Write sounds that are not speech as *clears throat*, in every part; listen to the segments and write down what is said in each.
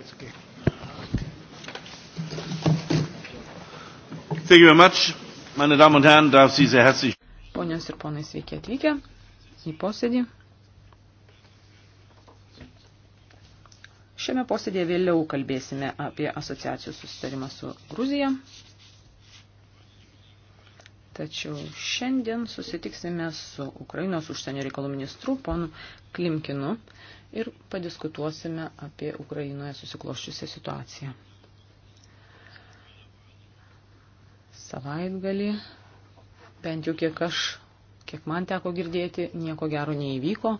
Okay. Thank you very much. Meine Damen und Herren, darf Sie sehr herzlich. Ponios ir ponai, sveiki atvykę į posėdį. Šiame posėdėje vėliau kalbėsime apie asociacijų susitarimą su Gruzija. Tačiau šiandien susitiksime su Ukrainos užsienio reikalų ministru ponu Klimkinu ir padiskutuosime apie Ukrainoje susikloščiusią situaciją. Savaitgalį, bent jau kiek aš, kiek man teko girdėti, nieko gero neįvyko.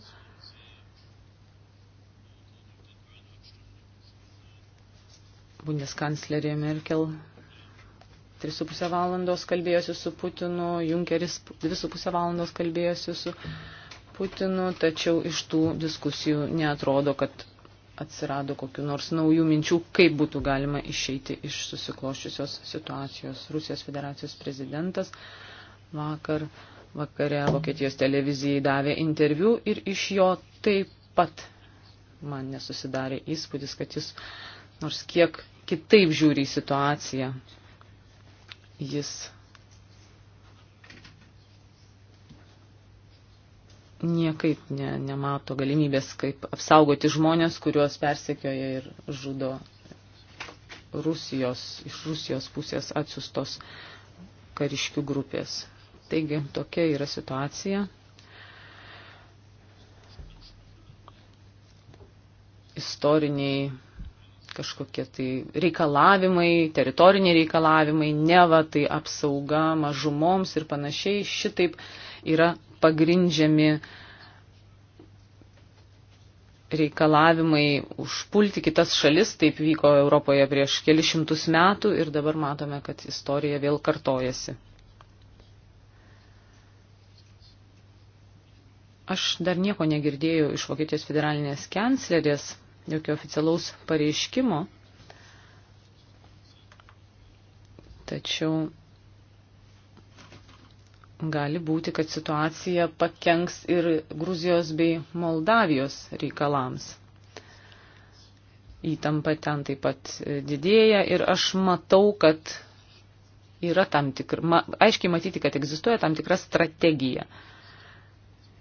Bundeskanclerė Merkel 3,5 valandos kalbėjosi su Putinu, Junkeris 2,5 valandos kalbėjosi su Putinu, tačiau iš tų diskusijų neatrodo, kad atsirado kokiu nors naujų minčių, kaip būtų galima išeiti iš susikloščiusios situacijos. Rusijos federacijos prezidentas vakar vakare Vokietijos televizijai davė interviu ir iš jo taip pat man nesusidarė įspūdis, kad jis nors kiek kitaip žiūri į situaciją. Jis niekaip ne, nemato galimybės, kaip apsaugoti žmonės, kuriuos persekioja ir žudo Rusijos, iš Rusijos pusės atsiustos kariškių grupės. Taigi tokia yra situacija. Istoriniai kažkokie tai reikalavimai, teritoriniai reikalavimai, neva tai apsauga mažumoms ir panašiai, šitaip yra pagrindžiami reikalavimai užpulti kitas šalis, taip vyko Europoje prieš kelišimtus metų ir dabar matome, kad istorija vėl kartojasi. Aš dar nieko negirdėjau iš Vokietijos federalinės kanclerės, jokio oficialaus pareiškimo, tačiau gali būti, kad situacija pakenks ir Gruzijos bei Moldavijos reikalams. Įtampa ten taip pat e, didėja ir aš matau, kad yra tam tikra, ma, aiškiai matyti, kad egzistuoja tam tikra strategija.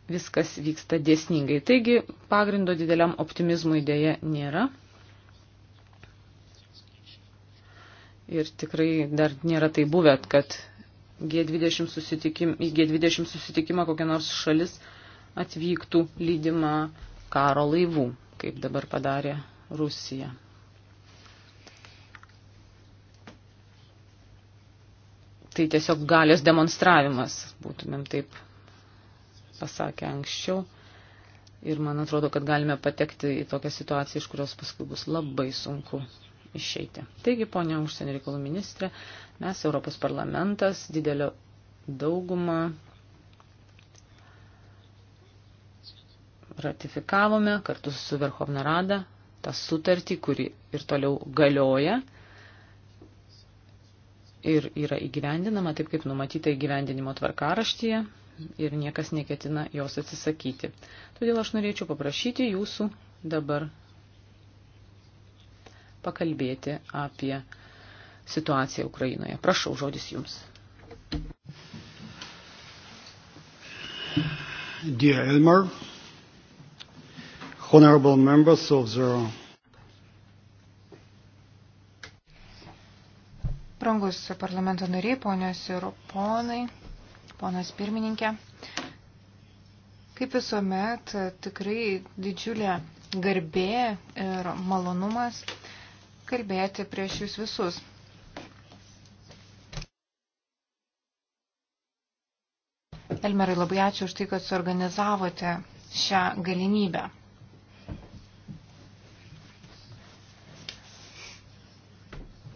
Viskas vyksta dėsningai. Taigi pagrindo dideliam optimizmui dėje nėra. Ir tikrai dar nėra tai buvę, kad G20 susitikim, į G20 susitikimą kokia nors šalis atvyktų lydima karo laivų, kaip dabar padarė Rusija. Tai tiesiog galios demonstravimas, būtumėm taip pasakę anksčiau. Ir man atrodo, kad galime patekti į tokią situaciją, iš kurios paskui bus labai sunku išeiti. Taigi, ponia užsienio reikalų ministrė, mes, Europos parlamentas, didelio daugumą ratifikavome kartu su Verhovna Rada tą sutartį, kuri ir toliau galioja ir yra įgyvendinama taip, kaip numatyta įgyvendinimo tvarkaraštyje ir niekas neketina jos atsisakyti. Todėl aš norėčiau paprašyti jūsų dabar pakalbėti apie situaciją Ukrainoje. Prašau, žodis jums. Dear Elmar, honorable members of the Brangus parlamento nariai, ponios ir ponai, ponas pirmininkė, kaip visuomet tikrai didžiulė garbė ir malonumas kalbėti prieš jūs visus. Elmerai, labai ačiū už tai, kad suorganizavote šią galimybę.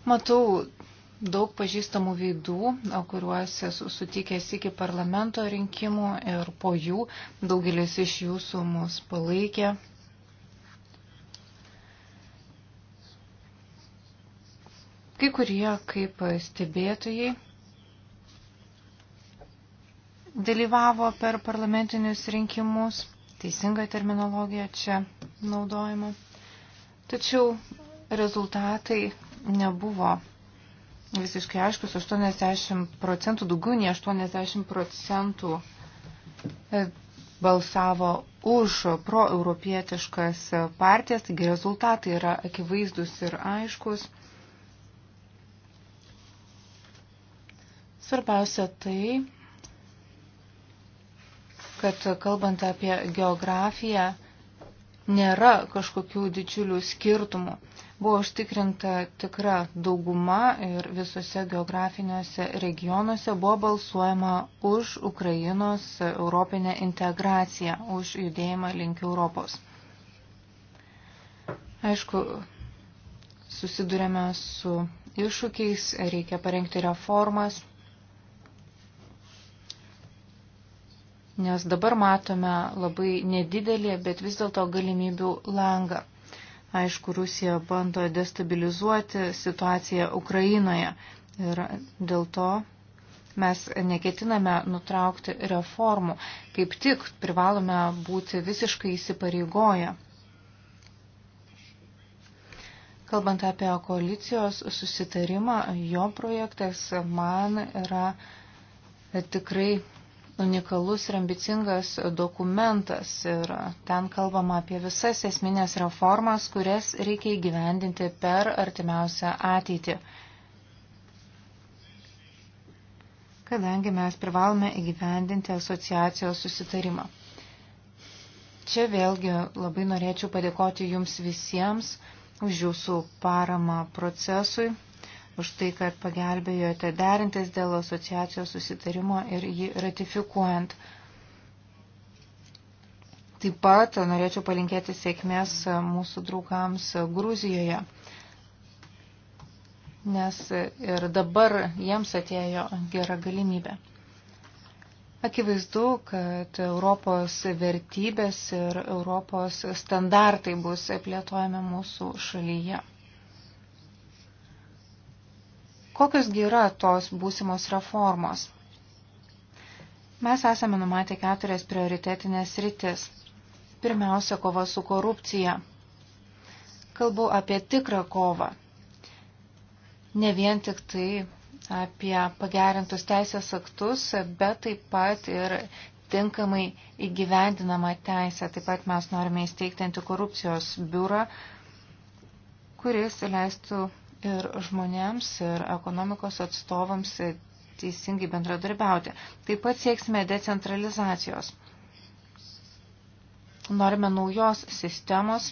Matau daug pažįstamų veidų, kuriuos esu sutikęs iki parlamento rinkimų ir po jų daugelis iš jūsų mus palaikė. Kai kurie kaip stebėtojai dalyvavo per parlamentinius rinkimus, teisinga terminologija čia naudojama, tačiau rezultatai nebuvo visiškai aiškus, 80 procentų, daugiau nei 80 procentų e, balsavo už proeuropietiškas partijas, taigi rezultatai yra akivaizdus ir aiškus. Svarbiausia tai, kad kalbant apie geografiją, nėra kažkokių didžiulių skirtumų. Buvo užtikrinta tikra dauguma ir visose geografiniuose regionuose buvo balsuojama už Ukrainos europinę integraciją, už judėjimą link Europos. Aišku, susidurėme su iššūkiais, reikia parengti reformas, nes dabar matome labai nedidelį, bet vis dėlto galimybių langą. Aišku, Rusija bando destabilizuoti situaciją Ukrainoje ir dėl to mes neketiname nutraukti reformų, kaip tik privalome būti visiškai įsipareigoję. Kalbant apie koalicijos susitarimą, jo projektas man yra tikrai unikalus ir ambicingas dokumentas ir ten kalbama apie visas esminės reformas, kurias reikia įgyvendinti per artimiausią ateitį. kadangi mes privalome įgyvendinti asociacijos susitarimą. Čia vėlgi labai norėčiau padėkoti jums visiems už jūsų paramą procesui už tai, kad pagelbėjote derintis dėl asociacijos susitarimo ir jį ratifikuojant. Taip pat norėčiau palinkėti sėkmės mūsų draugams Gruzijoje, nes ir dabar jiems atėjo gera galimybė. Akivaizdu, kad Europos vertybės ir Europos standartai bus plėtojami mūsų šalyje. Kokiosgi yra tos būsimos reformos? Mes esame numatę keturias prioritetinės rytis. Pirmiausia, kova su korupcija. Kalbu apie tikrą kovą. Ne vien tik tai apie pagerintus teisės aktus, bet taip pat ir tinkamai įgyvendinama teisė. Taip pat mes norime įsteigti antikorupcijos biurą, kuris leistų ir žmonėms, ir ekonomikos atstovams teisingai bendradarbiauti. Taip pat sieksime decentralizacijos. Norime naujos sistemos,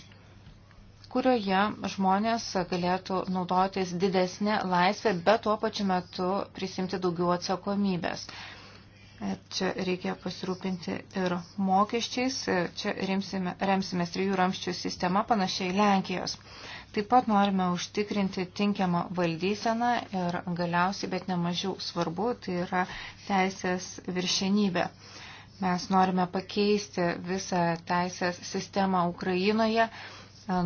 kurioje žmonės galėtų naudotis didesnė laisvė, bet tuo pačiu metu prisimti daugiau atsakomybės. Čia reikia pasirūpinti ir mokesčiais. Čia remsime, remsime trijų ramščių sistema panašiai Lenkijos. Taip pat norime užtikrinti tinkiamą valdyseną ir galiausiai, bet nemažiau svarbu, tai yra teisės viršenybė. Mes norime pakeisti visą teisės sistemą Ukrainoje,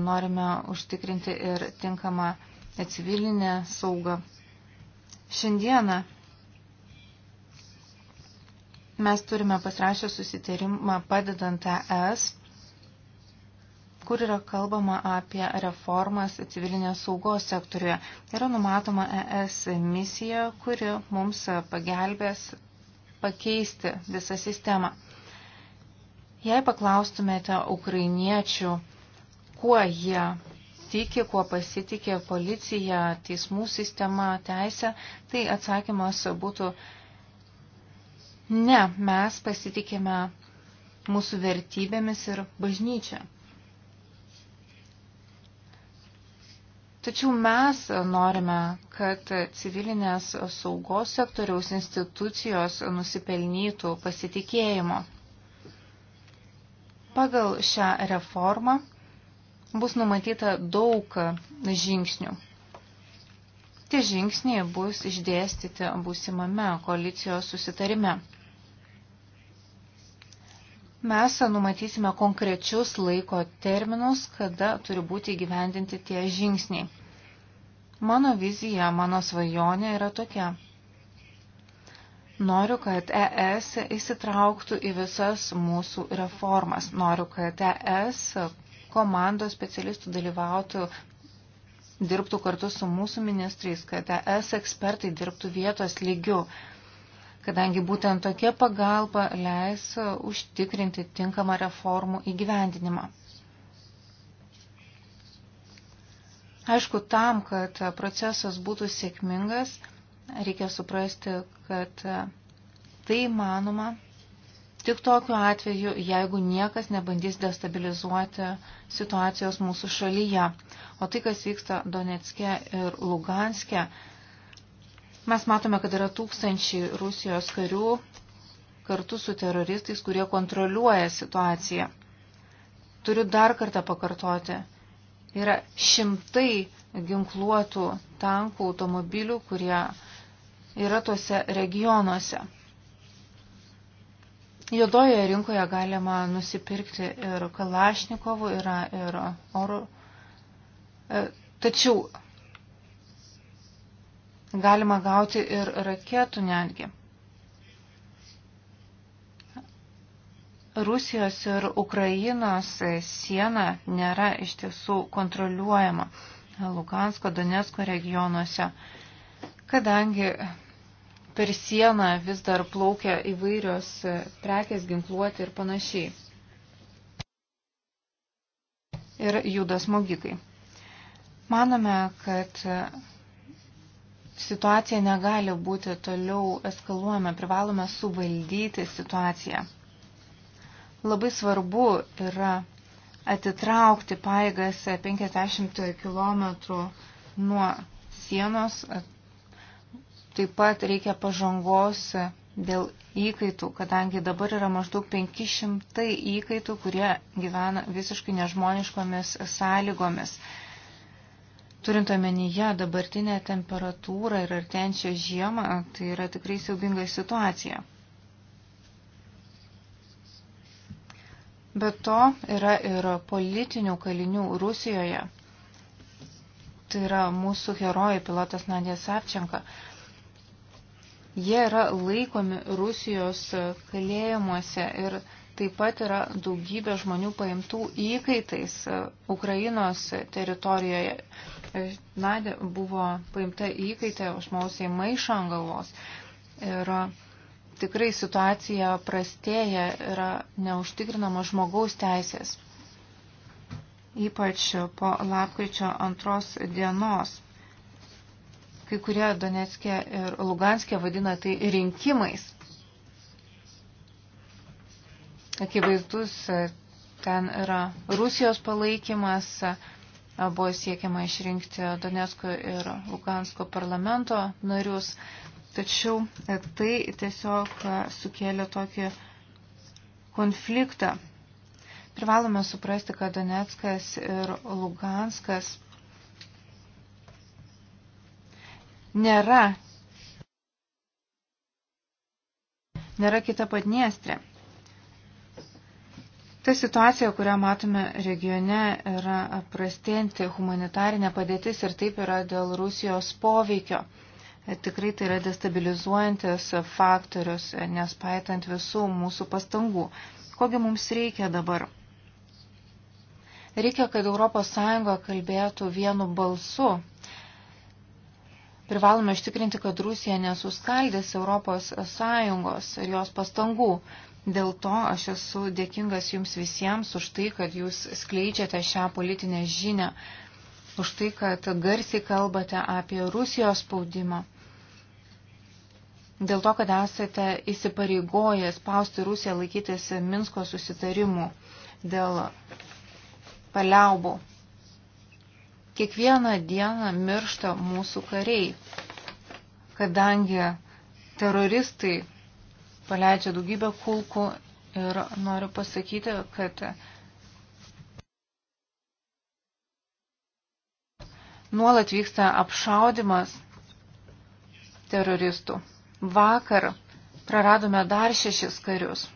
norime užtikrinti ir tinkamą civilinę saugą. Šiandieną Mes turime pasirašę susitarimą padedant ES, kur yra kalbama apie reformas civilinės saugos sektoriuje. Yra numatoma ES misija, kuri mums pagelbės pakeisti visą sistemą. Jei paklaustumėte ukrainiečių, kuo jie tiki, kuo pasitikė policija, teismų sistema, teisė, tai atsakymas būtų Ne, mes pasitikime mūsų vertybėmis ir bažnyčia. Tačiau mes norime, kad civilinės saugos sektoriaus institucijos nusipelnytų pasitikėjimo. Pagal šią reformą bus numatyta daug žingsnių. Tie žingsniai bus išdėstyti būsimame koalicijos susitarime. Mes numatysime konkrečius laiko terminus, kada turi būti įgyvendinti tie žingsniai. Mano vizija, mano svajonė yra tokia. Noriu, kad ES įsitrauktų į visas mūsų reformas. Noriu, kad ES komandos specialistų dalyvautų, dirbtų kartu su mūsų ministrais, kad ES ekspertai dirbtų vietos lygių kadangi būtent tokia pagalba leis užtikrinti tinkamą reformų įgyvendinimą. Aišku, tam, kad procesas būtų sėkmingas, reikia suprasti, kad tai manoma tik tokiu atveju, jeigu niekas nebandys destabilizuoti situacijos mūsų šalyje. O tai, kas vyksta Donetske ir Luganske, Mes matome, kad yra tūkstančiai Rusijos karių kartu su teroristais, kurie kontroliuoja situaciją. Turiu dar kartą pakartoti. Yra šimtai ginkluotų tankų, automobilių, kurie yra tuose regionuose. Jodoje rinkoje galima nusipirkti ir Kalašnikovų, yra ir oro. E, tačiau galima gauti ir raketų netgi. Rusijos ir Ukrainos siena nėra iš tiesų kontroliuojama Lugansko, Donetsko regionuose, kadangi per sieną vis dar plaukia įvairios prekės, ginkluoti ir panašiai. Ir judas mogikai. Manome, kad situacija negali būti toliau eskaluojama, privalome suvaldyti situaciją. Labai svarbu yra atitraukti paėgas 50 km nuo sienos. Taip pat reikia pažangos dėl įkaitų, kadangi dabar yra maždaug 500 įkaitų, kurie gyvena visiškai nežmoniškomis sąlygomis. Turint omenyje dabartinę temperatūrą ir artenčią žiemą, tai yra tikrai siaubinga situacija. Be to yra ir politinių kalinių Rusijoje. Tai yra mūsų herojai pilotas Nadė Savčenka. Jie yra laikomi Rusijos kalėjimuose ir Taip pat yra daugybė žmonių paimtų įkaitais e, Ukrainos teritorijoje. E, Nadė buvo paimta įkaitė, užmausiai maišą ant galvos. Ir tikrai situacija prastėja, yra neužtikrinama žmogaus teisės. Ypač po lapkričio antros dienos. Kai kurie Donetskė ir Luganskė vadina tai rinkimais akivaizdus, ten yra Rusijos palaikymas, buvo siekiama išrinkti Donetsko ir Lugansko parlamento narius, tačiau tai tiesiog sukėlė tokį konfliktą. Privalome suprasti, kad Donetskas ir Luganskas nėra, nėra kita padniestrė. Ta situacija, kurią matome regione, yra prastėjanti humanitarinė padėtis ir taip yra dėl Rusijos poveikio. Tikrai tai yra destabilizuojantis faktorius, nespaitant visų mūsų pastangų. Kogi mums reikia dabar? Reikia, kad ES kalbėtų vienu balsu. Privalome ištikrinti, kad Rusija nesuskaldys ES ir jos pastangų. Dėl to aš esu dėkingas jums visiems už tai, kad jūs skleidžiate šią politinę žinę, už tai, kad garsiai kalbate apie Rusijos spaudimą. Dėl to, kad esate įsipareigoję spausti Rusiją laikytis Minsko susitarimų dėl paliaubų. Kiekvieną dieną miršta mūsų kariai, kadangi teroristai paleidžia daugybę kulkų ir noriu pasakyti, kad nuolat vyksta apšaudimas teroristų. Vakar praradome dar šešis karius.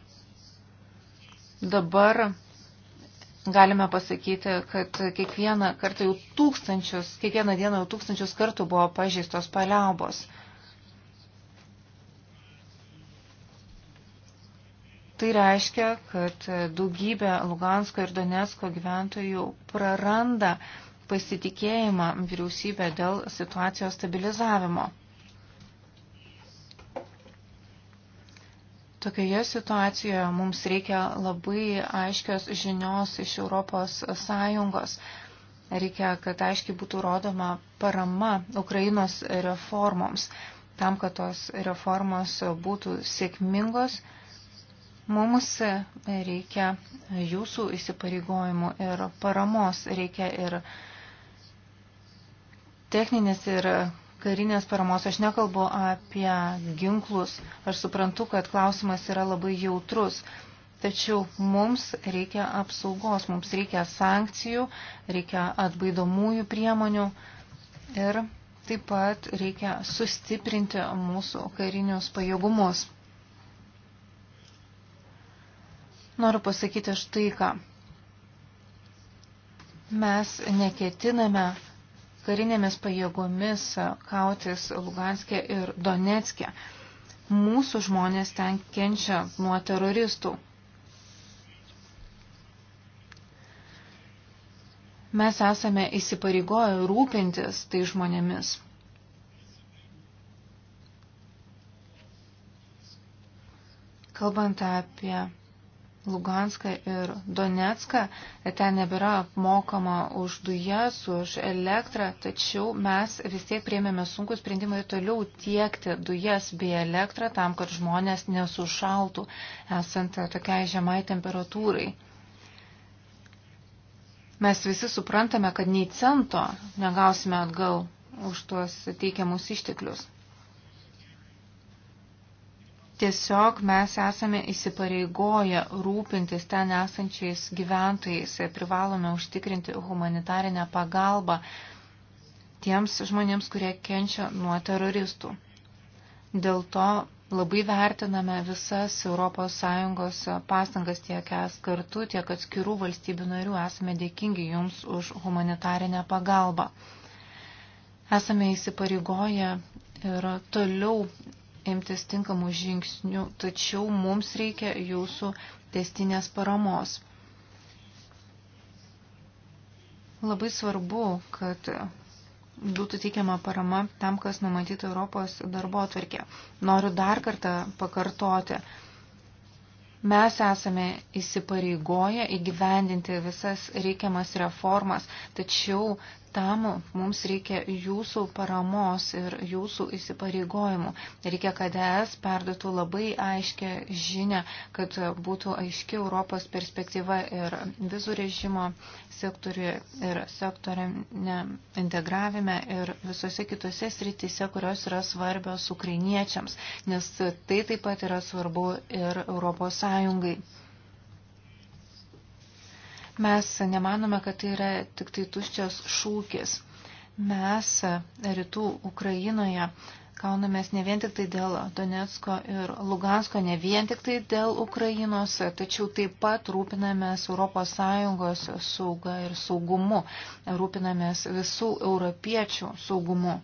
Dabar galime pasakyti, kad kiekvieną kartą jau tūkstančius, kiekvieną dieną jau tūkstančius kartų buvo pažeistos paliaubos. Tai reiškia, kad daugybė Lugansko ir Donetsko gyventojų praranda pasitikėjimą vyriausybę dėl situacijos stabilizavimo. Tokioje situacijoje mums reikia labai aiškios žinios iš Europos Sąjungos. Reikia, kad aiškiai būtų rodoma parama Ukrainos reformoms, tam, kad tos reformos būtų sėkmingos Mums reikia jūsų įsipareigojimų ir paramos, reikia ir techninės ir karinės paramos. Aš nekalbu apie ginklus, aš suprantu, kad klausimas yra labai jautrus. Tačiau mums reikia apsaugos, mums reikia sankcijų, reikia atbaidomųjų priemonių ir taip pat reikia sustiprinti mūsų karinius pajėgumus. noriu pasakyti štai ką. Mes neketiname karinėmis pajėgomis kautis Luganskė ir Donetskė. Mūsų žmonės ten kenčia nuo teroristų. Mes esame įsipareigoję rūpintis tai žmonėmis. Kalbant apie Luganską ir Donetską, ten nebėra apmokama už dujas, už elektrą, tačiau mes vis tiek priemėme sunkų sprendimą ir toliau tiekti dujas bei elektrą tam, kad žmonės nesušaltų esant tokiai žemai temperatūrai. Mes visi suprantame, kad nei cento negausime atgal už tuos teikiamus išteklius. Tiesiog mes esame įsipareigoję rūpintis ten esančiais gyventojais, privalome užtikrinti humanitarinę pagalbą tiems žmonėms, kurie kenčia nuo teroristų. Dėl to labai vertiname visas ES pastangas tiek es kartu, tiek atskirų valstybių narių. Esame dėkingi Jums už humanitarinę pagalbą. Esame įsipareigoję ir toliau imtis tinkamų žingsnių, tačiau mums reikia jūsų testinės paramos. Labai svarbu, kad būtų teikiama parama tam, kas numatyta Europos darbo atvarkė. Noriu dar kartą pakartoti. Mes esame įsipareigoję įgyvendinti visas reikiamas reformas, tačiau Tam mums reikia jūsų paramos ir jūsų įsipareigojimų. Reikia, kad ES perduotų labai aiškę žinę, kad būtų aiški Europos perspektyva ir vizų režimo sektoriuje, ir sektoriame integravime, ir visose kitose srityse, kurios yra svarbios ukrainiečiams, nes tai taip pat yra svarbu ir Europos Sąjungai. Mes nemanome, kad tai yra tik tai tuščios šūkis. Mes e, rytų Ukrainoje kaunamės ne vien tik tai dėl Donetsko ir Lugansko, ne vien tik tai dėl Ukrainos, tačiau taip pat rūpinamės ES saugą ir saugumu, rūpinamės visų europiečių saugumu.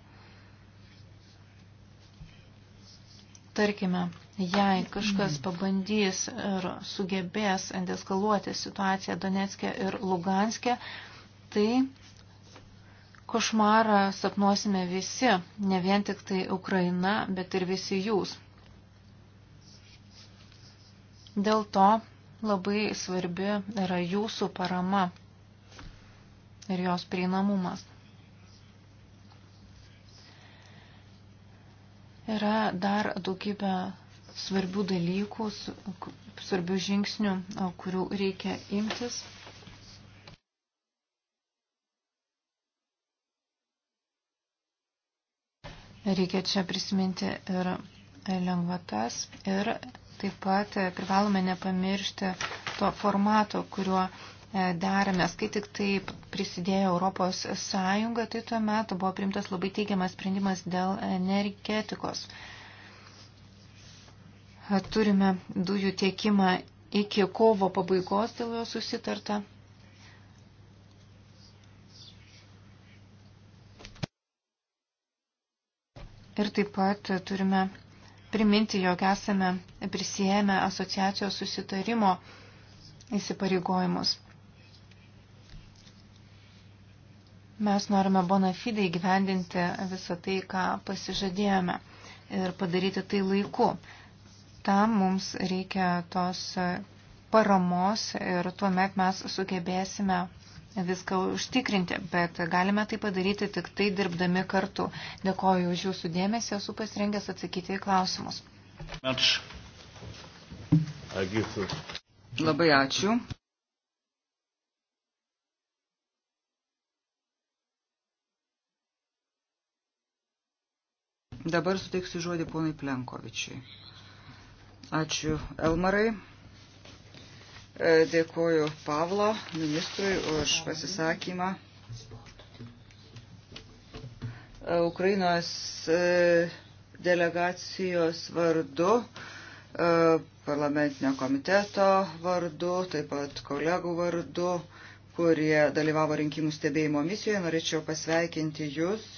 Tarkime, Jei kažkas pabandys ir sugebės endeskaluoti situaciją Donetskė ir Luganskė, tai košmarą sapnuosime visi, ne vien tik tai Ukraina, bet ir visi jūs. Dėl to labai svarbi yra jūsų parama ir jos prieinamumas. Yra dar daugybė svarbių dalykų, svarbių žingsnių, kurių reikia imtis. Reikia čia prisiminti ir lengvatas ir taip pat e, privalome nepamiršti to formato, kuriuo e, deramės. Kai tik taip prisidėjo Europos Sąjunga, tai tuo metu buvo primtas labai teigiamas sprendimas dėl energetikos turime dujų tiekimą iki kovo pabaigos dėl jo susitarta. Ir taip pat turime priminti, jog esame prisijėmę asociacijos susitarimo įsipareigojimus. Mes norime bonafidai gyvendinti visą tai, ką pasižadėjome ir padaryti tai laiku. Tam mums reikia tos paramos ir tuomet mes sugebėsime viską užtikrinti, bet galime tai padaryti tik tai dirbdami kartu. Dėkoju už jūsų dėmesį, esu pasirengęs atsakyti į klausimus. Ačiū. Labai ačiū. Dabar suteiksiu žodį ponui Plenkovičiui. Ačiū Elmarai. E, Dėkuoju Pavlo ministrui už pasisakymą. E, Ukrainos e, delegacijos vardu, parlamentinio komiteto vardu, taip pat kolegų vardu, kurie dalyvavo rinkimų stebėjimo misijoje, norėčiau pasveikinti Jūs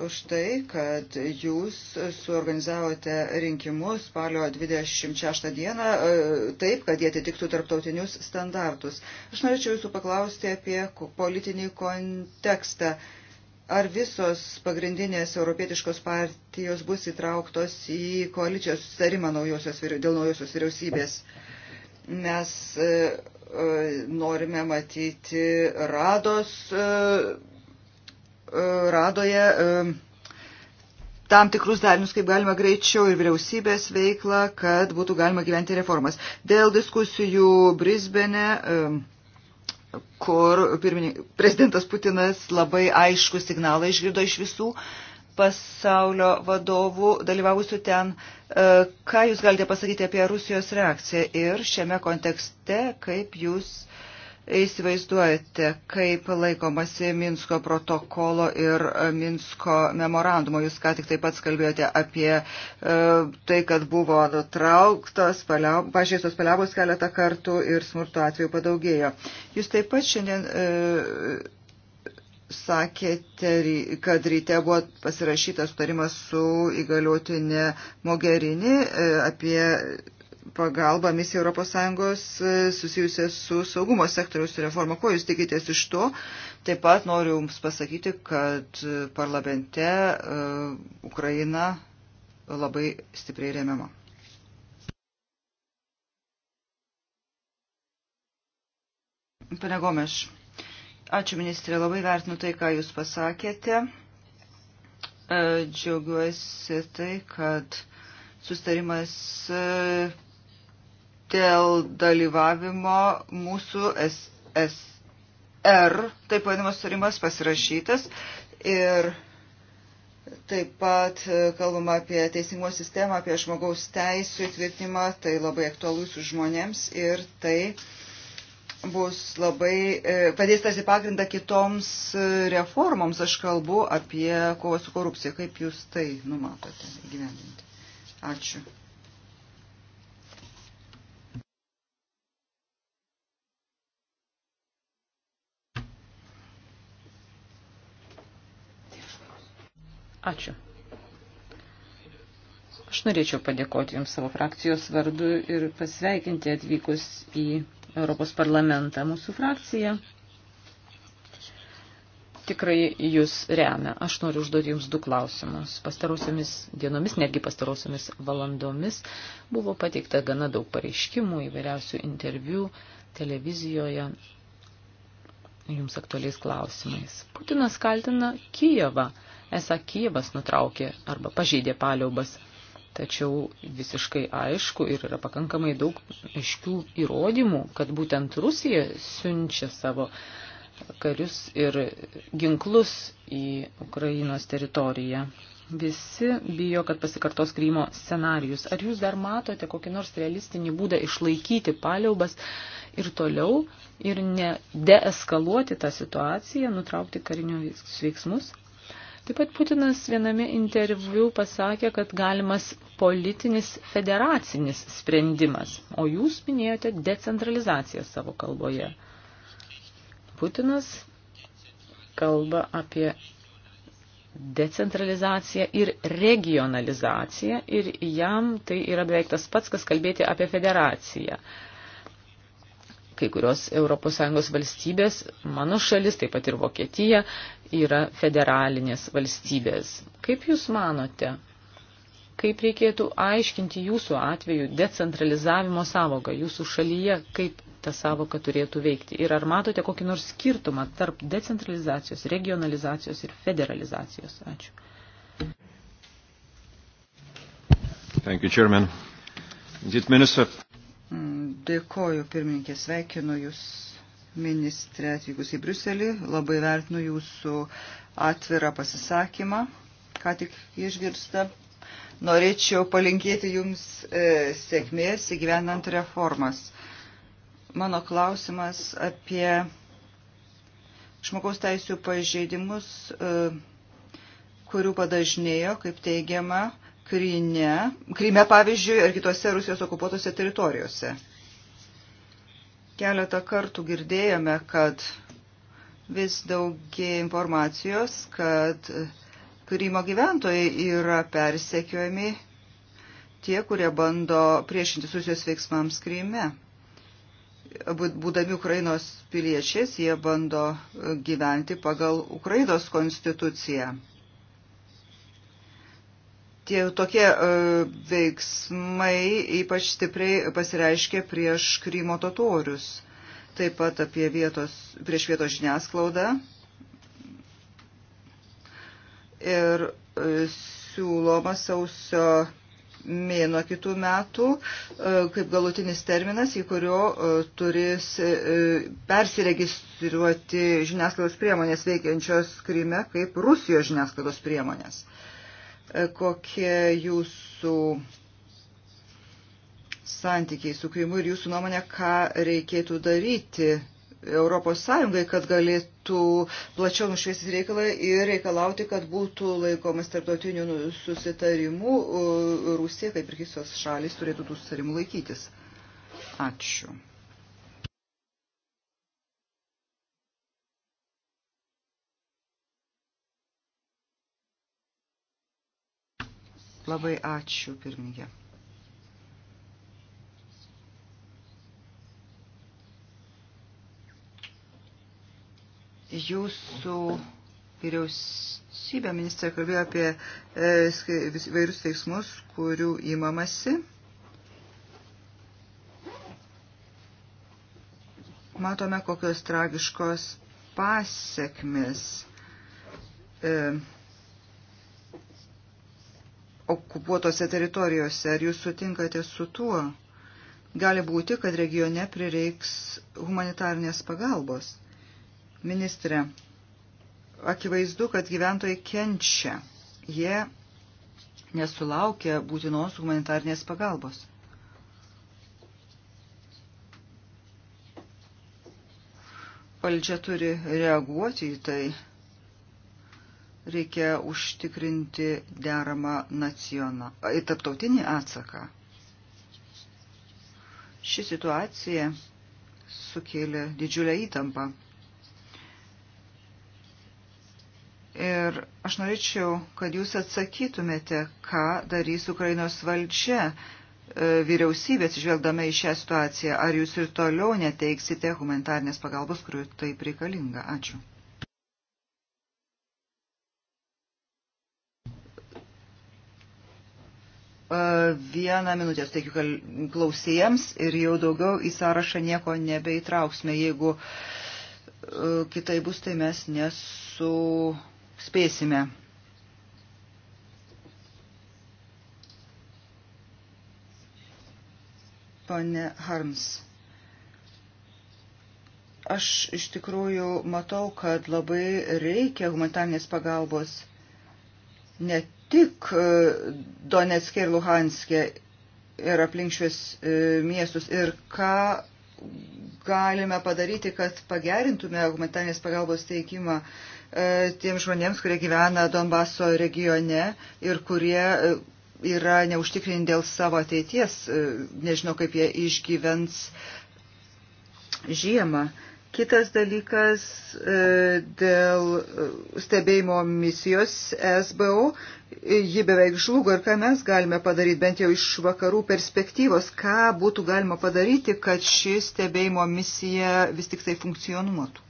už tai, kad jūs suorganizavote rinkimus spalio 26 dieną e, taip, kad jie atitiktų tarptautinius standartus. Aš norėčiau jūsų paklausti apie politinį kontekstą. Ar visos pagrindinės europietiškos partijos bus įtrauktos į koalicijos sustarimą naujosios, dėl naujosios vyriausybės? Mes e, e, norime matyti rados E, radoje e, tam tikrus darinius, kaip galima greičiau ir vyriausybės veiklą, kad būtų galima gyventi reformas. Dėl diskusijų Brisbane, e, kur pirminink, prezidentas Putinas labai aišku signalą išgirdo iš visų pasaulio vadovų dalyvavusių ten. Ką Jūs galite pasakyti apie Rusijos reakciją ir šiame kontekste, kaip Jūs įsivaizduojate, kaip laikomasi Minsko protokolo ir e, Minsko memorandumo? Jūs ką tik taip pat kalbėjote apie e, tai, kad buvo nutrauktos, paliaub, pažeistos paliaubos keletą kartų ir smurto atveju padaugėjo. Jūs taip pat šiandien. E, Sakėte, kad ryte buvo pasirašytas sutarimas su įgaliotinė Mogerini e, apie pagalbą misiją ES e, susijusią su saugumo sektoriaus reforma. Ko jūs tikitės iš to? Taip pat noriu Jums pasakyti, kad e, parlamente e, Ukraina labai stipriai remiama. Pane Gomeš, ačiū ministrė, labai vertinu tai, ką Jūs pasakėte. Džiaugiuosi tai, kad sustarimas dėl dalyvavimo mūsų SSR, taip vadinamas sutarimas pasirašytas. Ir taip pat e, kalbama apie teisingumo sistemą, apie žmogaus teisų įtvirtinimą, tai labai aktualus žmonėms ir tai bus labai, e, padės tarsi pagrindą kitoms e, reformoms. Aš kalbu apie kovą su korupcija. Kaip jūs tai numatote gyvendinti? Ačiū. Ačiū. Aš norėčiau padėkoti Jums savo frakcijos vardu ir pasveikinti atvykus į Europos parlamentą mūsų frakciją. Tikrai Jūs remia. Aš noriu užduoti Jums du klausimus. Pastarosiomis dienomis, netgi pastarosiomis valandomis, buvo pateikta gana daug pareiškimų, įvairiausių interviu televizijoje Jums aktualiais klausimais. Putinas kaltina Kijevą esą Kievas nutraukė arba pažeidė paliaubas. Tačiau visiškai aišku ir yra pakankamai daug aiškių įrodymų, kad būtent Rusija siunčia savo karius ir ginklus į Ukrainos teritoriją. Visi bijo, kad pasikartos Krymo scenarius. Ar jūs dar matote kokį nors realistinį būdą išlaikyti paliaubas ir toliau ir ne deeskaluoti tą situaciją, nutraukti karinius veiksmus? Taip pat Putinas viename interviu pasakė, kad galimas politinis federacinis sprendimas, o jūs minėjote decentralizaciją savo kalboje. Putinas kalba apie decentralizacija ir regionalizacija ir jam tai yra beveik tas pats, kas kalbėti apie federaciją. Kai kurios ES valstybės, mano šalis, taip pat ir Vokietija, yra federalinės valstybės. Kaip Jūs manote, kaip reikėtų aiškinti jūsų atveju decentralizavimo savoką jūsų šalyje, kaip ta savoka turėtų veikti? Ir ar matote kokį nors skirtumą tarp decentralizacijos, regionalizacijos ir federalizacijos? Ačiū. Thank you, Chairman. Minister. Mm, dėkoju, pirmininkė, sveikinu Jūs ministrė atvykus į Briuselį. Labai vertinu jūsų atvirą pasisakymą, ką tik išgirsta. Norėčiau palinkėti jums e, sėkmės įgyvenant reformas. Mano klausimas apie žmogaus teisų pažeidimus, e, kurių padažnėjo, kaip teigiama, Kryne, Kryme pavyzdžiui, ir kitose Rusijos okupuotose teritorijose. Keletą kartų girdėjome, kad vis daugiai informacijos, kad Krymo gyventojai yra persekiojami tie, kurie bando priešintis Rusijos veiksmams Kryme. Būdami Ukrainos piliečiais, jie bando gyventi pagal Ukrainos konstituciją tie tokie uh, veiksmai ypač stipriai pasireiškė prieš Krymo totorius, taip pat apie vietos, prieš vietos žiniasklaudą. Ir uh, siūloma sausio mėno kitų metų e, kaip galutinis terminas, į kurio turis persiregistruoti žiniasklaidos priemonės veikiančios Kryme kaip Rusijos žiniasklaidos priemonės. E, kokie jūsų santykiai su Krymu ir jūsų nuomonė, ką reikėtų daryti Europos Sąjungai, kad galėtų plačiau nušviesti reikalą ir reikalauti, kad būtų laikomas tarptautinių nu, susitarimų. E, Rusija, kaip ir kitos šalis, turėtų tų susitarimų laikytis. Ačiū. Labai ačiū, pirmininkė. Jūsų vyriausybė ministrė kalbėjo apie e, vairius veiksmus, kurių įmamasi. Matome, kokios tragiškos pasiekmes. E, okupuotose teritorijose. Ar jūs sutinkate su tuo? Gali būti, kad regione prireiks humanitarnės pagalbos. Ministrė, akivaizdu, kad gyventojai kenčia. Jie nesulaukia būtinos humanitarnės pagalbos. Valdžia turi reaguoti į tai reikia užtikrinti deramą nacioną, tarptautinį atsaką. Ši situacija sukėlė didžiulę įtampą. Ir aš norėčiau, kad jūs atsakytumėte, ką darys Ukrainos valdžia e, vyriausybės, žvelgdama į šią situaciją. Ar jūs ir toliau neteiksite humanitarnės pagalbos, kuriuo taip reikalinga? Ačiū. vieną minutę suteikiu klausėjams ir jau daugiau į sąrašą nieko nebeįtrauksime. Jeigu kitai bus, tai mes nesuspėsime. Pane Harms. Aš iš tikrųjų matau, kad labai reikia humanitarnės pagalbos ne tik e, Donetskė ir Luhanskė ir aplink šios e, miestus ir ką galime padaryti, kad pagerintume humanitarnės pagalbos teikimą e, tiems žmonėms, kurie gyvena Donbaso regione ir kurie yra neužtikrinti dėl savo ateities, nežinau, kaip jie išgyvens žiemą. Kitas dalykas e, dėl e, stebėjimo misijos SBO, ji beveik žlugo ir ką mes galime padaryti, bent jau iš vakarų perspektyvos, ką būtų galima padaryti, kad ši stebėjimo misija vis tik tai funkcionuotų.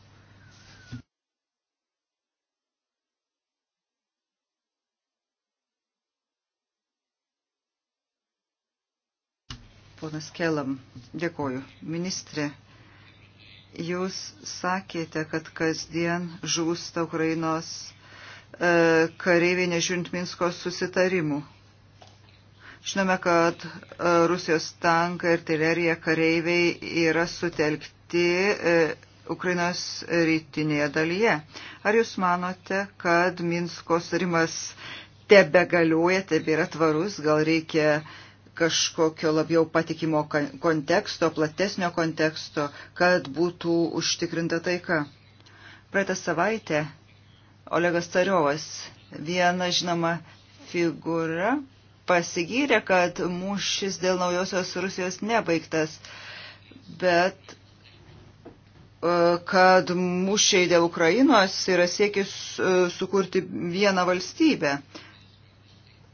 Ponas Kelam, dėkoju. Ministrė. Jūs sakėte, kad kasdien žūsta Ukrainos e, kareiviai nežiūrint Minsko susitarimų. Žinome, kad e, Rusijos tankai, artilerija, kareiviai yra sutelkti e, Ukrainos rytinėje dalyje. Ar jūs manote, kad Minsko sutarimas tebe galioja, tebe yra tvarus, gal reikia e, kažkokio labiau patikimo konteksto, platesnio konteksto, kad būtų užtikrinta taika. Praeitą savaitę Olegas Tariovas, viena žinoma figūra, pasigyrė, kad mūšis dėl naujosios Rusijos nebaigtas, bet e, kad mūšiai dėl Ukrainos yra siekis e, sukurti vieną valstybę.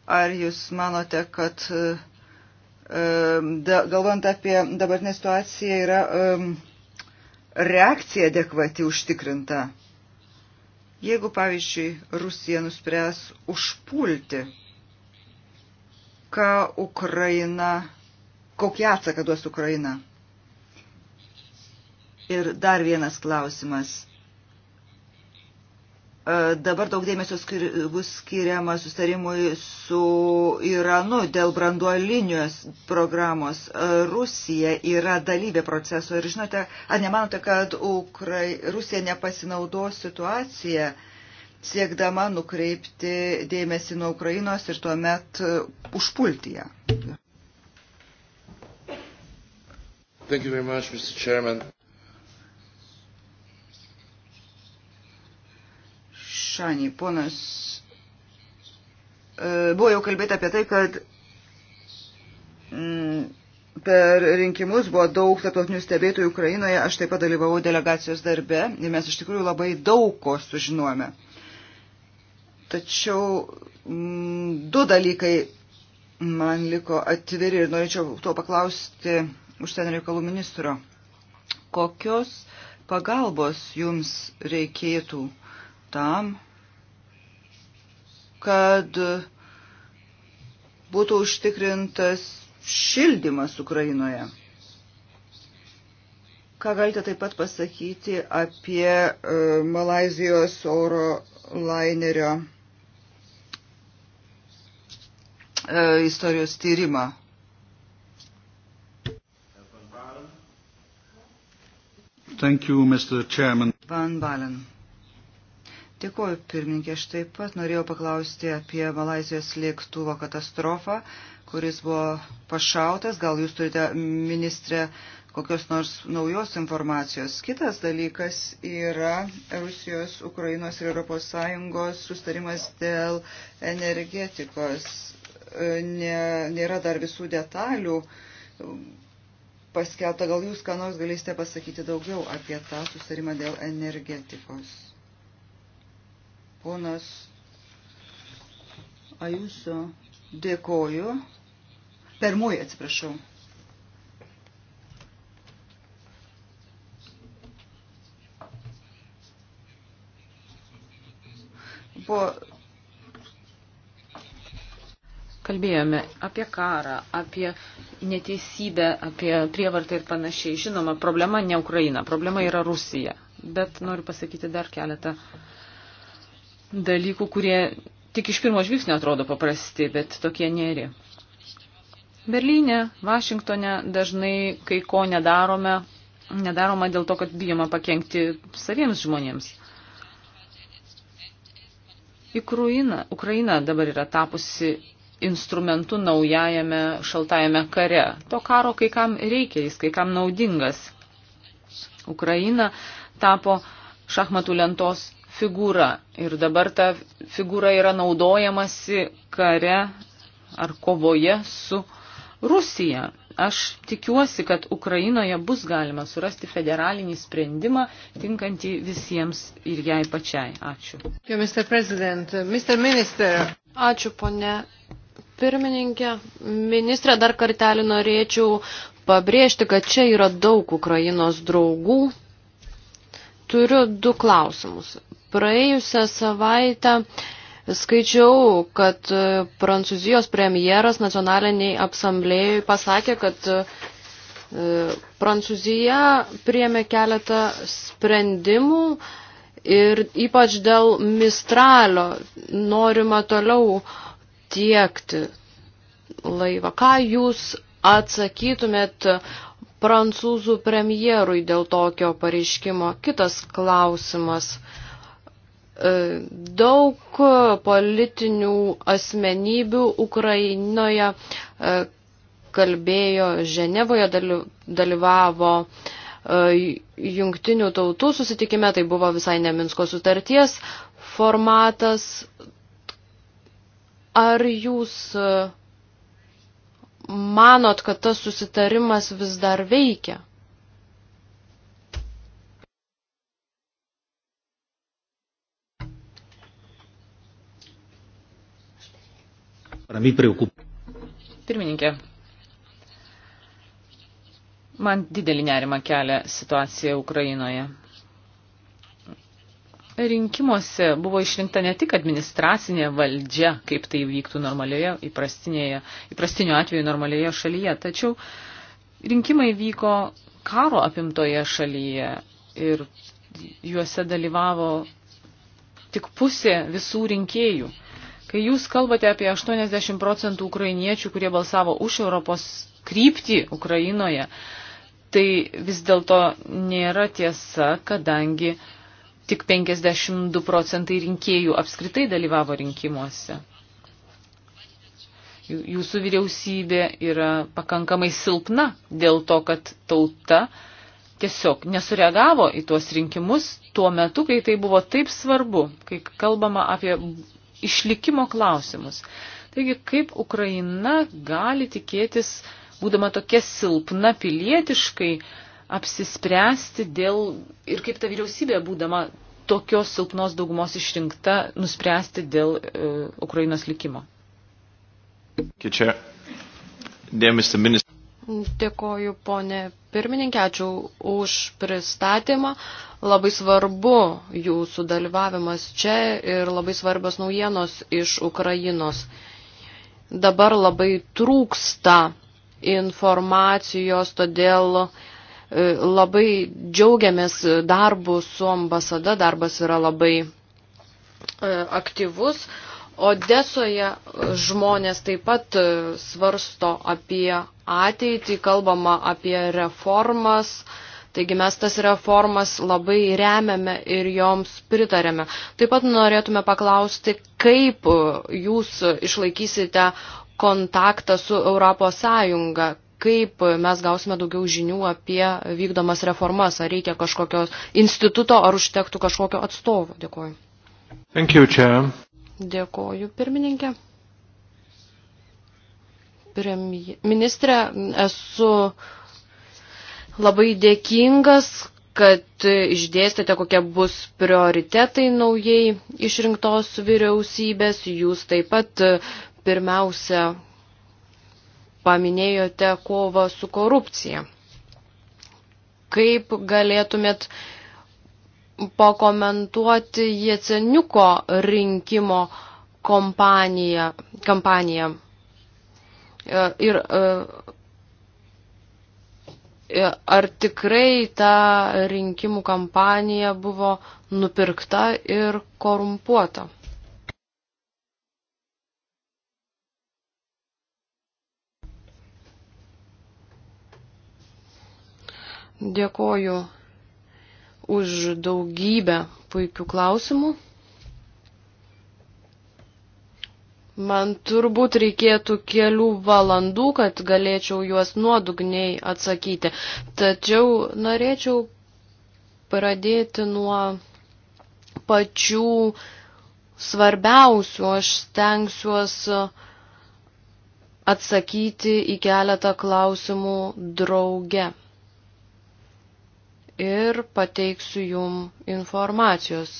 Ar jūs manote, kad uh, galvant apie dabartinę situaciją, yra reakcija adekvati užtikrinta. Jeigu, pavyzdžiui, Rusija nuspręs užpulti, ką Ukraina, kokį atsaką duos Ukraina. Ir dar vienas klausimas E, dabar daug dėmesio skir, bus skiriama sustarimui su Iranu dėl branduolinius programos. E, Rusija yra dalyvė proceso ir žinote, ar nemanote, kad Ukrai, Rusija nepasinaudos situaciją? siekdama nukreipti dėmesį nuo Ukrainos ir tuomet e, užpulti ją. Much, Šanį. Ponas, e, buvo jau kalbėta apie tai, kad mm, per rinkimus buvo daug tarptautinių stebėtojų Ukrainoje, aš taip pat dalyvavau delegacijos darbe ir mes iš tikrųjų labai daug ko sužinojome. Tačiau m, mm, du dalykai man liko atviri ir norėčiau to paklausti užsienio reikalų ministro. Kokios pagalbos jums reikėtų tam, kad būtų užtikrintas šildymas Ukrainoje. Ką galite taip pat pasakyti apie uh, Malazijos oro lainerio uh, istorijos tyrimą? Thank you, Mr. Chairman. Van Balen. Dėkuoju, pirmininkė. Aš taip pat norėjau paklausti apie Malazijos lėktuvo katastrofą, kuris buvo pašautas. Gal jūs turite, ministrė, kokios nors naujos informacijos. Kitas dalykas yra Rusijos, Ukrainos ir ES sustarimas dėl energetikos. E, ne, nėra dar visų detalių paskelbta. Gal jūs, ką nors galėsite pasakyti daugiau apie tą sustarimą dėl energetikos? ponas Ajuso, dėkoju. Permuoju, atsiprašau. Buvo kalbėjome apie karą, apie neteisybę, apie prievartą ir panašiai. Žinoma, problema ne Ukraina, problema yra Rusija. Bet noriu pasakyti dar keletą dalykų, kurie tik iš pirmo žvilgsnio atrodo paprasti, bet tokie nėri. Berlyne, Vašingtone dažnai kai ko nedarome, nedaroma dėl to, kad bijoma pakengti saviems žmonėms. Ukraina, Ukraina dabar yra tapusi instrumentu naujajame šaltajame kare. To karo kai kam reikia, jis kai kam naudingas. Ukraina tapo šachmatų lentos figūra. Ir dabar ta figūra yra naudojamasi kare ar kovoje su Rusija. Aš tikiuosi, kad Ukrainoje bus galima surasti federalinį sprendimą tinkantį visiems ir jai pačiai. Ačiū. Jo, Mr. President, Mr. Minister. Ačiū, ponė pirmininkė. Ministrė, dar kartelį norėčiau pabrėžti, kad čia yra daug Ukrainos draugų. Turiu du klausimus. Praėjusią savaitę skaičiau, kad e, Prancūzijos premjeras nacionaliniai asamblėjai pasakė, kad e, Prancūzija priemė keletą sprendimų ir ypač dėl Mistralio norima toliau tiekti laivą. Ką jūs atsakytumėt prancūzų premjerui dėl tokio pareiškimo? Kitas klausimas. E, daug politinių asmenybių Ukrainoje e, kalbėjo Ženevoje, dalyvavo e, jungtinių tautų susitikime, tai buvo visai ne Minsko sutarties formatas. Ar jūs manot, kad tas susitarimas vis dar veikia? Pirmininkė, man didelį nerimą kelia situacija Ukrainoje. Rinkimuose buvo išrinkta ne tik administracinė valdžia, kaip tai vyktų normalioje, įprastinio atveju normalioje šalyje, tačiau rinkimai vyko karo apimtoje šalyje ir juose dalyvavo tik pusė visų rinkėjų. Kai jūs kalbate apie 80 procentų ukrainiečių, kurie balsavo už Europos kryptį Ukrainoje, tai vis dėlto nėra tiesa, kadangi tik 52 procentai rinkėjų apskritai dalyvavo rinkimuose. Jūsų vyriausybė yra pakankamai silpna dėl to, kad tauta tiesiog nesureagavo į tuos rinkimus tuo metu, kai tai buvo taip svarbu, kai kalbama apie išlikimo klausimus. Taigi, kaip Ukraina gali tikėtis, būdama tokia silpna pilietiškai, apsispręsti dėl ir kaip ta vyriausybė, būdama tokios silpnos daugumos išrinkta, nuspręsti dėl e, Ukrainos likimo. Dėmesio ministras. Dėkoju, ponė pirmininkė, ačiū už pristatymą. Labai svarbu jūsų dalyvavimas čia ir labai svarbios naujienos iš Ukrainos. Dabar labai trūksta informacijos, todėl e, labai džiaugiamės darbu su ambasada, darbas yra labai e, aktyvus. Odesoje žmonės taip pat e, svarsto apie ateitį, kalbama apie reformas. Taigi mes tas reformas labai remiame ir joms pritarėme. Taip pat norėtume paklausti, kaip jūs išlaikysite kontaktą su Europos Sąjunga, kaip mes gausime daugiau žinių apie vykdomas reformas, ar reikia kažkokio instituto, ar užtektų kažkokio atstovo. Dėkuoju. Thank you, Chair. Dėkuoju, pirmininkė premje... ministrė, esu labai dėkingas, kad išdėstėte, kokie bus prioritetai naujai išrinktos vyriausybės. Jūs taip pat pirmiausia paminėjote kovą su korupcija. Kaip galėtumėt pakomentuoti Jeceniuko rinkimo kompaniją, kampaniją? kampaniją? E, ir e, e, ar tikrai ta rinkimų kampanija buvo nupirkta ir korumpuota? Dėkoju už daugybę puikių klausimų. Man turbūt reikėtų kelių valandų, kad galėčiau juos nuodugniai atsakyti. Tačiau norėčiau pradėti nuo pačių svarbiausių. Aš stengsiuos atsakyti į keletą klausimų drauge. Ir pateiksiu jum informacijos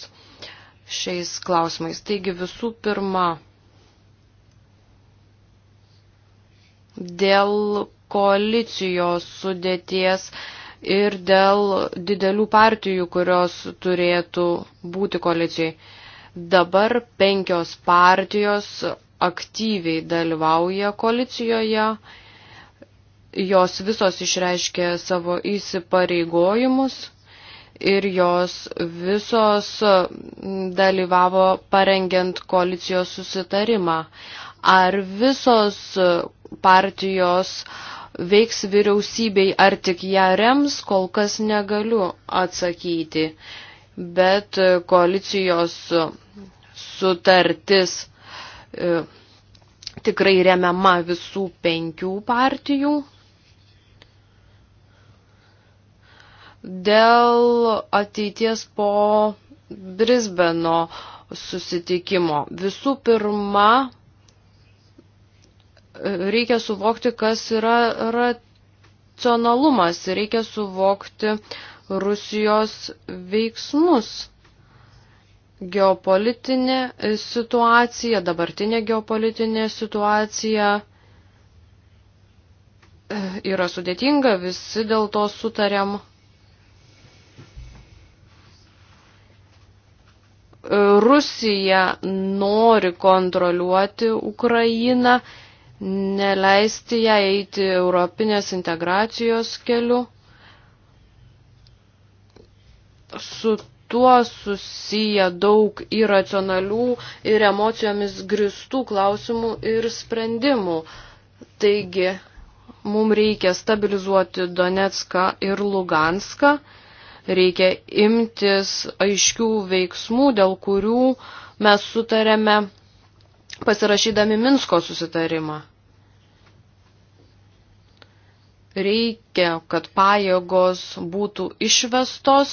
šiais klausimais. Taigi visų pirma, dėl koalicijos sudėties ir dėl didelių partijų, kurios turėtų būti koalicijai. Dabar penkios partijos aktyviai dalyvauja koalicijoje, jos visos išreiškė savo įsipareigojimus ir jos visos dalyvavo parengiant koalicijos susitarimą ar visos partijos veiks vyriausybei, ar tik ją rems, kol kas negaliu atsakyti. Bet koalicijos sutartis e, tikrai remiama visų penkių partijų. Dėl ateities po Brisbano susitikimo. Visų pirma, reikia suvokti, kas yra racionalumas, reikia suvokti Rusijos veiksmus. Geopolitinė situacija, dabartinė geopolitinė situacija yra sudėtinga, visi dėl to sutariam. Rusija nori kontroliuoti Ukrainą neleisti ją eiti europinės integracijos keliu. Su tuo susiję daug irracionalių ir emocijomis gristų klausimų ir sprendimų. Taigi, mums reikia stabilizuoti Donetską ir Luganską, reikia imtis aiškių veiksmų, dėl kurių mes sutarėme pasirašydami Minsko susitarimą. Reikia, kad pajėgos būtų išvestos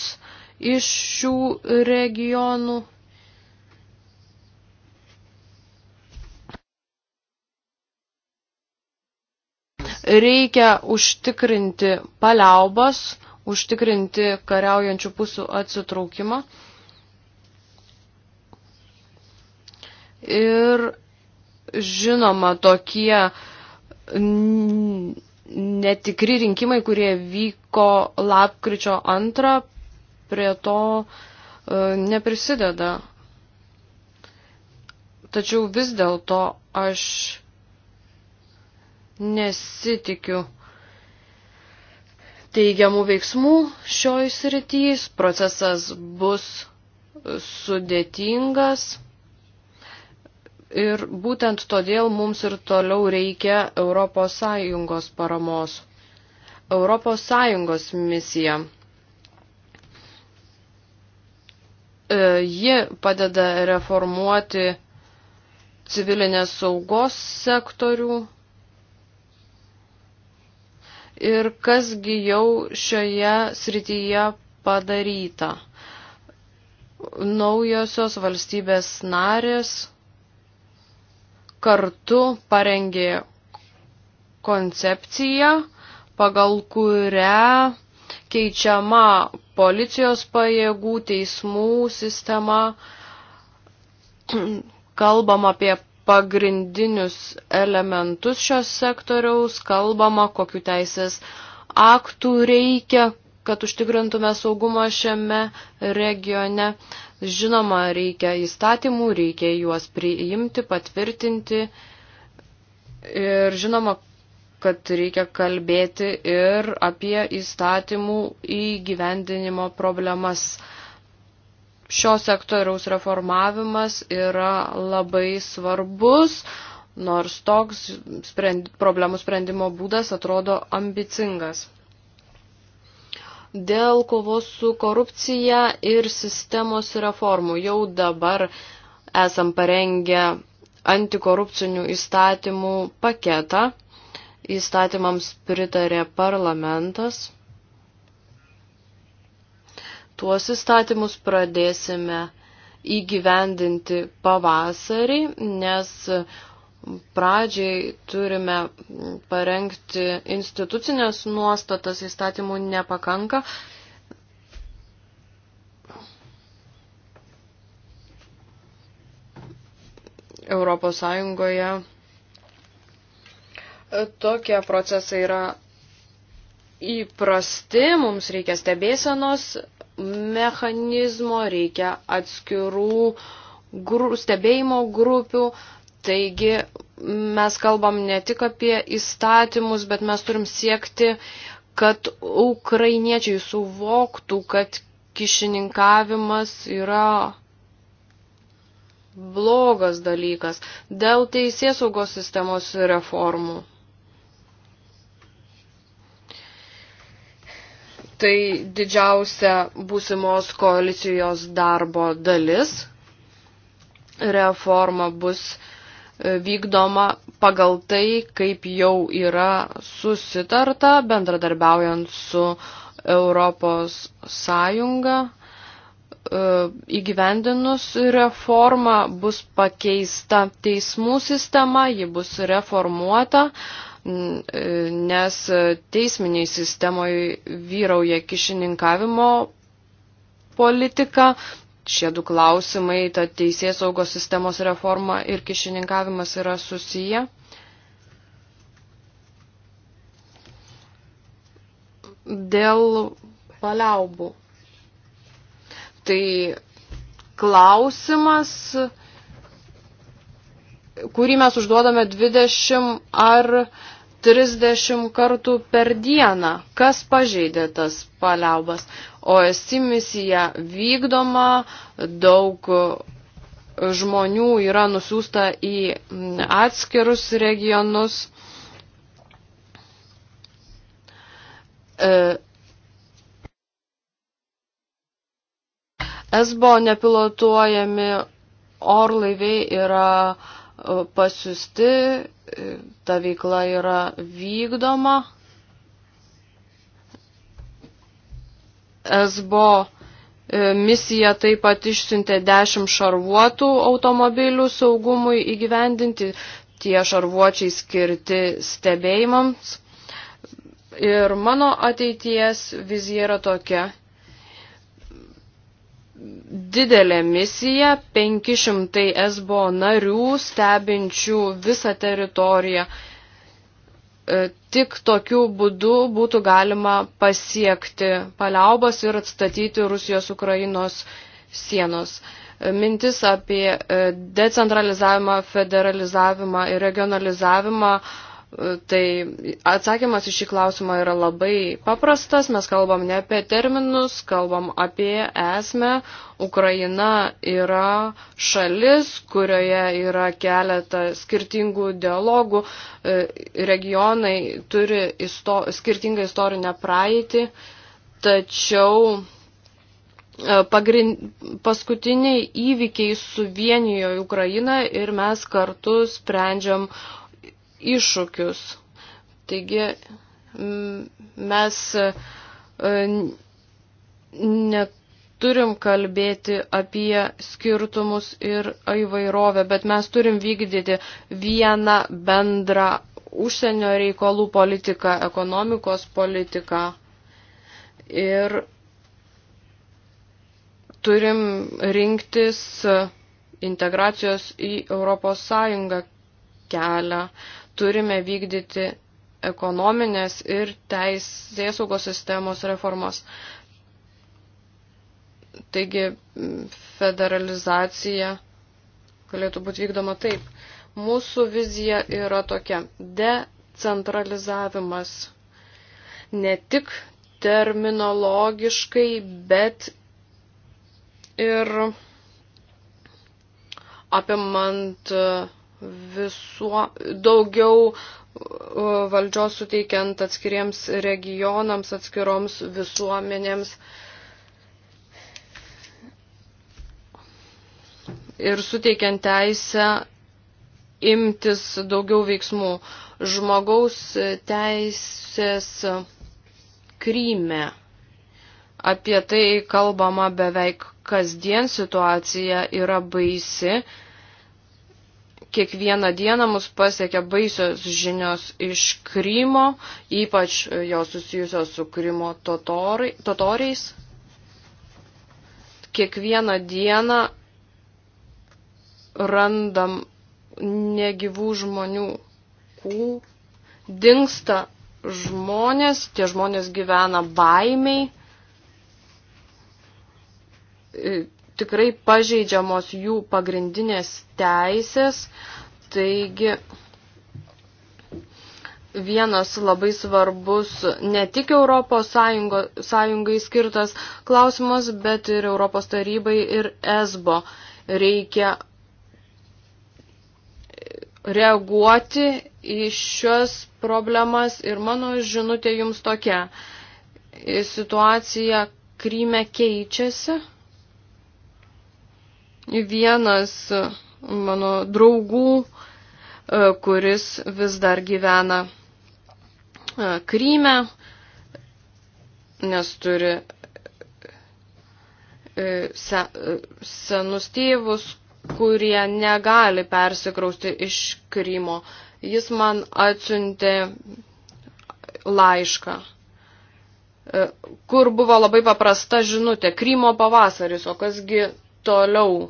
iš šių regionų. Reikia užtikrinti paliaubas, užtikrinti kariaujančių pusių atsitraukimą. Ir žinoma, tokie netikri rinkimai, kurie vyko lapkričio antrą, prie to e, neprisideda. Tačiau vis dėlto aš nesitikiu teigiamų veiksmų šioj srityjs, procesas bus sudėtingas Ir būtent todėl mums ir toliau reikia ES paramos. ES misija. E, ji padeda reformuoti civilinės saugos sektorių. Ir kasgi jau šioje srityje padaryta. Naujosios valstybės narės kartu parengė koncepciją, pagal kurią keičiama policijos pajėgų, teismų sistema, *clears throat* kalbam apie pagrindinius elementus šios sektoriaus, kalbama, kokiu teisės aktų reikia, kad užtikrintume saugumą šiame regione. Žinoma, reikia įstatymų, reikia juos priimti, patvirtinti ir žinoma, kad reikia kalbėti ir apie įstatymų įgyvendinimo problemas. Šio sektoriaus reformavimas yra labai svarbus, nors toks sprend, problemų sprendimo būdas atrodo ambicingas dėl kovos su korupcija ir sistemos reformų. Jau dabar esam parengę antikorupcinių įstatymų paketą. Įstatymams pritarė parlamentas. Tuos įstatymus pradėsime įgyvendinti pavasarį, nes pradžiai turime parengti institucinės nuostatas, įstatymų nepakanka. Europos Sąjungoje e, tokie procesai yra įprasti, mums reikia stebėsenos mechanizmo, reikia atskirų gru, stebėjimo grupių, uh, Taigi mes kalbam ne tik apie įstatymus, bet mes turim siekti, kad ukrainiečiai suvoktų, kad kišininkavimas yra blogas dalykas dėl teisėsaugos sistemos reformų. Tai didžiausia būsimos koalicijos darbo dalis. Reforma bus E, vykdoma pagal tai, kaip jau yra susitarta bendradarbiaujant su Europos Sąjunga e, įgyvendinus reformą bus pakeista teismų sistema, ji bus reformuota, e, nes teisminiai sistemoje vyrauja kišininkavimo politika, šie du klausimai, ta teisės saugos sistemos reforma ir kišininkavimas yra susiję. Dėl paliaubų. Tai klausimas, kurį mes užduodame 20 ar 30 kartų per dieną. Kas pažeidė tas paliaubas? OSI misija vykdoma, daug žmonių yra nusiųsta į atskirus regionus. E, Esbo nepilotuojami orlaiviai yra uh, pasiusti, ta veikla yra vykdoma. SBO e, misija taip pat išsiuntė 10 šarvuotų automobilių saugumui įgyvendinti. Tie šarvuočiai skirti stebėjimams. Ir mano ateities vizija yra tokia didelė misija, 500 SBO narių stebinčių visą teritoriją. E, tik tokiu būdu būtų galima pasiekti paliaubas ir atstatyti Rusijos Ukrainos sienos. E, mintis apie e, decentralizavimą, federalizavimą ir regionalizavimą uh, Tai atsakymas iš šį klausimą yra labai paprastas. Mes kalbam ne apie terminus, kalbam apie esmę. Ukraina yra šalis, kurioje yra keletą skirtingų dialogų. E, regionai turi isto, skirtingą istorinę praeitį, tačiau e, pagrind, paskutiniai įvykiai suvienijo Ukrainą ir mes kartu sprendžiam iššūkius. Taigi mes e, neturim kalbėti apie skirtumus ir įvairovę, bet mes turim vykdyti vieną bendrą užsienio reikalų politiką, ekonomikos politiką. Ir turim rinktis integracijos į Europos Sąjungą kelią turime vykdyti ekonominės ir teisėsaugos sistemos reformos. Taigi federalizacija galėtų būti vykdoma taip. Mūsų vizija yra tokia. Decentralizavimas. Ne tik terminologiškai, bet ir apimant uh, visuo, daugiau e, valdžios suteikiant atskiriems regionams, atskiroms visuomenėms. Ir suteikiant teisę imtis daugiau veiksmų. Žmogaus teisės kryme. Apie tai kalbama beveik kasdien situacija yra baisi Kiekvieną dieną mus pasiekia baisios žinios iš Krymo, ypač e, jos susijusios su Krymo totorai, totoriais. Kiekvieną dieną randam negyvų žmonių kų, dinksta žmonės, tie žmonės gyvena baimiai e, tikrai pažeidžiamos jų pagrindinės teisės, taigi vienas labai svarbus ne tik Europos Sąjungo, Sąjungai skirtas klausimas, bet ir Europos tarybai ir ESBO reikia reaguoti į šios problemas ir mano žinutė jums tokia. Situacija Kryme keičiasi. Vienas mano draugų, e, kuris vis dar gyvena e, Kryme, nes turi e, senus tėvus, kurie negali persikrausti iš Krymo. Jis man atsiuntė laišką, kur buvo labai paprasta žinutė - Krymo pavasaris, o kasgi toliau.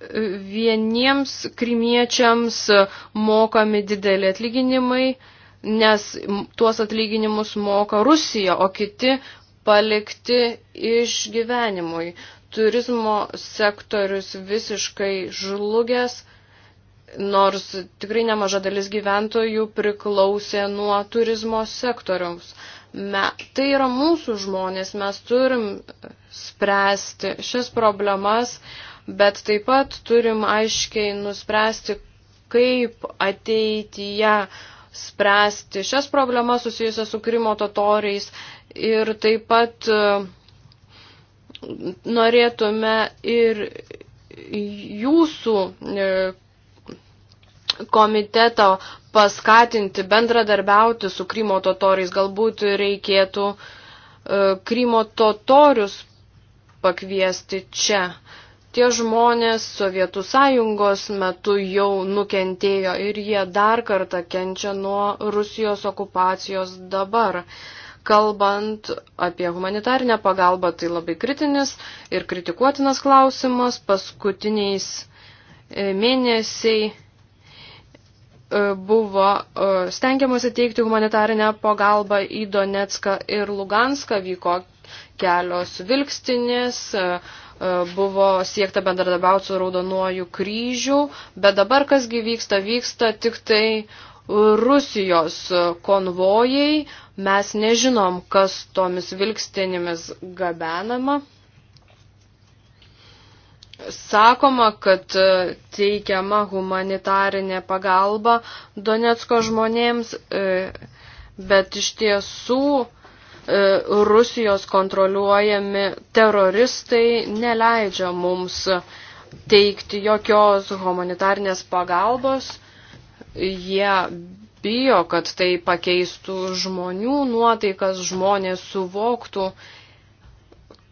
vieniems krimiečiams mokami dideli atlyginimai, nes tuos atlyginimus moka Rusija, o kiti palikti išgyvenimui. Turizmo sektorius visiškai žlugęs, nors tikrai nemaža dalis gyventojų priklausė nuo turizmo sektoriaus. Me, tai yra mūsų žmonės, mes turim spręsti šias problemas, uh, bet taip pat turim aiškiai nuspręsti, kaip ateityje spręsti šias problemas susijusias su Krymo totoriais ir taip pat e, norėtume ir jūsų e, komiteto paskatinti bendradarbiauti su Krymo totoriais. Galbūt reikėtų e, Krymo totorius pakviesti čia. Uh, tie žmonės Sovietų sąjungos metu jau nukentėjo ir jie dar kartą kenčia nuo Rusijos okupacijos dabar. Kalbant apie humanitarinę pagalbą, tai labai kritinis ir kritikuotinas klausimas. Paskutiniais e, mėnesiai e, buvo e, stengiamasi teikti humanitarinę pagalbą į Donetską ir Luganską, vyko kelios vilkstinės, E, buvo siekta bendradarbiauti su Raudonuoju kryžiu, bet dabar kasgi vyksta, vyksta tik tai Rusijos konvojai, mes nežinom, kas tomis vilkstinėmis gabenama. Sakoma, kad e, teikiama humanitarinė pagalba Donetsko žmonėms, e, bet iš tiesų E, Rusijos kontroliuojami teroristai neleidžia mums teikti jokios humanitarnės pagalbos. Jie bijo, kad tai pakeistų žmonių nuotaikas, žmonės suvoktų,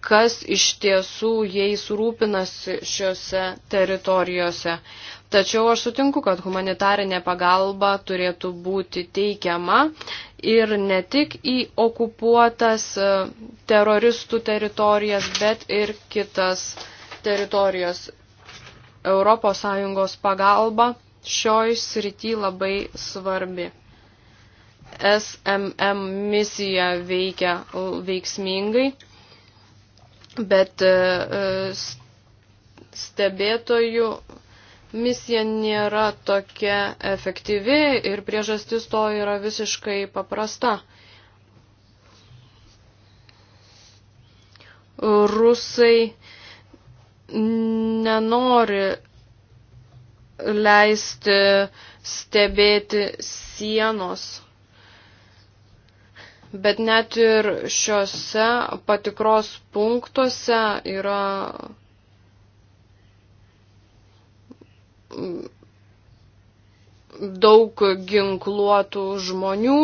kas iš tiesų jais rūpinasi šiuose teritorijose. Tačiau aš sutinku, kad humanitarinė pagalba turėtų būti teikiama ir ne tik į okupuotas e, teroristų teritorijas, bet ir kitas teritorijos. ES pagalba šioj srity labai svarbi. SMM misija veikia veiksmingai, bet e, e, stebėtojų misija nėra tokia efektyvi ir priežastis to yra visiškai paprasta. Rusai nenori leisti stebėti sienos. Bet net ir šiuose patikros punktuose yra daug ginkluotų žmonių,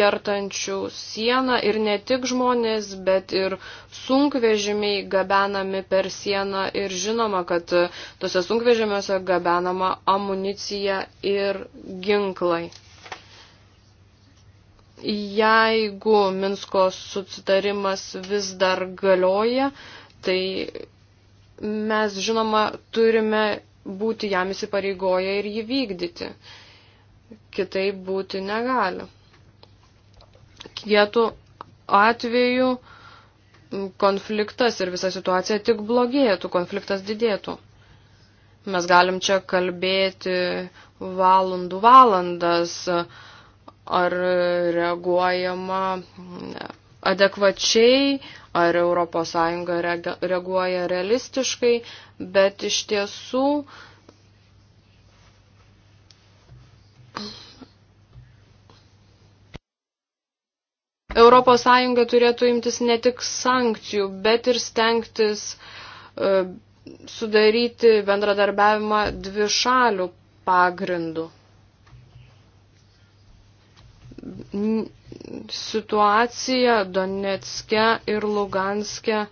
kertančių sieną ir ne tik žmonės, bet ir sunkvežimiai gabenami per sieną ir žinoma, kad tose sunkvežimiuose gabenama amunicija ir ginklai. Jeigu Minsko susitarimas vis dar galioja, tai mes žinoma turime būti jam įsipareigoję ir jį vykdyti. Kitaip būti negali. Kietų atveju konfliktas ir visa situacija tik blogėtų, konfliktas didėtų. Mes galim čia kalbėti valandų valandas, ar reaguojama adekvačiai, ar ES reaguoja realistiškai, bet iš tiesų ES turėtų imtis ne tik sankcijų, bet ir stengtis e, sudaryti bendradarbiavimą dvi šalių pagrindų situacija Donetske ir Luganske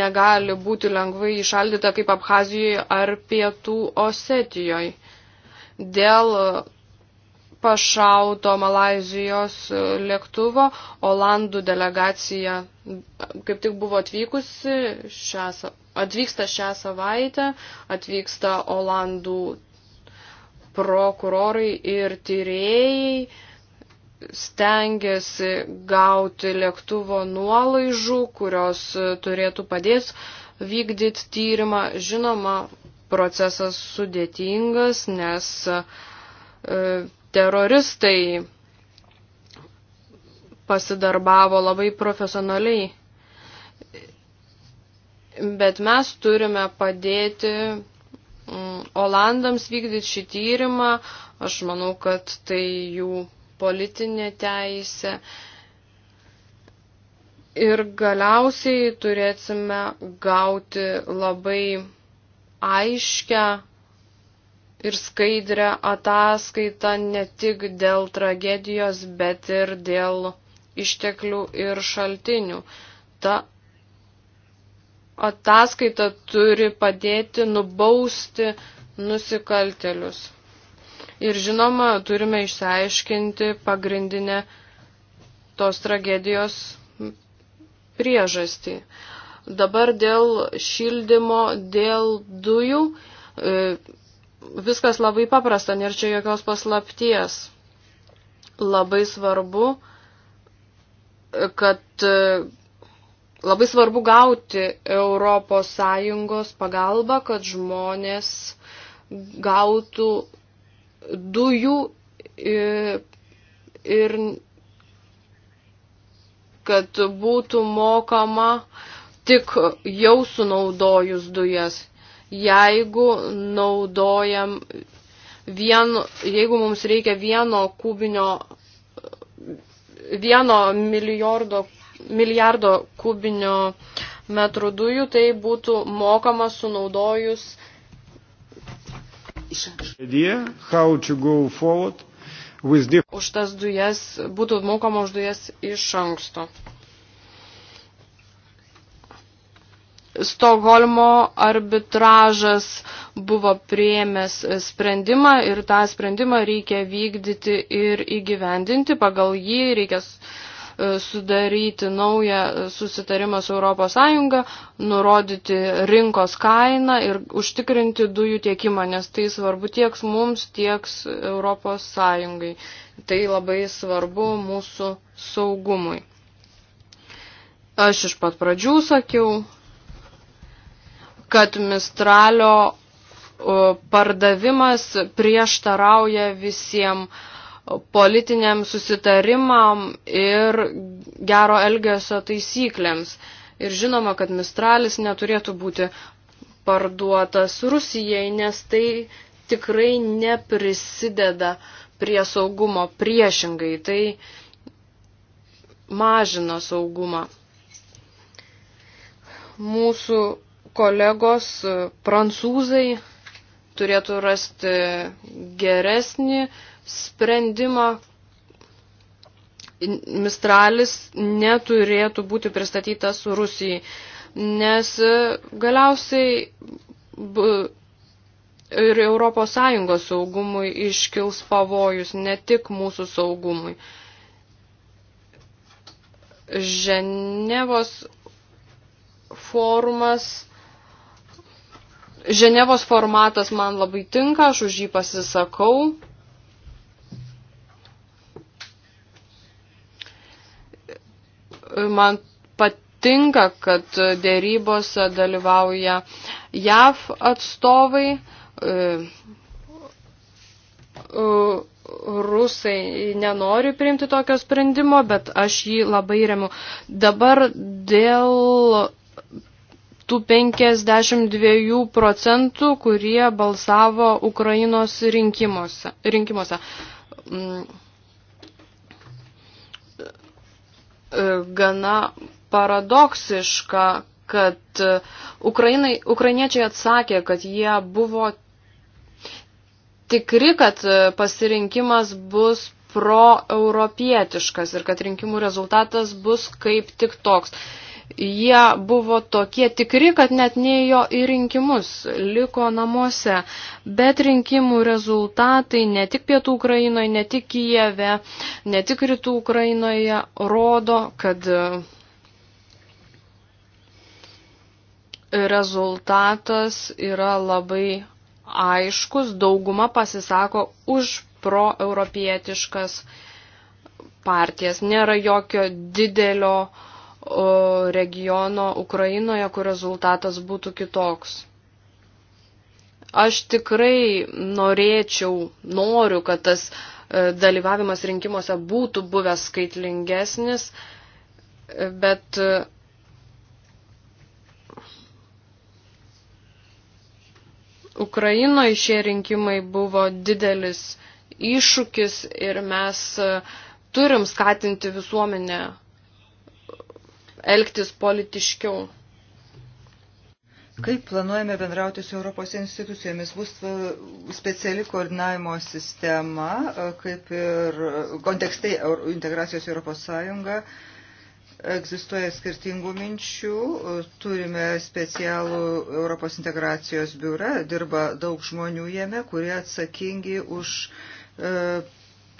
negali būti lengvai išaldyta kaip Abhazijoje ar Pietų Osetijoje. Dėl pašauto Malazijos lėktuvo Olandų delegacija kaip tik buvo atvykusi, šią, atvyksta šią savaitę, atvyksta Olandų prokurorai ir tyrėjai stengiasi gauti lėktuvo nuolaižų, kurios turėtų padės vykdyti tyrimą. Žinoma, procesas sudėtingas, nes e, teroristai pasidarbavo labai profesionaliai. Bet mes turime padėti Mm, Olandams vykdyti šį tyrimą, aš manau, kad tai jų politinė teisė. Ir galiausiai turėsime gauti labai aiškę ir skaidrę ataskaitą ne tik dėl tragedijos, bet ir dėl išteklių ir šaltinių. Ta ataskaita turi padėti nubausti nusikaltelius. Ir žinoma, turime išsiaiškinti pagrindinę tos tragedijos priežastį. Dabar dėl šildymo, dėl dujų e, viskas labai paprasta, nėra čia jokios paslapties. Labai svarbu, kad e, Labai svarbu gauti ES pagalbą, kad žmonės gautų dujų ir, e, ir kad būtų mokama tik jau sunaudojus dujas. Jeigu naudojam vieno, jeigu mums reikia vieno kubinio, vieno milijardo milijardo kubinio metrų dujų, tai būtų mokama sunaudojus. Už tas dujas būtų mokama už dujas iš anksto. Stokholmo arbitražas buvo prieėmęs sprendimą ir tą sprendimą reikia vykdyti ir įgyvendinti. Pagal jį reikia E, sudaryti naują susitarimą su ES, nurodyti rinkos kainą ir užtikrinti dujų tiekimą, nes tai svarbu tiek mums, tiek ES. Tai labai svarbu mūsų saugumui. Aš iš pat pradžių sakiau, kad Mistralio pardavimas prieštarauja visiems politiniam susitarimam ir gero elgesio taisyklėms. Ir žinoma, kad Mistralis neturėtų būti parduotas Rusijai, nes tai tikrai neprisideda prie saugumo priešingai, tai mažina saugumą. Mūsų kolegos prancūzai turėtų rasti geresnį sprendimą. Mistralis neturėtų būti pristatytas Rusijai, nes galiausiai ir Europos Sąjungos saugumui iškils pavojus, ne tik mūsų saugumui. Ženevos forumas, Ženevos formatas man labai tinka, aš už jį pasisakau. man patinka, kad dėrybose dalyvauja JAV atstovai, e, e, rusai nenori priimti tokio sprendimo, bet aš jį labai remiu. Dabar dėl tų 52 procentų, kurie balsavo Ukrainos rinkimuose. rinkimuose. Mm. E, gana paradoksiška, kad e, Ukrainai, ukrainiečiai atsakė, kad jie buvo tikri, kad e, pasirinkimas bus proeuropietiškas ir kad rinkimų rezultatas bus kaip tik toks jie buvo tokie tikri, kad net neėjo į rinkimus, liko namuose. Bet rinkimų rezultatai ne tik pietų Ukrainoje, ne tik Kijeve, ne tik rytų Ukrainoje rodo, kad e, rezultatas yra labai aiškus, dauguma pasisako už proeuropietiškas partijas. Nėra jokio didelio uh, regiono Ukrainoje, kur rezultatas būtų kitoks. Aš tikrai norėčiau, noriu, kad tas e, dalyvavimas rinkimuose būtų buvęs skaitlingesnis, e, bet e, Ukrainoje šie rinkimai buvo didelis iššūkis ir mes turim skatinti visuomenę elgtis politiškiau. Kaip planuojame bendrauti su Europos institucijomis? Bus e, speciali koordinavimo sistema, e, kaip ir kontekstai integracijos Europos Sąjunga. Egzistuoja skirtingų minčių, e, turime specialų Europos integracijos biurą, dirba daug žmonių jame, kurie atsakingi už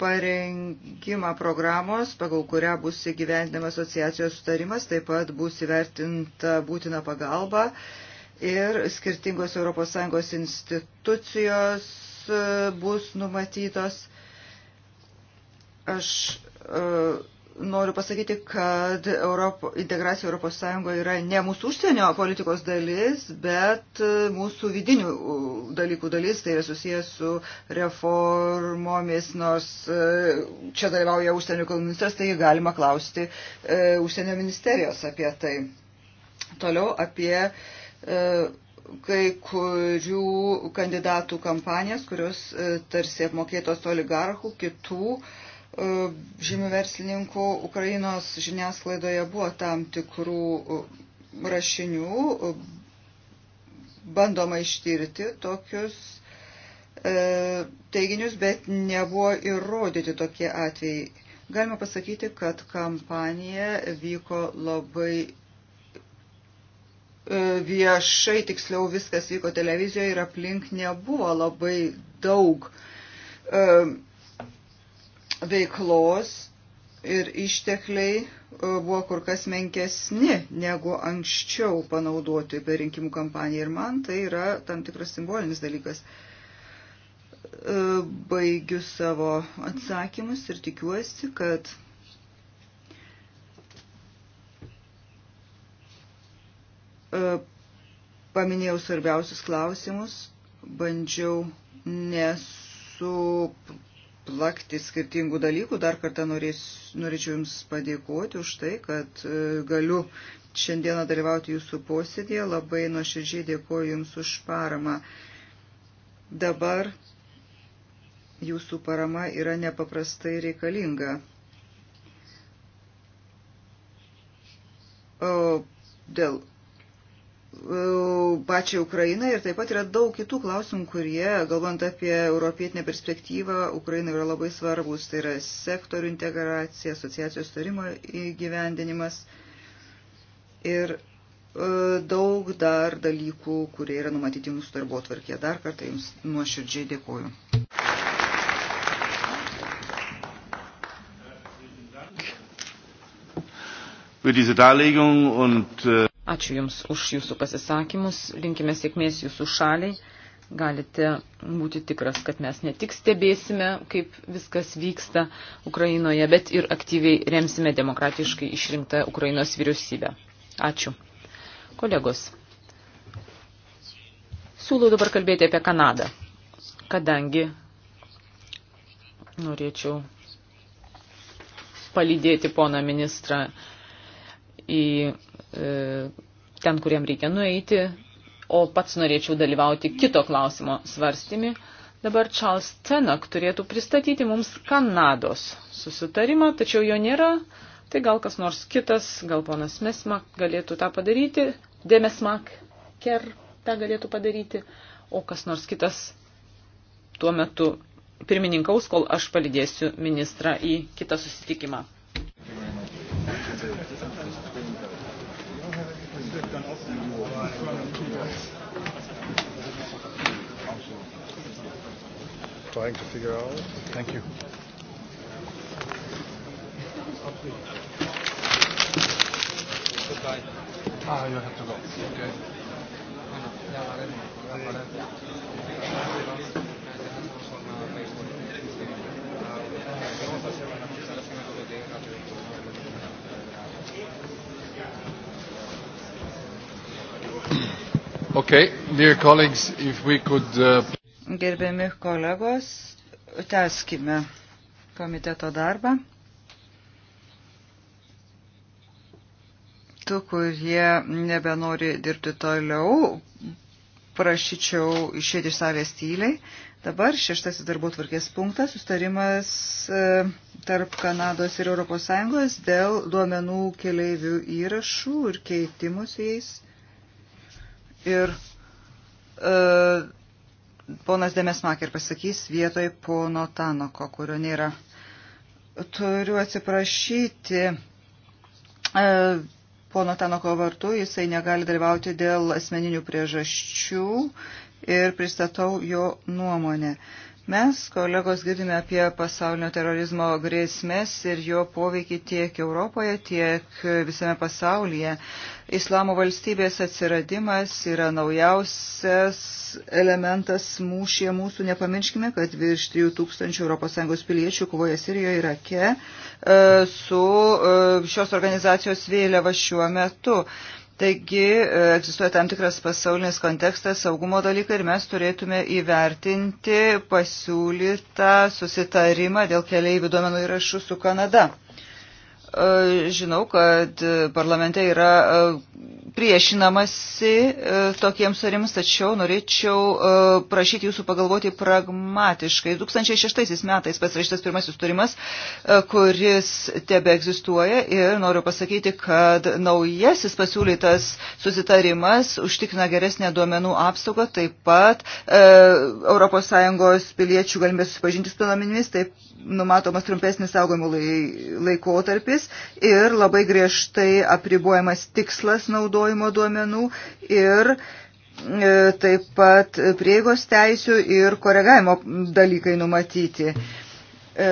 parengimą programos, pagal kurią bus įgyvendinama asociacijos sutarimas, taip pat bus įvertinta būtina pagalba ir skirtingos ES institucijos e, bus numatytos. Aš uh, noriu pasakyti, kad Europo, integracija Europos Sąjungoje yra ne mūsų užsienio politikos dalis, bet e, mūsų vidinių dalykų dalis, tai yra susijęs su reformomis, nors e, čia dalyvauja užsienio reikalų ministras, tai galima klausti e, užsienio ministerijos apie tai. Toliau apie kai kurių kandidatų kampanijas, kurios tarsi apmokėtos oligarchų, kitų uh, E, žymių verslininkų Ukrainos žiniasklaidoje buvo tam tikrų e, rašinių, e, bandoma ištirti tokius teiginius, bet nebuvo įrodyti tokie atvejai. Galima pasakyti, kad kampanija vyko labai viešai, tiksliau viskas vyko televizijoje ir aplink nebuvo labai daug veiklos ir ištekliai e, buvo kur kas menkesni negu anksčiau panaudoti per rinkimų kampaniją. Ir man tai yra tam tikras simbolinis dalykas. E, baigiu savo atsakymus ir tikiuosi, kad e, paminėjau svarbiausius klausimus, bandžiau nesu plakti skirtingų dalykų. Dar kartą norės, norėčiau Jums padėkoti už tai, kad e, galiu šiandieną dalyvauti Jūsų posėdėje. Labai nuoširdžiai dėkoju Jums už paramą. Dabar Jūsų parama yra nepaprastai reikalinga. O dėl pačią Ukrainą ir taip pat yra daug kitų klausimų, kurie, galvant apie europietinę perspektyvą, Ukraina yra labai svarbus. Tai yra sektorių integracija, asociacijos tarimo įgyvendinimas ir e, daug dar dalykų, kurie yra numatyti mūsų darbo tvarkė. Dar kartą Jums nuoširdžiai dėkoju. Für diese Darlegung und äh Ačiū Jums už Jūsų pasisakymus, linkime sėkmės Jūsų šaliai. Galite būti tikras, kad mes ne tik stebėsime, kaip viskas vyksta Ukrainoje, bet ir aktyviai remsime demokratiškai išrinktą Ukrainos vyriausybę. Ačiū. Kolegos, siūlau dabar kalbėti apie Kanadą, kadangi norėčiau palydėti poną ministrą į e, ten, kuriem reikia nueiti, o pats norėčiau dalyvauti kito klausimo svarstymi. Dabar Charles Tenak turėtų pristatyti mums Kanados susitarimą, tačiau jo nėra. Tai gal kas nors kitas, gal ponas Mesmak galėtų tą padaryti, Demesmak Ker tą galėtų padaryti, o kas nors kitas tuo metu pirmininkaus, kol aš palidėsiu ministrą į kitą susitikimą. trying to figure out. Thank you. Goodbye. Ah, you have to go. Okay. Okay, dear colleagues, if we could. Uh Gerbiami kolegos, teskime komiteto darbą. Tu, kurie nebenori dirbti toliau, prašyčiau išėti iš salės tyliai. Dabar šeštasis darbo tvarkės punktas, sustarimas e, tarp Kanados ir ES dėl duomenų keleivių įrašų ir keitimus jais. Ir e, ponas Demesmaker pasakys vietoj pono Tanoko, kurio nėra. Turiu atsiprašyti e, pono Tanoko vartu, jisai negali dalyvauti dėl asmeninių priežasčių ir pristatau jo nuomonę. E, Mes, kolegos, girdime apie pasaulinio terorizmo grėsmės ir jo poveikį tiek Europoje, tiek visame pasaulyje. Islamo valstybės atsiradimas yra naujausias elementas mūšyje mūsų. Nepamirškime, kad virš 3000 ES piliečių kovoja Sirijoje ir Irake e, su e, šios organizacijos vėliava šiuo metu. Taigi e, egzistuoja tam tikras pasaulinis kontekstas, saugumo dalykai ir mes turėtume įvertinti pasiūlytą susitarimą dėl keliaivių duomenų įrašų su Kanada. Žinau, kad parlamente yra e, priešinamasi e, tokiems sarims, tačiau norėčiau e, prašyti jūsų pagalvoti pragmatiškai. 2006 metais pasirašytas pirmasis turimas, kuris tebe egzistuoja ir noriu pasakyti, kad naujasis pasiūlytas susitarimas užtikrina geresnę duomenų apsaugą, taip pat ES piliečių galimės susipažinti su duomenimis, taip numatomas trumpesnis saugojimo laikotarpis ir labai griežtai apribojamas tikslas naudojimo duomenų ir e, taip pat prieigos teisių ir koregavimo dalykai numatyti. E,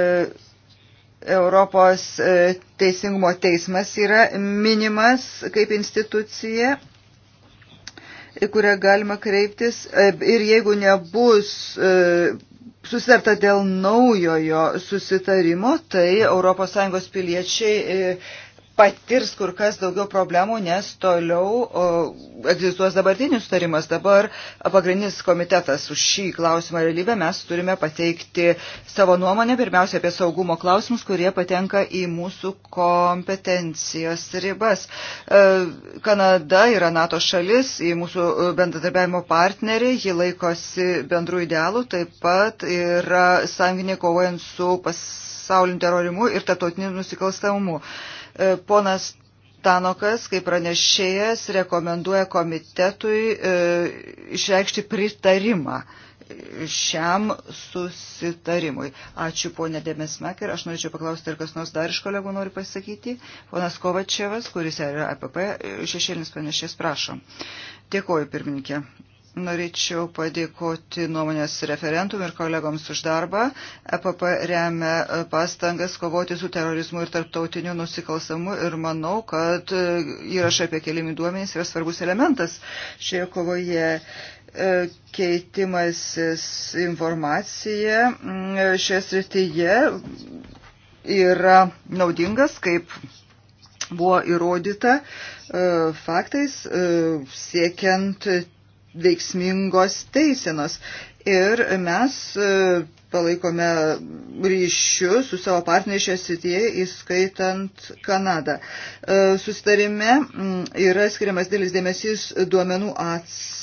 Europos e, teisingumo teismas yra minimas kaip institucija į kurią galima kreiptis ir jeigu nebus susitarta dėl naujojo susitarimo, tai ES piliečiai e, patirs kur kas daugiau problemų, nes toliau o, egzistuos dabartinis sutarimas. Dabar pagrindinis komitetas už šį klausimą realybę mes turime pateikti savo nuomonę, pirmiausia apie saugumo klausimus, kurie patenka į mūsų kompetencijos ribas. E, Kanada yra NATO šalis, į mūsų bendradarbiavimo partnerį, ji laikosi bendrų idealų, taip pat yra sąjunginė kovojant su pasauliniu terorimu ir tarptautiniu nusikalstamumu. E, E, ponas Tanokas, kaip pranešėjas, rekomenduoja komitetui e, išreikšti pritarimą šiam susitarimui. Ačiū ponė Demesmeker. Aš norėčiau paklausti, ar kas nors dar iš kolegų nori pasakyti. Ponas Kovačievas, kuris yra APP, e šešėlinis pranešės, prašom. Dėkoju, pirmininkė. Norėčiau padėkoti nuomonės referentum ir kolegoms už darbą. EPP remia pastangas kovoti su terorizmu ir tarptautiniu nusikalsamu ir manau, kad įrašai apie keliami duomenys yra svarbus elementas šioje kovoje e, keitimasis informacija šioje srityje yra naudingas kaip buvo įrodyta e, faktais e, siekiant veiksmingos teisenos. Ir mes e, palaikome ryšių su savo partneriais šioje srityje, įskaitant Kanadą. E, susitarime yra skiriamas dėlis dėmesys duomenų atsakymų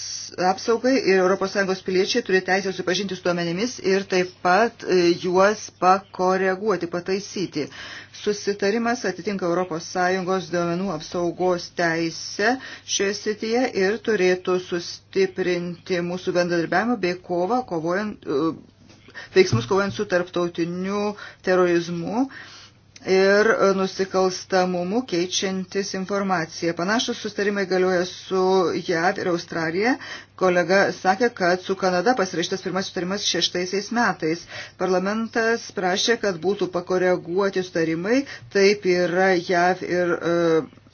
apsaugai ir ES piliečiai turi teisę supažinti su duomenimis ir taip pat e, juos pakoreguoti, pataisyti. Susitarimas atitinka ES duomenų apsaugos teisę šioje srityje ir turėtų sustiprinti mūsų bendradarbiavimą bei kovą, kovojant, e, veiksmus kovojant su tarptautiniu terorizmu. Uh, ir nusikalstamumu keičiantis informacija. Panašus sustarimai galioja su JAV ir Australija. Kolega sakė, kad su Kanada pasirašytas pirmas sustarimas šeštaisiais metais. Parlamentas prašė, kad būtų pakoreguoti sustarimai. Taip yra JAV ir. Uh,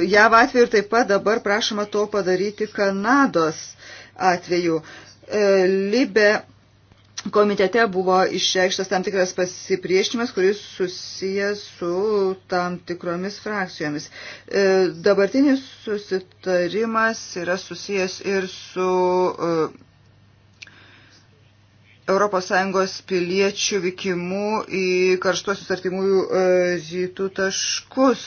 JAV atveju ir taip pat dabar prašoma to padaryti Kanados atveju. Uh, E, Libe komitete buvo išreikštas tam tikras pasipriešinimas, kuris susijęs su tam tikromis frakcijomis. E, Dabartinis susitarimas yra susijęs ir su ES piliečių vykimu į karštuosius artimųjų e, rytų taškus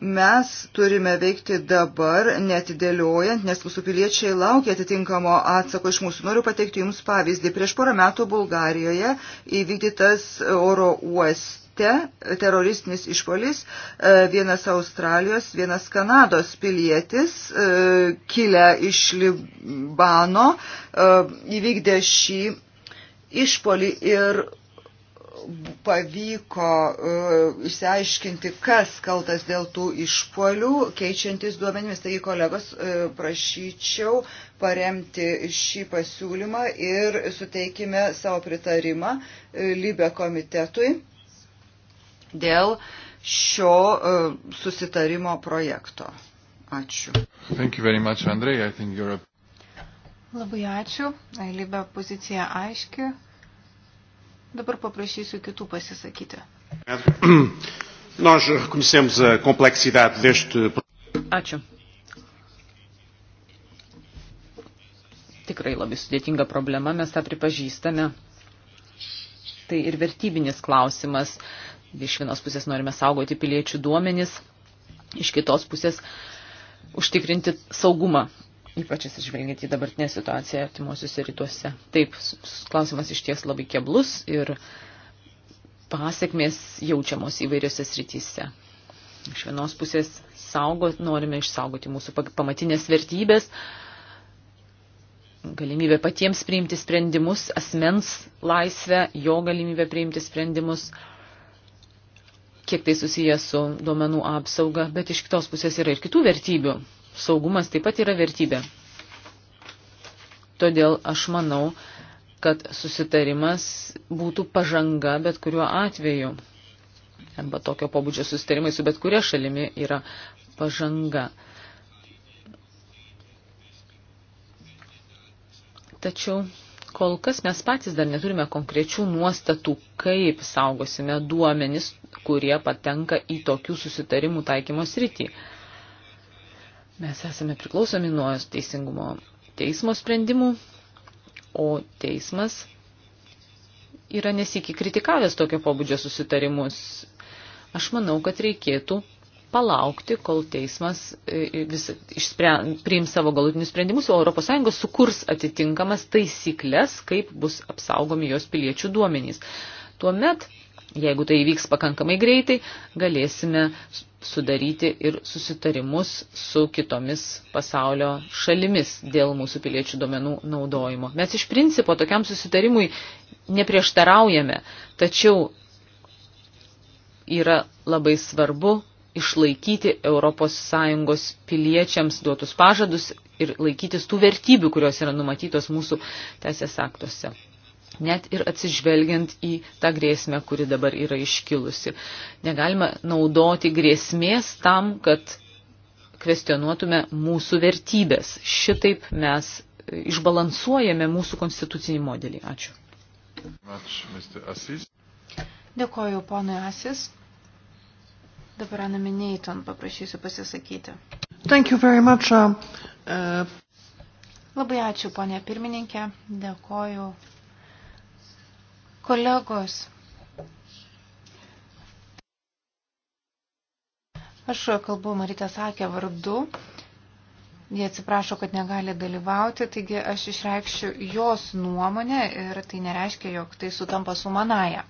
Mes turime veikti dabar, netidėliojant, nes mūsų piliečiai laukia atitinkamo atsako iš mūsų. Noriu pateikti Jums pavyzdį. Prieš porą metų Bulgarijoje įvykdytas oro uostas mieste teroristinis išpolis, e, vienas Australijos, vienas Kanados pilietis, e, kilę iš Libano, e, įvykdė šį išpolį ir pavyko uh, išsiaiškinti, kas kaltas dėl tų išpolių, keičiantis duomenimis. Taigi, kolegos, uh, prašyčiau paremti šį pasiūlymą ir suteikime savo pritarimą uh, e, Libė komitetui dėl šio uh, susitarimo projekto. Ačiū. Much, Labai ačiū. Libė pozicija aiški Dabar paprašysiu kitų pasisakyti. *clears throat* Ačiū. Tikrai labai sudėtinga problema, mes tą pripažįstame. Tai ir vertybinis klausimas. Iš vienos pusės norime saugoti piliečių duomenis, iš kitos pusės užtikrinti saugumą ypač atsižvelgiant į dabartinę situaciją artimuosiuose rytuose. Taip, klausimas iš ties labai keblus ir pasiekmės jaučiamos įvairiose srityse. Iš vienos pusės saugot, norime išsaugoti mūsų pamatinės vertybės, galimybę patiems priimti sprendimus, asmens laisvę, jo galimybę priimti sprendimus, kiek tai susijęs su duomenų apsauga, bet iš kitos pusės yra ir kitų vertybių saugumas taip pat yra vertybė. Todėl aš manau, kad susitarimas būtų pažanga bet kuriuo atveju. Arba tokio pobūdžio susitarimai su bet kuria šalimi yra pažanga. Tačiau kol kas mes patys dar neturime konkrečių nuostatų, kaip saugosime duomenis, kurie patenka į tokių susitarimų taikymos rytį. Mes esame priklausomi nuo teisingumo teismo sprendimų, o teismas yra nesikį kritikavęs tokio pobūdžio susitarimus. Aš manau, kad reikėtų palaukti, kol teismas e, e, vis išspren, priims savo galutinius sprendimus, o ES sukurs atitinkamas taisyklės, kaip bus apsaugomi jos piliečių duomenys. Tuomet, jeigu tai įvyks pakankamai greitai, galėsime sudaryti ir susitarimus su kitomis pasaulio šalimis dėl mūsų piliečių duomenų naudojimo. Mes iš principo tokiam susitarimui neprieštaraujame, tačiau yra labai svarbu išlaikyti ES piliečiams duotus pažadus ir laikytis tų vertybių, kurios yra numatytos mūsų teisės aktuose net ir atsižvelgiant į tą grėsmę, kuri dabar yra iškilusi. Negalime naudoti grėsmės tam, kad kvestionuotume mūsų vertybės. Šitaip mes išbalansuojame mūsų konstitucinį modelį. Ačiū. Dėkoju, ponui Asis. Dabar Anami Neiton paprašysiu pasisakyti. Thank you very much. Uh, uh Labai ačiū, ponė pirmininkė. Dėkoju Kolegos, aš kalbu Marytė sakė vardu. Jie atsiprašo, kad negali dalyvauti, taigi aš išreikščiau jos nuomonę ir tai nereiškia, jog tai sutampa su manaja.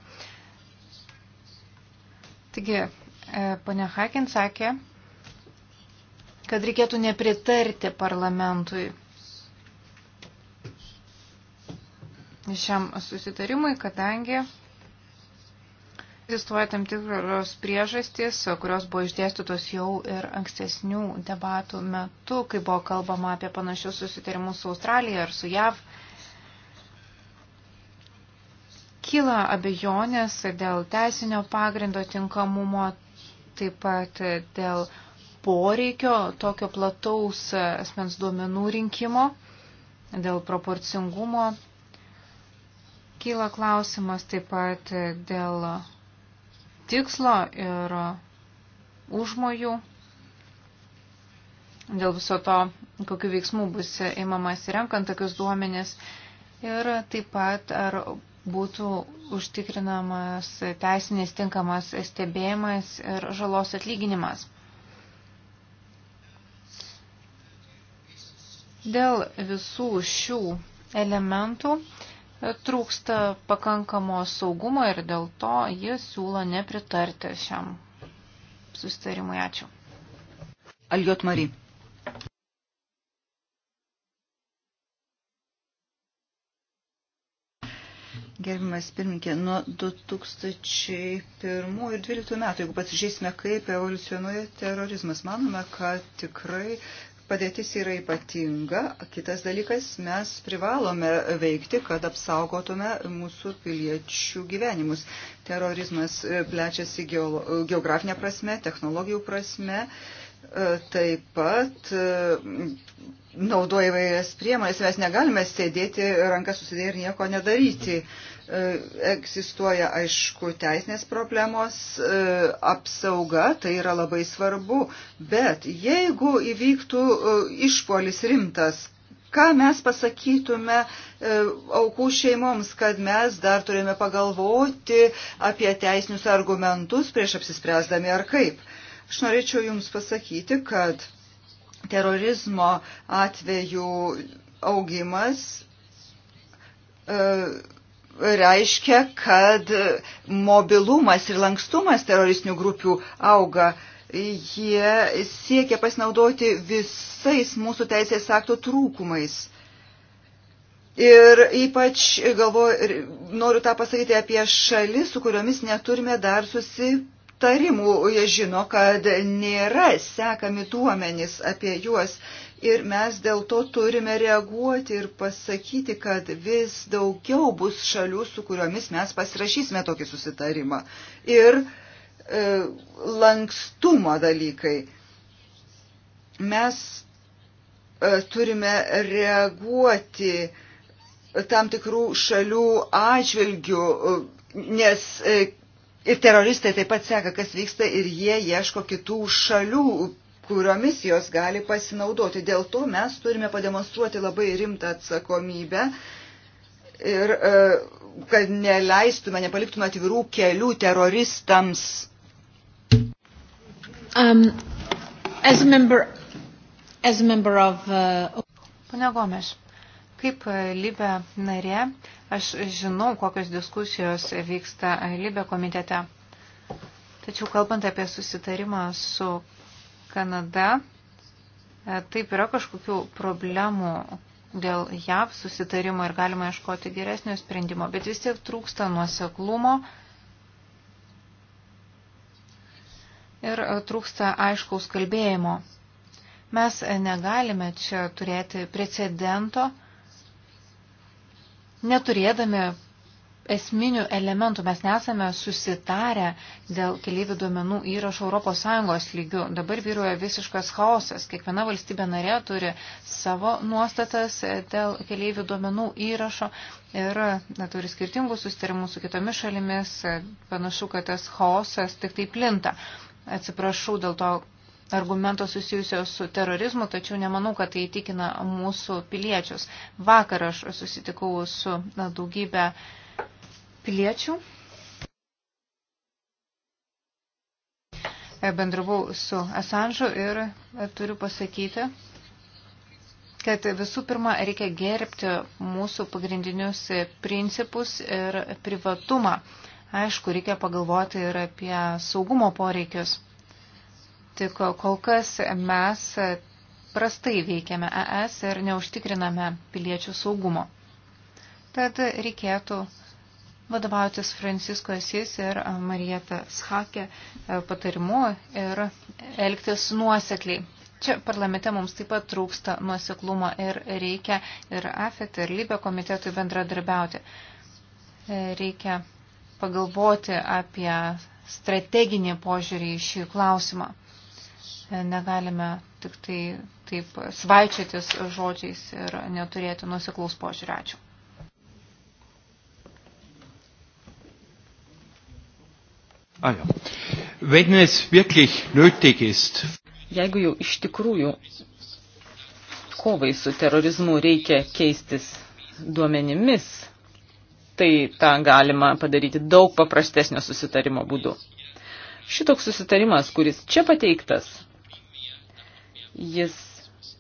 Taigi, e, ponia Hakin sakė, kad reikėtų nepritarti parlamentui šiam susitarimui, kadangi egzistuoja tam tikros priežastys, kurios buvo išdėstytos jau ir ankstesnių debatų metu, kai buvo kalbama apie panašius susitarimus su Australija ar su JAV. Kyla abejonės dėl teisinio pagrindo tinkamumo, taip pat dėl poreikio tokio plataus asmens duomenų rinkimo, dėl proporcingumo Kyla klausimas taip pat dėl tikslo ir užmojų, dėl viso to, kokiu veiksmu bus įmamas renkant tokius duomenis ir taip pat ar būtų užtikrinamas teisinės tinkamas stebėjimas ir žalos atlyginimas. Dėl visų šių elementų trūksta pakankamo saugumo ir dėl to jis siūlo nepritarti šiam susitarimui. Ačiū. Aljot Mari. Gerbimas pirminkė, nuo 2001 ir 2012 metų, jeigu pasižiūrėsime, kaip evoliucionuoja terorizmas, manome, kad tikrai padėtis yra ypatinga. Kitas dalykas, mes privalome veikti, kad apsaugotume mūsų piliečių gyvenimus. Terorizmas e, plečiasi geografinė prasme, technologijų prasme. E, E, taip pat e, naudoja įvairias priemonės. Mes negalime sėdėti rankas susidėję ir nieko nedaryti. E, egzistuoja, aišku, teisinės problemos, apsauga, tai yra labai svarbu. Bet jeigu įvyktų išpolis rimtas, ką mes pasakytume aukų šeimoms, kad mes dar turime pagalvoti apie teisinius argumentus prieš apsispręsdami ar kaip. Aš norėčiau Jums pasakyti, kad terorizmo atveju augimas e, reiškia, kad mobilumas ir lankstumas teroristinių grupių auga. Jie siekia pasinaudoti visais mūsų teisės akto trūkumais. Ir ypač galvoju, noriu tą pasakyti apie šalis, su kuriomis neturime dar susipažinti tarimų, jie žino, kad nėra sekami duomenys apie juos ir mes dėl to turime reaguoti ir pasakyti, kad vis daugiau bus šalių, su kuriomis mes pasirašysime tokį susitarimą. Ir e, lankstumo dalykai. Mes e, turime reaguoti tam tikrų šalių atžvilgių, e, nes e, Ir teroristai taip pat seka, kas vyksta ir jie ieško kitų šalių, kuriomis jos gali pasinaudoti. Dėl to mes turime pademonstruoti labai rimtą atsakomybę ir e, kad neleistume, nepaliktume atvirų kelių teroristams. Um, as a member, as a member of, uh... Pane Gomes, Kaip e, Libė narė, aš žinau, kokios diskusijos vyksta e, Libė komitete. Tačiau kalbant apie susitarimą su Kanada, e, taip yra kažkokių problemų dėl JAV susitarimo ir galima ieškoti geresnio sprendimo, bet vis tiek trūksta nuoseklumo ir trūksta aiškaus kalbėjimo. Mes negalime čia turėti precedento, neturėdami esminių elementų mes nesame susitarę dėl keliaivių duomenų įrašo ES lygių. Dabar vyruoja visiškas chaosas. Kiekviena valstybė narė turi savo nuostatas dėl keliaivių duomenų įrašo ir na, turi skirtingus sustarimus su kitomis šalimis. Panašu, kad tas chaosas tik tai plinta. Atsiprašau dėl to, argumento susijusio su terorizmu, tačiau nemanau, kad tai įtikina mūsų piliečius. Vakar aš susitikau su na, daugybė piliečių. E, bendravau su Asanžu ir e, turiu pasakyti, kad visų pirma reikia gerbti mūsų pagrindinius principus ir privatumą. Aišku, reikia pagalvoti ir apie saugumo poreikius atsitiko. Kol kas mes prastai veikiame ES ir neužtikriname piliečių saugumo. Tad reikėtų vadovautis Francisko Asys ir Marijeta Schake patarimu ir elgtis nuosekliai. Čia parlamente mums taip pat trūksta nuoseklumo ir reikia ir AFET ir Libė komitetui bendradarbiauti. Reikia pagalvoti apie strateginį požiūrį į šį klausimą negalime tik tai taip svaičytis žodžiais ir neturėti nusiklaus požiūrį. Ačiū. Ah, ja. Wenn es wirklich nötig ist. Jeigu jau iš tikrųjų kovai su terorizmu reikia keistis duomenimis, tai tą galima padaryti daug paprastesnio susitarimo būdu. Šitoks susitarimas, kuris čia pateiktas, jis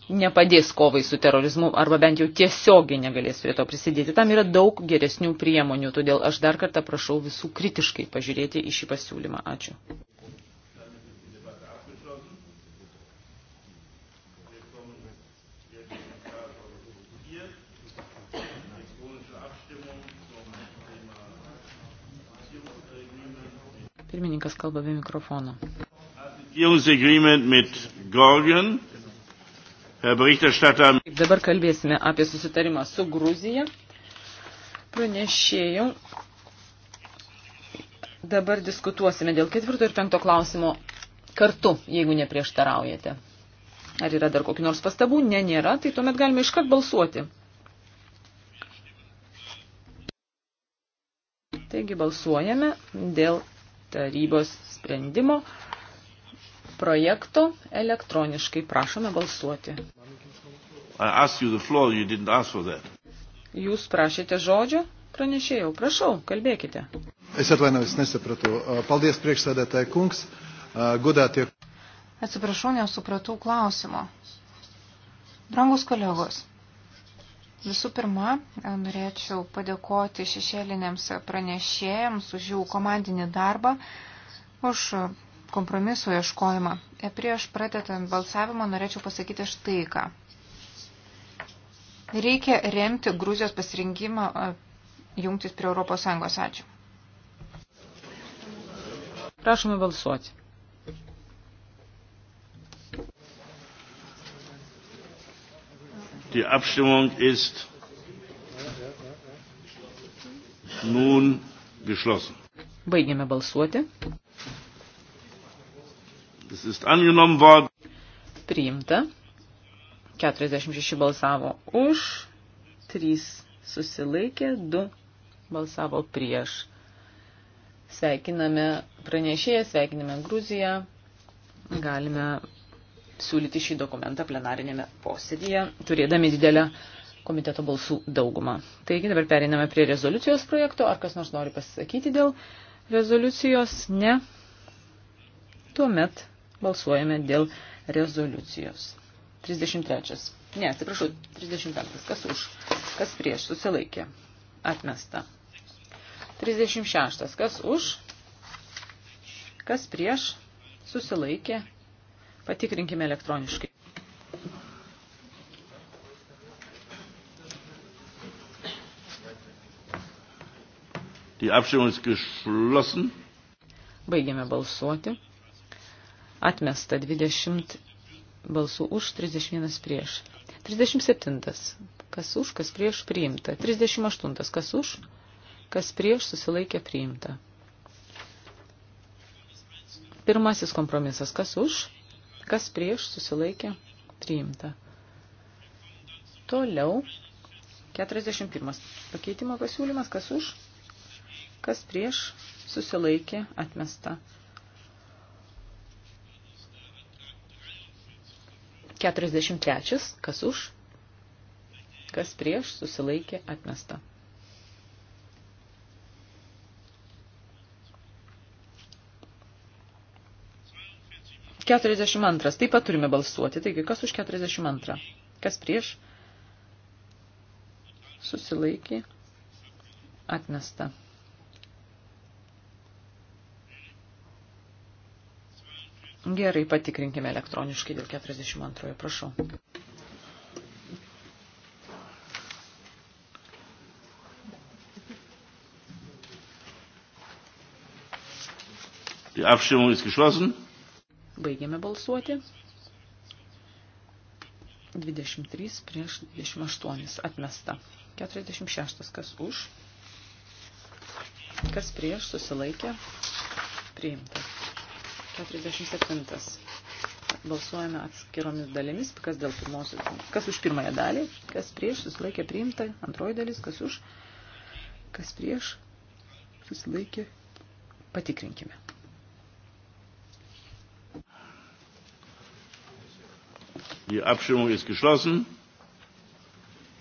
nepadės kovai su terorizmu arba bent jau tiesiogiai negalės prie to prisidėti. Tam yra daug geresnių priemonių, todėl aš dar kartą prašau visų kritiškai pažiūrėti į šį pasiūlymą. Ačiū. Pirmininkas kalba be mikrofono. Assoziierungsagreement mit Georgien. Herr Berichterstatter. Dabar kalbėsime apie susitarimą su Gruzija. Pranešėjau. Dabar diskutuosime dėl ketvirto ir penkto klausimo kartu, jeigu neprieštaraujate. Ar yra dar kokių nors pastabų? Ne, nėra. Tai tuomet galime iškart balsuoti. Taigi balsuojame dėl tarybos sprendimo projekto elektroniškai. Prašome balsuoti. You floor, you Jūs prašėte žodžio? Pranešėjau, prašau, kalbėkite. Es atvainojos, nesupratau. Paldies priekšsēdētāji kungs. Godātie. Atsiprašau, nesupratau klausimo. Brangus kolegos, Visų pirma, norėčiau padėkoti šešėlinėms pranešėjams už jų komandinį darbą, už kompromisų ieškojimą. E, prieš pratėtant balsavimą norėčiau pasakyti štai ką. Reikia remti Gruzijos pasirinkimą e, jungtis prie Europos Sąjungos. Ačiū. Prašome balsuoti. Die Abstimmung ist nun geschlossen. Baigėme balsuoti. Es ist angenommen worden. Priimta. 46 balsavo už, 3 susilaikė, 2 balsavo prieš. Sveikiname pranešėją, sveikiname Gruziją. Galime siūlyti šį dokumentą plenarinėme posėdyje, turėdami didelę komiteto balsų daugumą. Taigi dabar periname prie rezoliucijos projekto. Ar kas nors nori pasisakyti dėl rezoliucijos? Ne. Tuomet Balsuojame dėl rezoliucijos. 33. Ne, atsiprašau, 35. Kas už? Kas prieš? Susilaikė. Atmesta. 36. Kas už? Kas prieš? Susilaikė. Patikrinkime elektroniškai. Die Abstimmung ist geschlossen. Baigėme balsuoti. Atmesta 20 balsų už, 31 prieš. 37. Kas už, kas prieš priimta. 38. Kas už, kas prieš susilaikė priimta. Pirmasis kompromisas. Kas už, kas prieš susilaikė priimta. Toliau 41. Pakeitimo pasiūlymas. Kas už, kas prieš susilaikė atmesta. 43. Kas už? Kas prieš? Susilaikė atmesta. Keturiasdešimt antras. Taip pat turime balsuoti. Taigi, kas už keturiasdešimt antrą? Kas prieš? Susilaikė. Atmesta. Gerai, patikrinkime elektroniškai dėl 42, prašau. Die Abstimmung ist geschlossen. Baigiame balsuoti. 23 prieš 28 atmesta. 46 kas už, kas prieš susilaikė, priimtas. 47. Balsuojame atskiromis dalimis, kas dėl pirmosios, kas už pirmąją dalį, kas prieš, susilaikė priimta, antroji dalis, kas už, kas prieš, susilaikė, patikrinkime. Die Abstimmung ist geschlossen.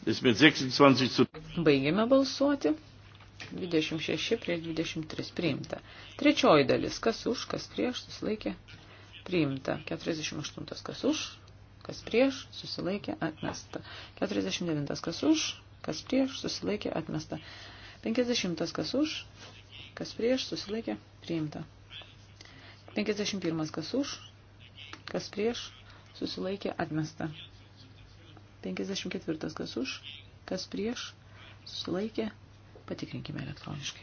Ist mit 26 zu. Baigėme balsuoti. 26 prieš 23 priimta. Trečioji dalis, kas už, kas prieš, susilaikė, priimta. 48 kas už, kas prieš, susilaikė, atmesta. 49 kas už, kas prieš, susilaikė, atmesta. 50 kas už, kas prieš, susilaikė, priimta. 51 kas už, kas prieš, susilaikė, atmesta. 54 kas už, kas prieš, susilaikė, atmesta. Patikrinkime elektroniškai.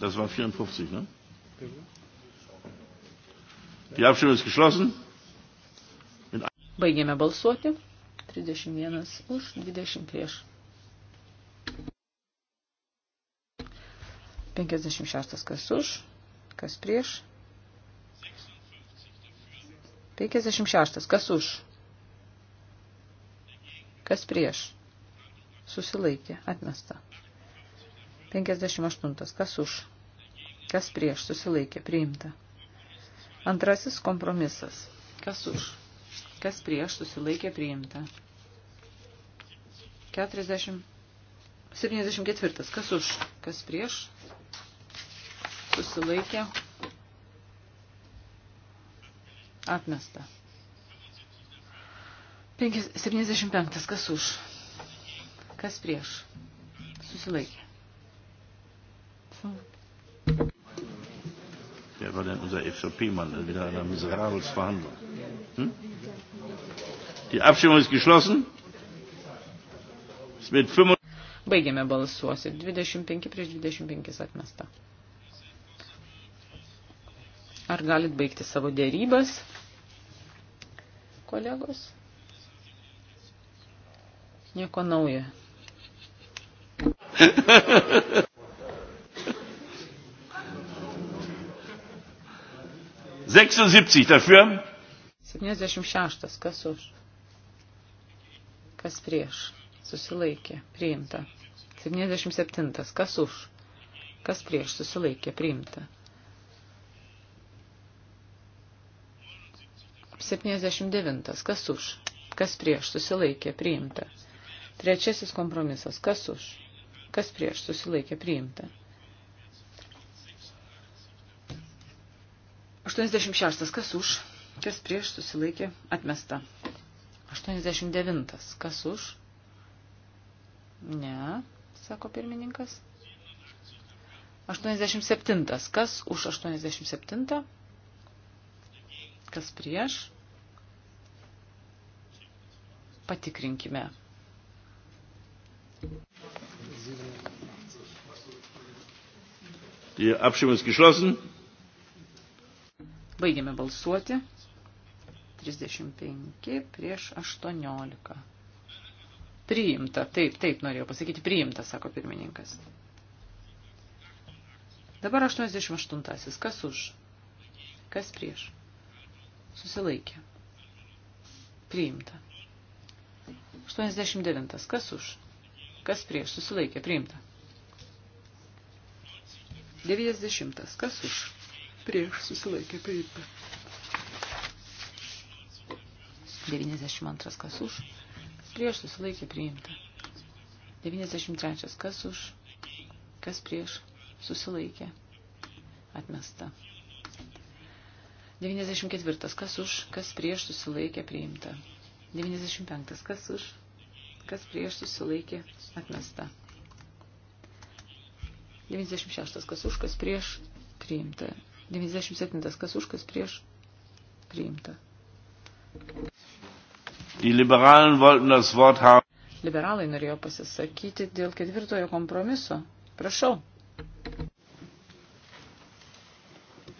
Das war 54, ne? Die Abstimmung ist geschlossen. Baigėme balsuoti. 31 už, 20 prieš. 56 kas už, kas prieš. 56 kas už. Kas prieš? Susilaikė. Atmesta. 58. Kas už? Kas prieš? Susilaikė. Priimta. Antrasis kompromisas. Kas už? Kas prieš? Susilaikė. Priimta. 40. 74. Kas už? Kas prieš? Susilaikė. Atmesta. 75. Kas už? Kas prieš? Susilaikė. Wer war denn unser FVP-Mann? Wieder einer miserables Verhandlung. Hm? Die Abstimmung ist geschlossen. Es wird 5... Baigėme balsuosi. 25 prieš 25 atmesta. Ar galit baigti savo dėrybas, kolegos? Nieko naujo. *laughs* dafür. 76. Kas už? Kas prieš? Susilaikė. Priimta. 77. Kas už? Kas prieš? Susilaikė. Priimta. 79. Kas už? Kas prieš? Susilaikė. Priimta. Trečiasis kompromisas. Kas už? Kas prieš? Susilaikė priimta. 86. Kas už? Kas prieš? Susilaikė atmesta. 89. Kas už? Ne, sako pirmininkas. 87. Kas už 87? Kas prieš? Patikrinkime. Die Abstimmung ist geschlossen. Baigėme balsuoti. 35 prieš 18. Priimta, taip, taip norėjau pasakyti, priimta, sako pirmininkas. Dabar 88. Kas už? Kas prieš? Susilaikė. Priimta. 89. Kas už? Kas prieš? Susilaikė. Priimta. 90. Kas už? Prieš. Susilaikė. Priimta. 92. Kas už? Prieš. Susilaikė. Priimta. 93. Kas už? Kas prieš? Susilaikė. Atmesta. 94. Kas už? Kas prieš? Susilaikė. Priimta. 95. Kas už? kas prieš susilaikė atmesta. 96. Kas už, kas prieš priimta. 97. Kas už, kas prieš priimta. Liberalai norėjo pasisakyti dėl ketvirtojo kompromiso. Prašau.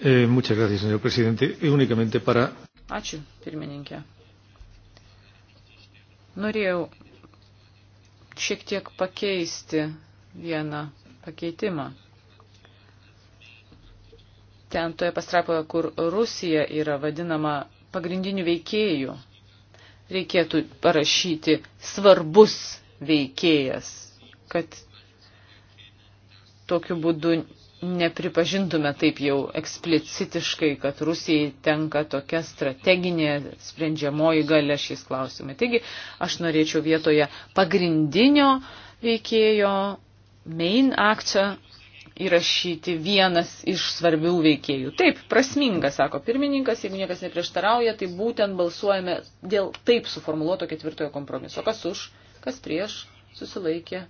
Eh, muchas gracias, señor presidente. Y eh, únicamente para. Ačiū, pirmininkė. Norėjau šiek tiek pakeisti vieną pakeitimą. Ten toje pastraipoje, kur Rusija yra vadinama pagrindiniu veikėju, reikėtų parašyti svarbus veikėjas, kad tokiu būdu nepripažintume taip jau eksplicitiškai, kad Rusijai tenka tokia strateginė sprendžiamoji galia šiais klausimais. Taigi aš norėčiau vietoje pagrindinio veikėjo main aktą įrašyti vienas iš svarbių veikėjų. Taip, prasminga, sako pirmininkas, jeigu niekas neprieštarauja, tai būtent balsuojame dėl taip suformuoluoto ketvirtojo kompromiso. Kas už, kas prieš, susilaikė,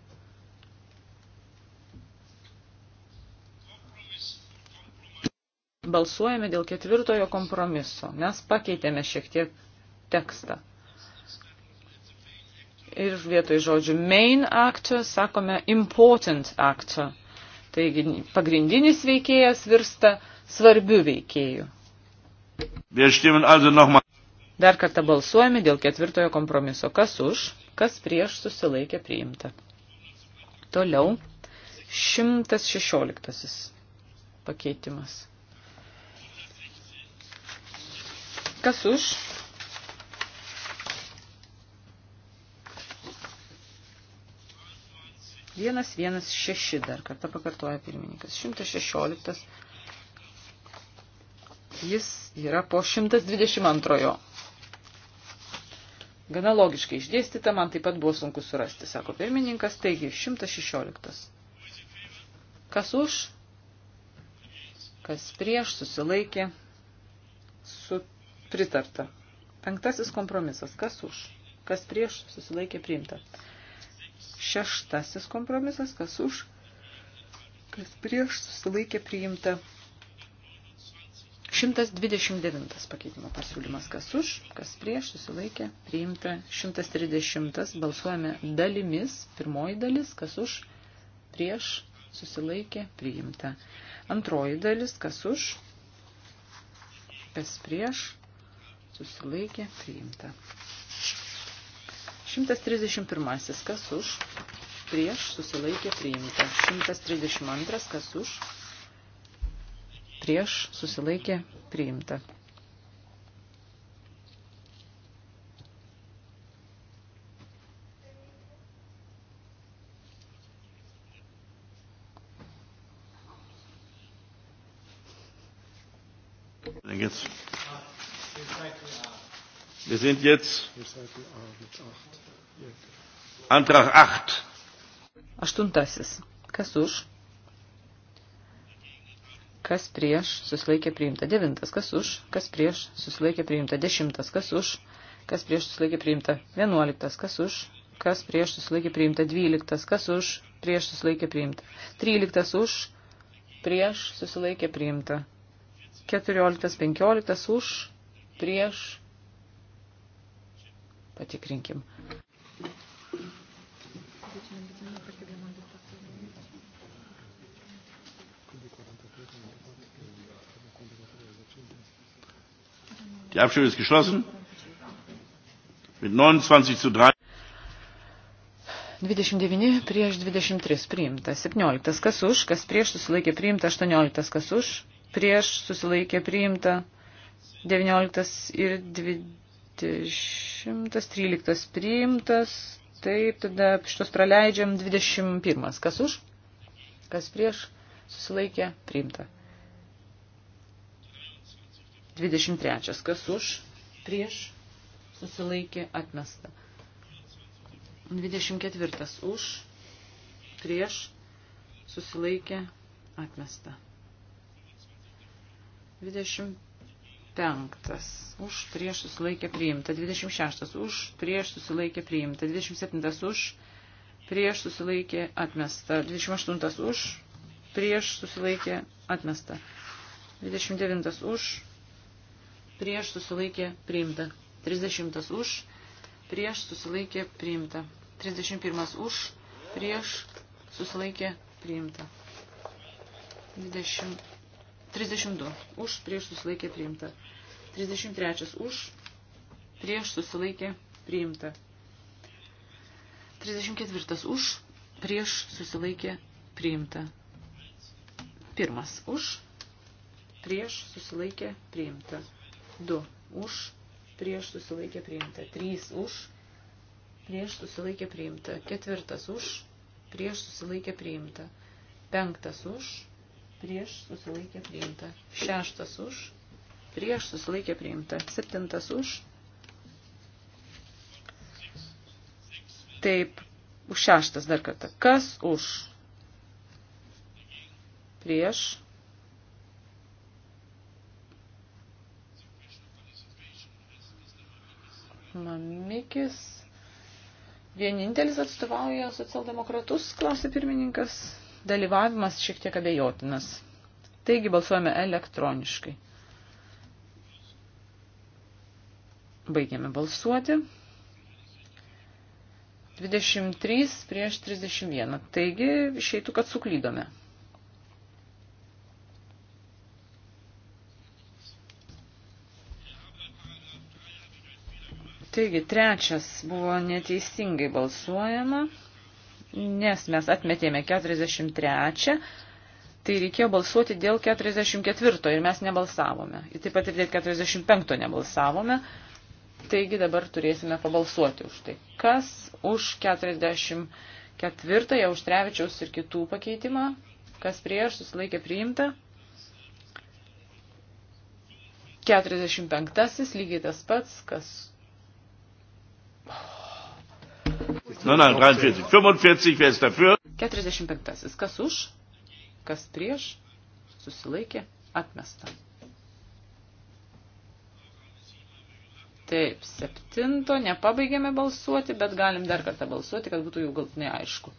Balsuojame dėl ketvirtojo kompromiso. Mes pakeitėme šiek tiek tekstą. Ir vietoj žodžių main actor sakome important actor. Taigi pagrindinis veikėjas virsta svarbiu veikėju. Dar kartą balsuojame dėl ketvirtojo kompromiso. Kas už, kas prieš susilaikė priimta. Toliau 116 pakeitimas. Kas už? Vienas, vienas, šeši dar kartą pakartoja pirmininkas. 116. Jis yra po 122. Gana logiškai išdėstyta, man taip pat buvo sunku surasti, sako pirmininkas, taigi 116. Kas už, kas prieš susilaikė, su pritarta. Penktasis kompromisas. Kas už? Kas prieš? Susilaikė priimta. Šeštasis kompromisas. Kas už? Kas prieš? Susilaikė priimta. 129 pakeitimo pasiūlymas. Kas už? Kas prieš? Susilaikė priimta. 130. Balsuojame dalimis. Pirmoji dalis. Kas už? Prieš? Susilaikė priimta. Antroji dalis. Kas už? Kas prieš? susilaikė, priimta. 131. Kas už, prieš, susilaikė, priimta. 132. Kas už, prieš, susilaikė, priimta. Wir sind jetzt Antrag 8. Aštuntasis. Kas už? Kas prieš susilaikė priimta? Devintas. Kas už? Kas prieš susilaikė priimta? Dešimtas. Kas už? Kas prieš susilaikė priimta? Vienuoliktas. Kas už? Kas prieš susilaikė priimta? Dvyliktas. Kas už? Prieš susilaikė priimta. Tryliktas už? Prieš susilaikė priimta. Keturioliktas. Penkioliktas už? Prieš patikrinkim. Die Abstimmung ist geschlossen. Mit 29 zu 3. 29 prieš 23 priimta. 17. Kas už, kas prieš susilaikė priimta. 18. Kas už, prieš susilaikė priimta. 19 ir 20. 113 priimtas. Taip, tada šitos praleidžiam 21. Kas už? Kas prieš? Susilaikė, priimta. 23. Kas už? Prieš? Susilaikė, atmesta. 24. Už? Prieš? Susilaikė, atmesta. 25 už prieš susilaikė priimta, 26 už prieš susilaikė priimta, 27 už prieš susilaikė atmesta, 28 už prieš susilaikė atmesta, 29 už prieš susilaikė priimta, 30 už prieš susilaikė priimta, 31 už prieš susilaikė priimta. 20 32. Už prieš susilaikė priimta. 33. Už prieš susilaikė priimta. 34. Už prieš susilaikė priimta. Pirmas. Už prieš susilaikė priimta. 2. Už prieš susilaikė priimta. 3. Už prieš susilaikė priimta. 4. Už prieš susilaikė priimta. 5. Už prieš susilaikė priimta. Šeštas už, prieš susilaikė priimta. Septintas už. Taip, už šeštas dar kartą. Kas už? Prieš. Mamikis. Vienintelis atstovauja socialdemokratus, klausė pirmininkas dalyvavimas šiek tiek abejotinas. Taigi balsuojame elektroniškai. Baigiame balsuoti. 23 prieš 31. Taigi išeitų, kad suklydome. Taigi, trečias buvo neteisingai balsuojama nes mes atmetėme 43, tai reikėjo balsuoti dėl 44 ir mes nebalsavome. Ir taip pat ir dėl 45 nebalsavome. Taigi dabar turėsime pabalsuoti už tai. Kas už 44, už Trevičiaus ir kitų pakeitimą, kas prieš susilaikė priimta. 45 lygiai tas pats, kas Nein, nein, 43. 45, wer ist dafür? 45. Kas už, kas prieš, susilaikė, atmesta. Taip, septinto, nepabaigėme balsuoti, bet galim dar kartą balsuoti, kad būtų jau galtinai aišku.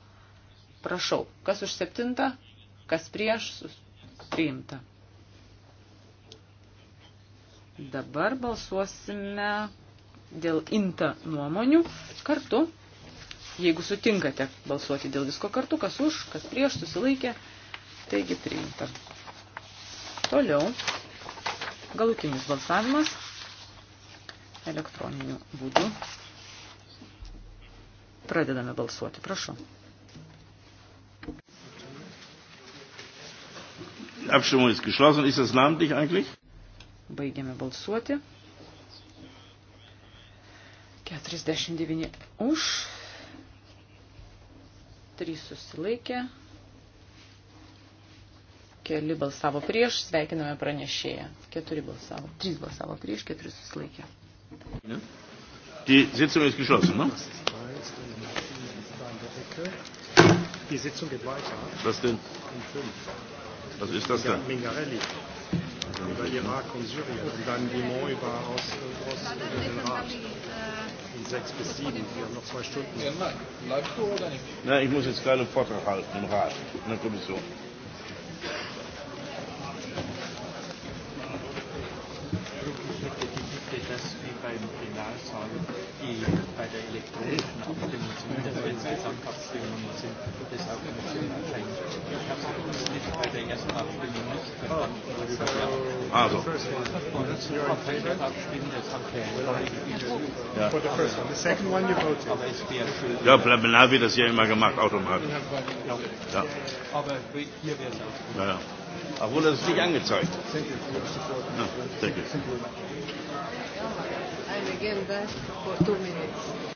Prašau, kas už septintą, kas prieš, priimta. Dabar balsuosime dėl inta nuomonių kartu Jeigu sutinkate balsuoti dėl visko kartu, kas už, kas prieš, susilaikė, taigi priimta. Toliau galutinis balsavimas elektroniniu būdu. Pradedame balsuoti, prašau. Abstimmung ist geschlossen. Ist das namentlich eigentlich? Baigiame balsuoti. 49 už, 3 susilaikė, keli balsavo prieš, sveikiname pranešėją. 4 balsavo, 3 balsavo prieš, 4 susilaikė. Die Sitzung ist geschlossen, ne? Die Sitzung geht weiter. Was denn? Was ist das denn? Mingarelli. Über Irak und Syrien und dann Dumont über, aus, über den Rat von sechs bis sieben. Wir haben noch zwei Stunden. Ja, nein, bleibst du oder nicht? Na, ich muss jetzt gerade einen Vortrag halten im Rat, in der Kommission. Also. Ja. ja, Plenar wird das ja immer gemacht, automatisch. Ja. Aber hier wäre es auch. Ja, ja. Obwohl das ist nicht angezeigt. Ja, thank you. And again, that's for two minutes.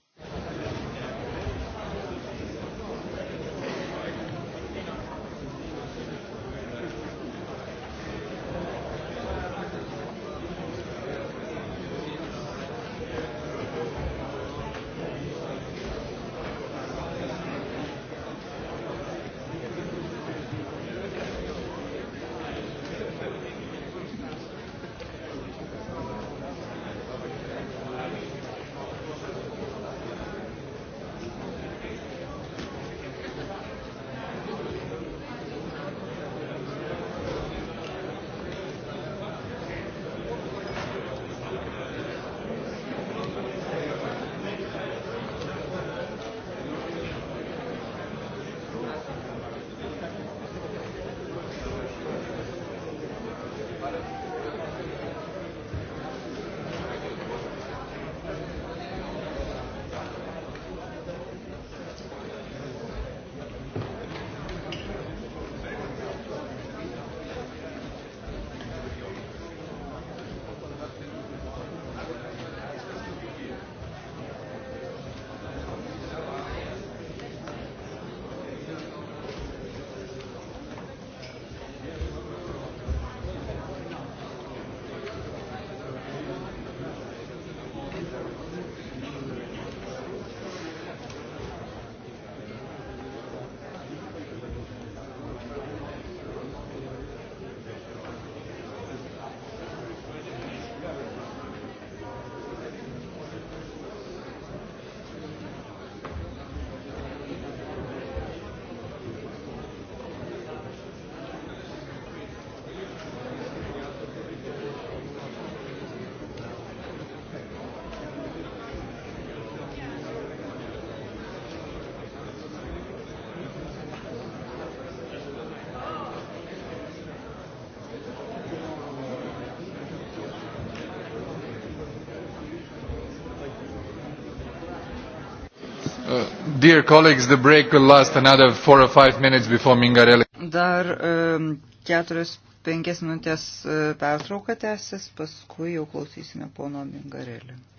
Dear colleagues, the break will last another four or five minutes before Mingarelli. Dar um, keturios, penkias minutės uh, pertrauka tęsis, paskui jau klausysime pono Mingarelį.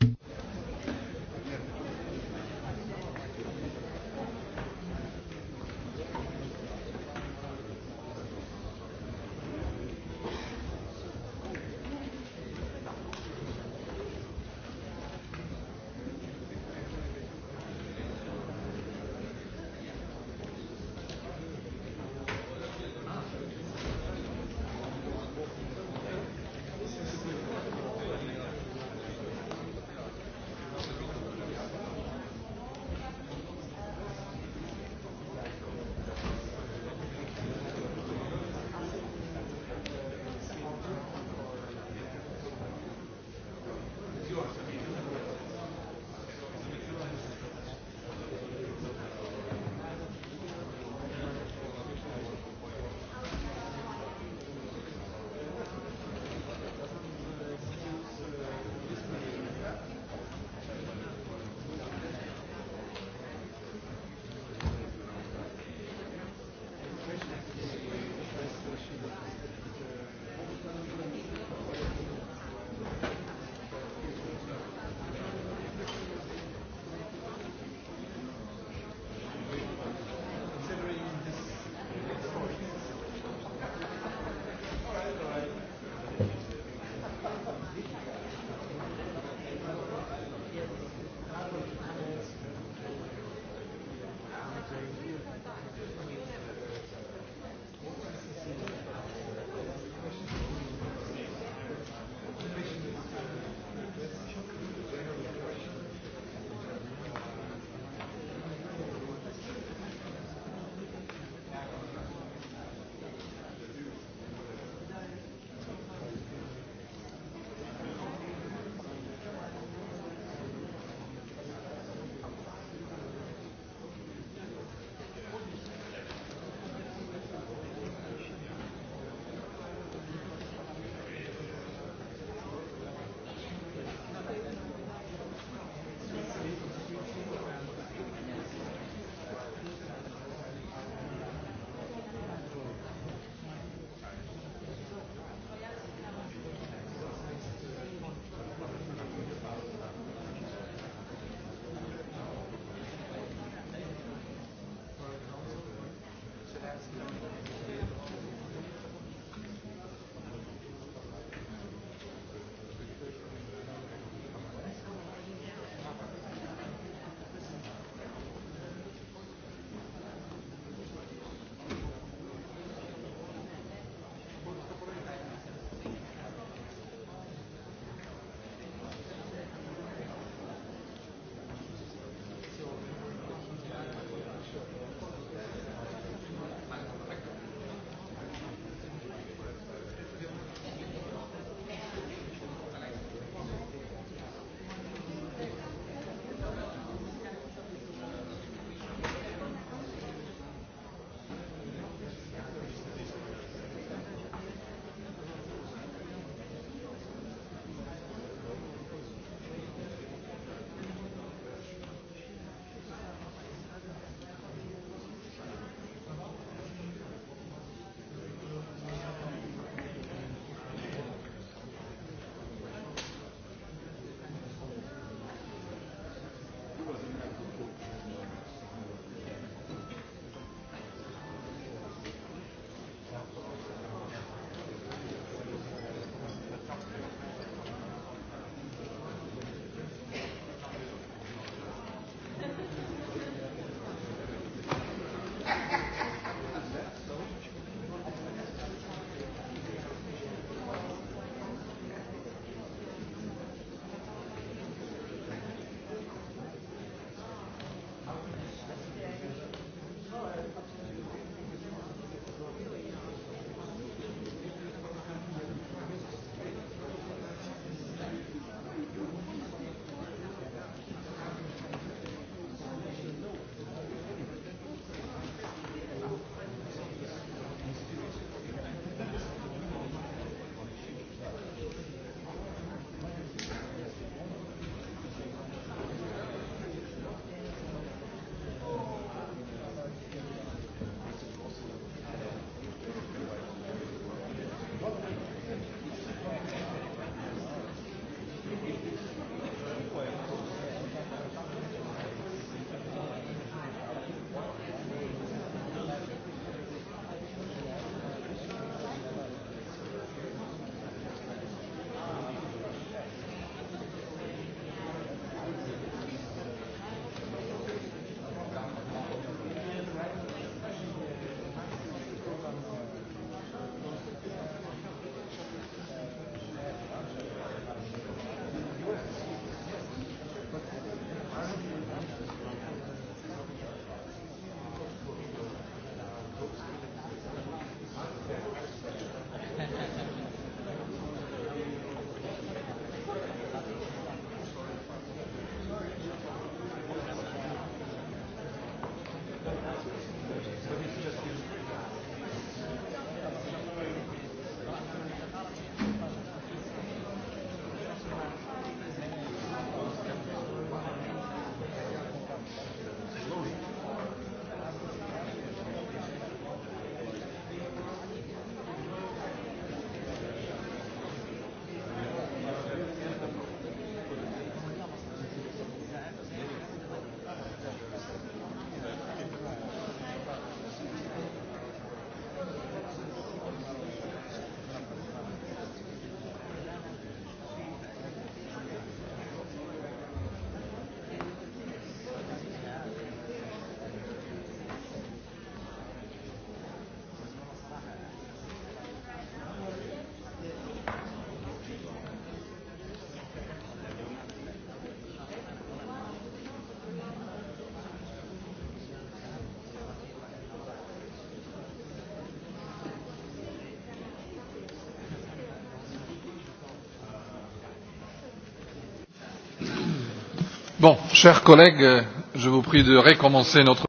Bon, chers collègues, je vous prie de recommencer notre.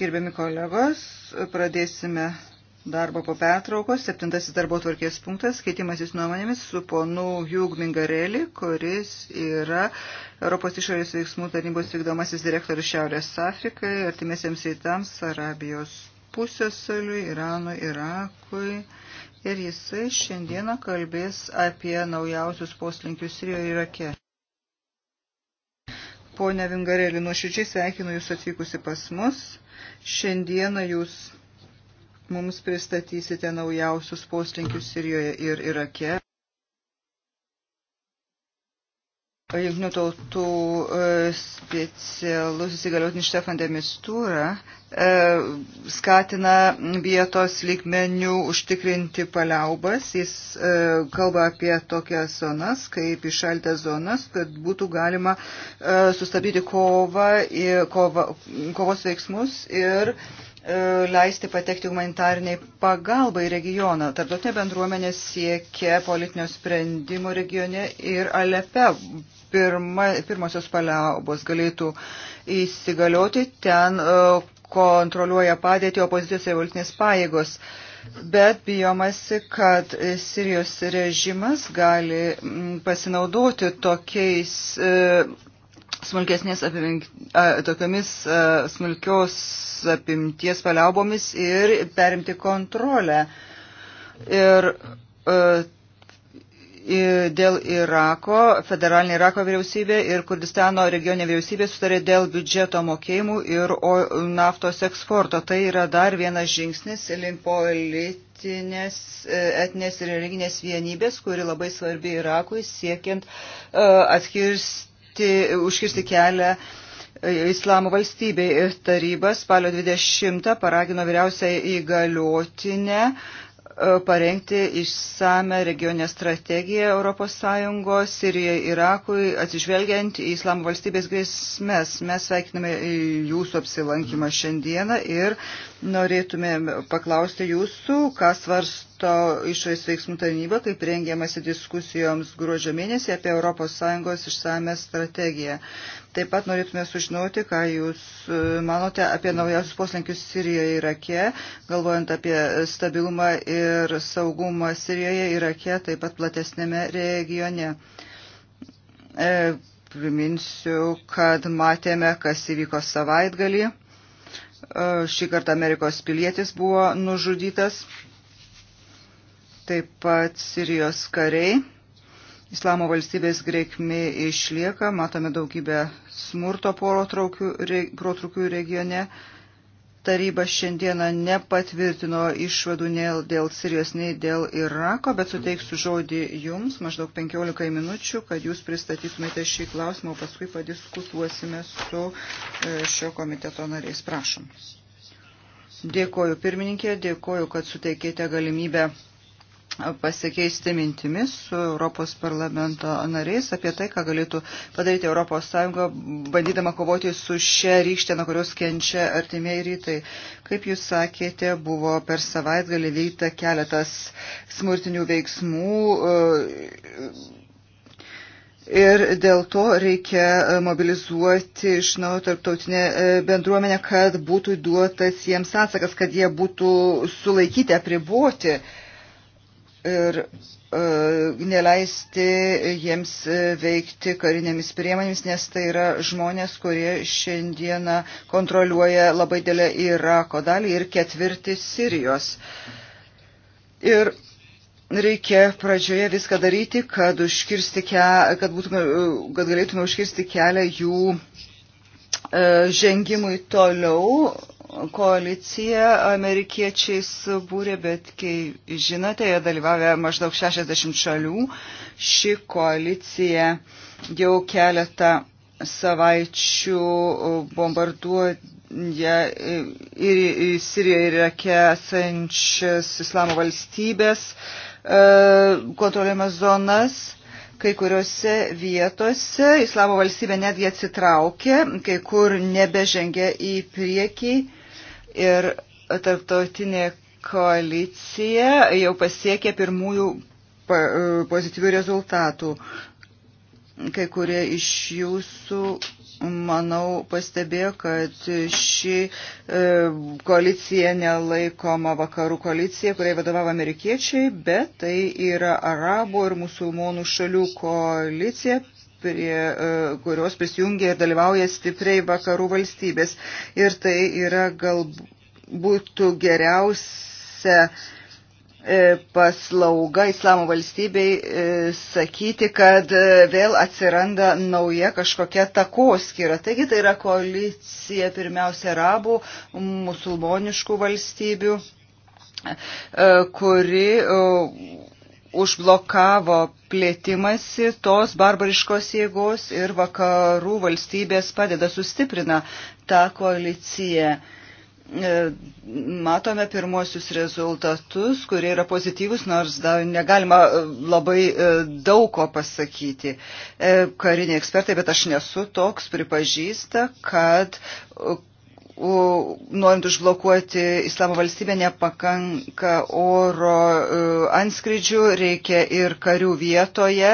Gerbiami kolegos, pradėsime darbą po pertraukos. Septintasis darbo tvarkės punktas - skaitimasis nuomonėmis su ponu Jūg Mingarelį, kuris yra Europos išorės veiksmų tarnybos vykdomasis direktorius Šiaurės Afrikai, artimiesiems rytams, Arabijos pusėsaliui, Iranui, Irakui. Ir jisai šiandieną kalbės apie naujausius poslinkius Sirijoje ir Irake. Pone Vingarėlį, nuoširdžiai sveikinu Jūs atvykusi pas mus. Šiandieną Jūs mums pristatysite naujausius poslinkius Sirijoje ir Irake. Jungtinių tautų e, specialus įsigaliotinis Štefan de Mistura e, skatina vietos lygmenių užtikrinti paliaubas. Jis e, kalba apie tokias zonas, kaip išaltę zonas, kad būtų galima sustabdyti kovą, kovą kovos veiksmus ir E, leisti patekti humanitariniai pagalbai regioną. Tarptautinė bendruomenė siekia politinio sprendimo regione ir Alepe pirma, pirmosios paliaubos galėtų įsigalioti. Ten e, kontroliuoja padėtį opozicijos ir valtinės pajėgos. Bet bijomasi, kad Sirijos režimas gali pasinaudoti tokiais e, smulkesnės apimink, a, tokiamis a, smulkios apimties paliaubomis ir perimti kontrolę. Ir a, dėl Irako, federalinė Irako vyriausybė ir Kurdistano regionė vyriausybė sutarė dėl biudžeto mokėjimų ir naftos eksporto. Tai yra dar vienas žingsnis link politinės, e, etinės ir religinės vienybės, kuri labai svarbi Irakui siekiant e, atskirsti užkirsti, užkirsti kelią e, Islamo valstybei. Taryba spalio 20 paragino vyriausiai įgaliotinę E, parengti išsame regionę strategiją ES Sirijai, Irakui, atsižvelgiant į Islamo valstybės grėsmės. Mes sveikiname jūsų apsilankymą šiandieną ir norėtume paklausti jūsų, ką svarsto išorės veiksmų tarnyba, kaip rengiamasi diskusijoms gruodžio mėnesį apie ES išsame strategiją. Taip pat norėtume sužinoti, ką Jūs e, manote apie naujausius poslinkius Sirijoje ir Irake, galvojant apie stabilumą ir saugumą Sirijoje ir Irake, taip pat platesnėme regione. E, priminsiu, kad matėme, kas įvyko savaitgalį. E, šį kartą Amerikos pilietis buvo nužudytas, taip pat Sirijos kariai Islamo valstybės greikmi išlieka, matome daugybę smurto protrukių regione. Taryba šiandieną nepatvirtino išvadų nei dėl Sirijos, nei dėl Irako, bet suteiksiu žodį jums maždaug 15 minučių, kad jūs pristatytumėte šį klausimą, o paskui padiskutuosime su e, šio komiteto nariais. Prašom. Dėkoju pirmininkė, dėkoju, kad suteikėte galimybę pasikeisti mintimis su Europos parlamento nariais apie tai, ką galėtų padaryti ES, bandydama kovoti su šia rykštė, nuo kurios kenčia artimieji rytai. Kaip jūs sakėte, buvo per savaitgalį veikta keletas smurtinių veiksmų. E, ir dėl to reikia mobilizuoti iš naujo tarptautinę e, bendruomenę, kad būtų duotas jiems atsakas, kad jie būtų sulaikyti, apriboti. Uh, ir e, neleisti jiems veikti karinėmis priemonėmis, nes tai yra žmonės, kurie šiandieną kontroliuoja labai dėlę Irako dalį ir ketvirti Sirijos. Ir reikia pradžioje viską daryti, kad, ke, kad, būtume, kad galėtume užkirsti kelią jų e, žengimui toliau koaliciją amerikiečiai subūrė, bet kai žinote, jie dalyvavę maždaug 60 šalių. Ši koalicija jau keletą savaičių bombarduoja ir Sirijoje ir Irake esančias islamo valstybės e, kontroliuojamas zonas. Kai kuriuose vietose islamo valstybė netgi atsitraukė, kai kur nebežengė į priekį ir tarptautinė koalicija jau pasiekė pirmųjų e, pozityvių rezultatų. Kai kurie iš jūsų, manau, pastebėjo, kad ši e, koalicija nelaikoma vakarų koalicija, kuriai vadovavo amerikiečiai, bet tai yra arabų ir musulmonų šalių koalicija prie e, kurios prisijungia ir dalyvauja stipriai vakarų valstybės. Ir tai yra galbūt geriausia e, paslauga islamo valstybei e, sakyti, kad vėl atsiranda nauja kažkokia takoskira. Taigi tai yra koalicija pirmiausia arabų, musulmoniškų valstybių, kuri užblokavo plėtimasi tos barbariškos jėgos ir vakarų valstybės padeda sustiprina tą koaliciją. E, matome pirmosius rezultatus, kurie yra pozityvus, nors dar negalima e, labai e, daug ko pasakyti. Kariniai ekspertai, bet aš nesu toks, pripažįsta, kad norint užblokuoti islamo valstybę nepakanka oro e, antskridžių, reikia ir karių vietoje.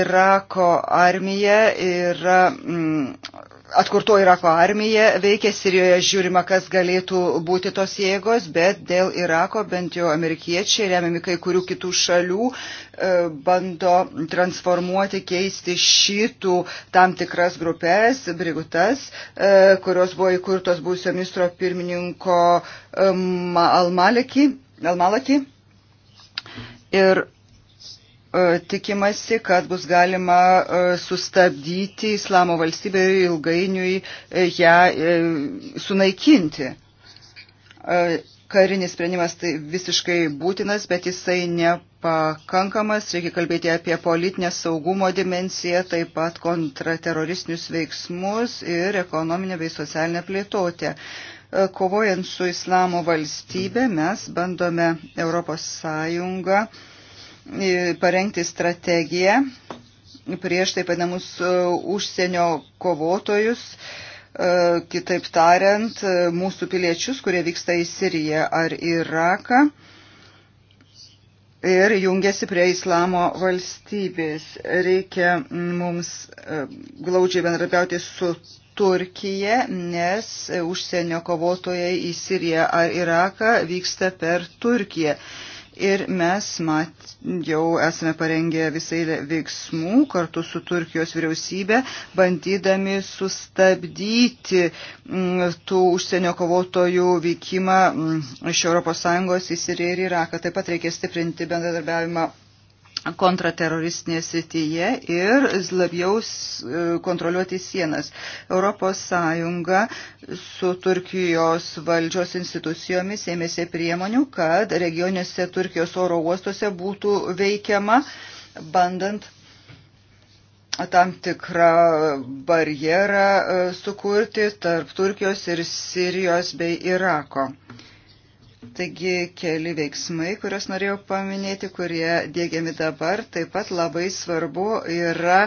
Irako armija yra mm, atkurto Irako armija veikia Sirijoje, žiūrima, kas galėtų būti tos jėgos, bet dėl Irako bent jau amerikiečiai, remiami kai kurių kitų šalių, e, bando transformuoti, keisti šitų tam tikras grupės, brigutas, e, kurios buvo įkurtos būsio ministro pirmininko e, Almalaki. Almalaki. Ir E, tikimasi, kad bus galima e, sustabdyti islamo valstybę ir ilgainiui e, ją sunaikinti. Karinis sprendimas tai visiškai būtinas, bet jisai nepakankamas. Reikia kalbėti apie politinę saugumo dimenciją, taip pat kontrateroristinius veiksmus ir ekonominę bei socialinę plėtotę kovojant su islamo valstybė, mes bandome Europos Sąjungą parengti strategiją prieš taip vadinamus e, užsienio kovotojus, e, kitaip tariant, e, mūsų piliečius, kurie vyksta į Siriją ar Iraką ir jungiasi prie islamo valstybės. Reikia mums glaudžiai bendrabiauti su Turkija, nes užsienio kovotojai į Siriją ar Iraką vyksta per Turkiją. Ir mes mat, jau esame parengę visai veiksmų kartu su Turkijos vyriausybė, bandydami sustabdyti m, mm, tų užsienio kovotojų vykimą m, mm, iš ES į Siriją ir Iraką. Taip pat reikia stiprinti bendradarbiavimą kontrateroristinėje srityje ir labiau e, kontroliuoti sienas. Europos Sąjunga su Turkijos valdžios institucijomis ėmėsi priemonių, kad regionėse Turkijos oro uostuose būtų veikiama, bandant tam tikrą barjerą e, sukurti tarp Turkijos ir Sirijos bei Irako. Taigi keli veiksmai, kuriuos norėjau paminėti, kurie dėgiami dabar, taip pat labai svarbu yra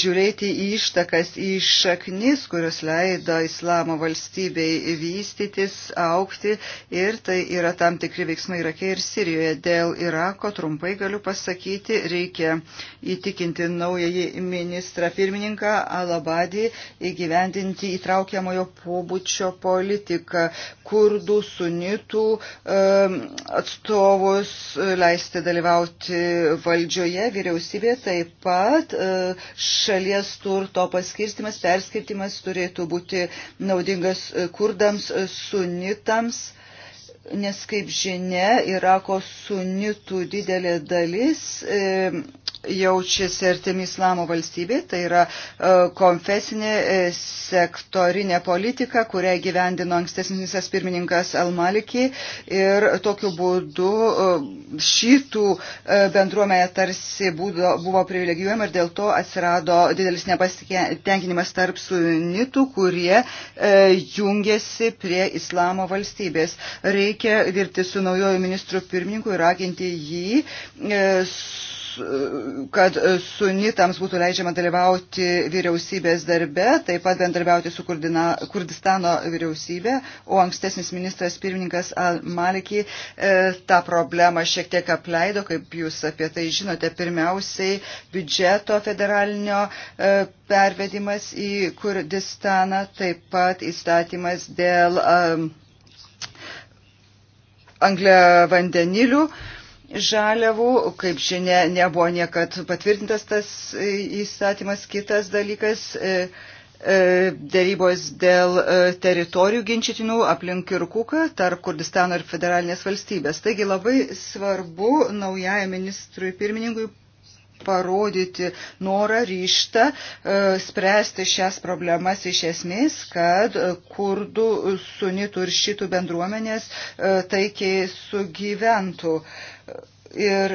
žiūrėti į ištakas, į šaknis, kurios leido islamo valstybei vystytis, aukti ir tai yra tam tikri veiksmai Irake ir Sirijoje. Dėl Irako trumpai galiu pasakyti, reikia įtikinti naująjį ministrą pirmininką Alabadį įgyvendinti įtraukiamojo pobūčio politiką kurdų, sunitų, Um, atstovus, uh, leisti dalyvauti valdžioje, vyriausybė, taip pat uh, šalies turto paskirstimas, perskirtimas turėtų būti naudingas uh, kurdams, sunitams nes, kaip žinia, Irako sunitų didelė dalis e, jaučiasi artimi islamo valstybė, tai yra e, konfesinė e, sektorinė politika, kurią gyvendino ankstesnis pirmininkas Almalikį ir tokiu būdu e, šitų bendruomenė tarsi būdo, buvo privilegijuojama ir dėl to atsirado didelis nepasitenkinimas tarp sunitų, kurie jungėsi prie islamo valstybės. Reikia dirbti su naujoju ministru pirmininku ir raginti jį su kad e, sunitams būtų leidžiama dalyvauti vyriausybės darbe, taip pat bendarbiauti su Kurdina, Kurdistano vyriausybė, o ankstesnis ministras pirmininkas Al-Maliki e, tą problemą šiek tiek apleido, kaip jūs apie tai žinote, pirmiausiai biudžeto federalinio e, pervedimas į Kurdistaną, taip pat įstatymas dėl e, angliavandenilių. vandenilių žaliavų. Kaip žinia, nebuvo niekad patvirtintas tas e, įstatymas. Kitas dalykas e, e, dėrybos dėl teritorijų ginčytinų aplink Kirkuką tarp Kurdistano ir federalinės valstybės. Taigi labai svarbu naujai ministrui pirmininkui parodyti norą, ryštą e, spręsti šias problemas iš esmės, kad e, kurdų, sunitų ir šitų bendruomenės e, taikiai sugyventų. Ir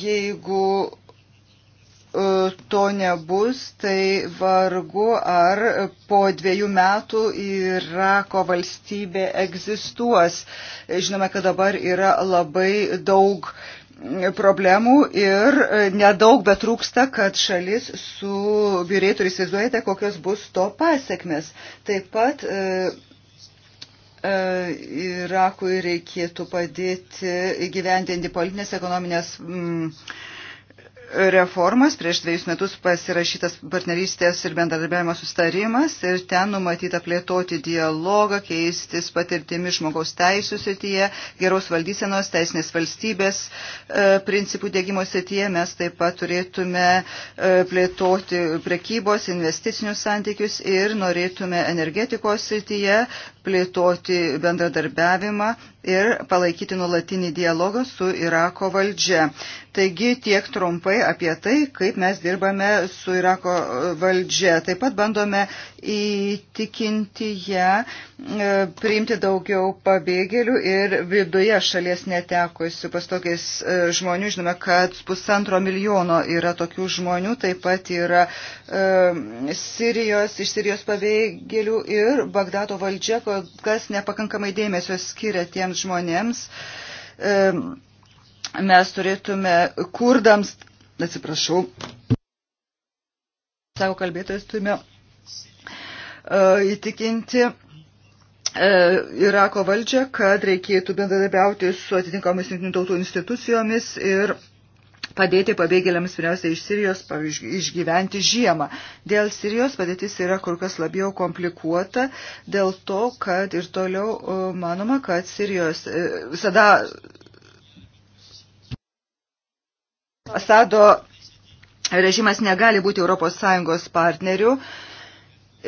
jeigu to nebus, tai vargu ar po dviejų metų Irako valstybė egzistuos. Žinome, kad dabar yra labai daug uh, problemų ir e, nedaug bet trūksta, kad šalis subirėtų ir įsivaizduojate, kokios bus to pasiekmes. Taip pat e, e, Irakui reikėtų padėti įgyvendinti politinės ekonominės. Mm, reformas, prieš dviejus metus pasirašytas partnerystės ir bendradarbiavimo sustarimas ir ten numatyta plėtoti dialogą, keistis patirtimi žmogaus teisų srityje, geros valdysenos, teisinės valstybės e, principų dėgymo srityje. Mes taip pat turėtume e, plėtoti prekybos, investicinius santykius ir norėtume energetikos srityje plėtoti bendradarbiavimą ir palaikyti nulatinį dialogą su Irako valdžia. Taigi tiek trumpai apie tai, kaip mes dirbame su Irako e, valdžia. Taip pat bandome įtikinti ją e, priimti daugiau pabėgėlių ir viduje šalies netekusių pastokiais e, žmonių. Žinome, kad pusantro milijono yra tokių žmonių, taip pat yra Sirijos, iš Sirijos pabėgėlių ir Bagdado valdžia, kas nepakankamai dėmesio skiria tiems tiems žmonėms e, mes turėtume kurdams, atsiprašau, savo kalbėtojus turime e, įtikinti e, Irako valdžią, kad reikėtų bendradarbiauti su atitinkamomis jungtinių tautų institucijomis ir padėti pabėgėliams pirmiausia iš Sirijos, pavyzdžiui, išgyventi žiemą. Dėl Sirijos padėtis yra kur kas labiau komplikuota, dėl to, kad ir toliau e, manoma, kad Sirijos visada e, Asado režimas negali būti ES partnerių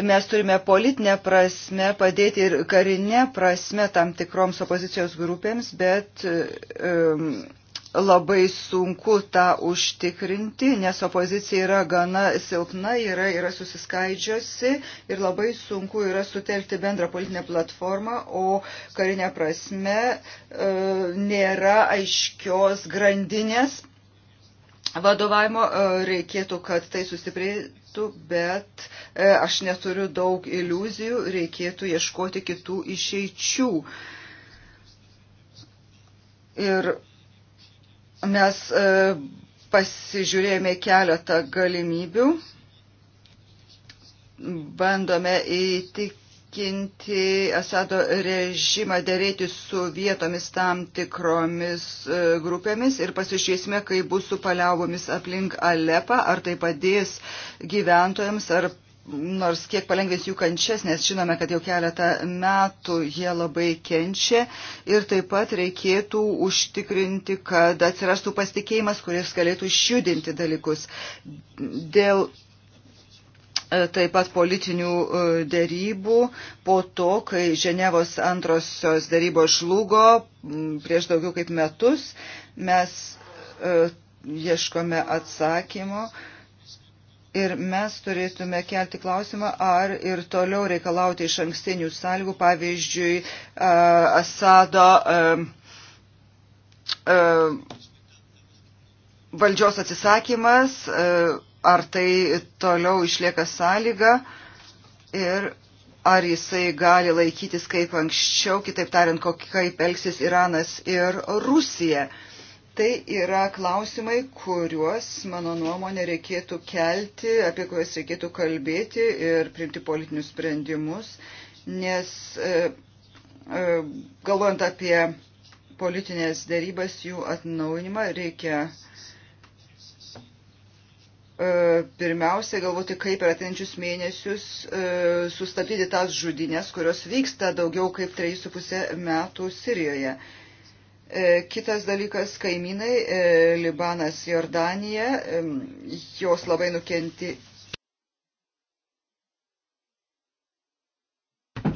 mes turime politinę prasme padėti ir karinę prasme tam tikroms opozicijos grupėms, bet um, labai sunku tą užtikrinti, nes opozicija yra gana silpna, yra, yra susiskaidžiosi ir labai sunku yra sutelkti bendrą politinę platformą, o karinė prasme e, nėra aiškios grandinės vadovavimo, e, reikėtų, kad tai sustiprėtų, bet e, aš neturiu daug iliuzijų, reikėtų ieškoti kitų išeičių. Ir Mes e, pasižiūrėjome keletą galimybių, bandome įtikinti Asado režimą dėrėti su vietomis tam tikromis e, grupėmis ir pasižiūrėsime, kaip bus su paliaubomis aplink Alepą, ar tai padės gyventojams, ar nors kiek palengvins jų kančias, nes žinome, kad jau keletą metų jie labai kenčia ir taip pat reikėtų užtikrinti, kad atsirastų pasitikėjimas, kuris galėtų išjudinti dalykus. Dėl e, taip pat politinių e, dėrybų po to, kai Ženevos antrosios dėrybos žlugo prieš daugiau kaip metus, mes e, ieškome atsakymo. Uh, Ir mes turėtume kelti klausimą, ar ir toliau reikalauti iš ankstinių sąlygų, pavyzdžiui, Asado valdžios atsisakymas, ar tai toliau išlieka sąlyga ir ar jisai gali laikytis kaip anksčiau, kitaip tariant, kaip elgsis Iranas ir Rusija. Uh, Tai yra klausimai, kuriuos, mano nuomonė, reikėtų kelti, apie kuriuos reikėtų kalbėti ir priimti politinius sprendimus, nes e, e, galvojant apie politinės dėrybas, jų atnaujinimą, reikia e, pirmiausia galvoti, kaip per atinčius mėnesius sustabdyti tas žudinės, kurios vyksta daugiau kaip 3,5 metų Sirijoje. E, kitas dalykas - kaimynai, e, Libanas, Jordanija, e, jos labai nukenti,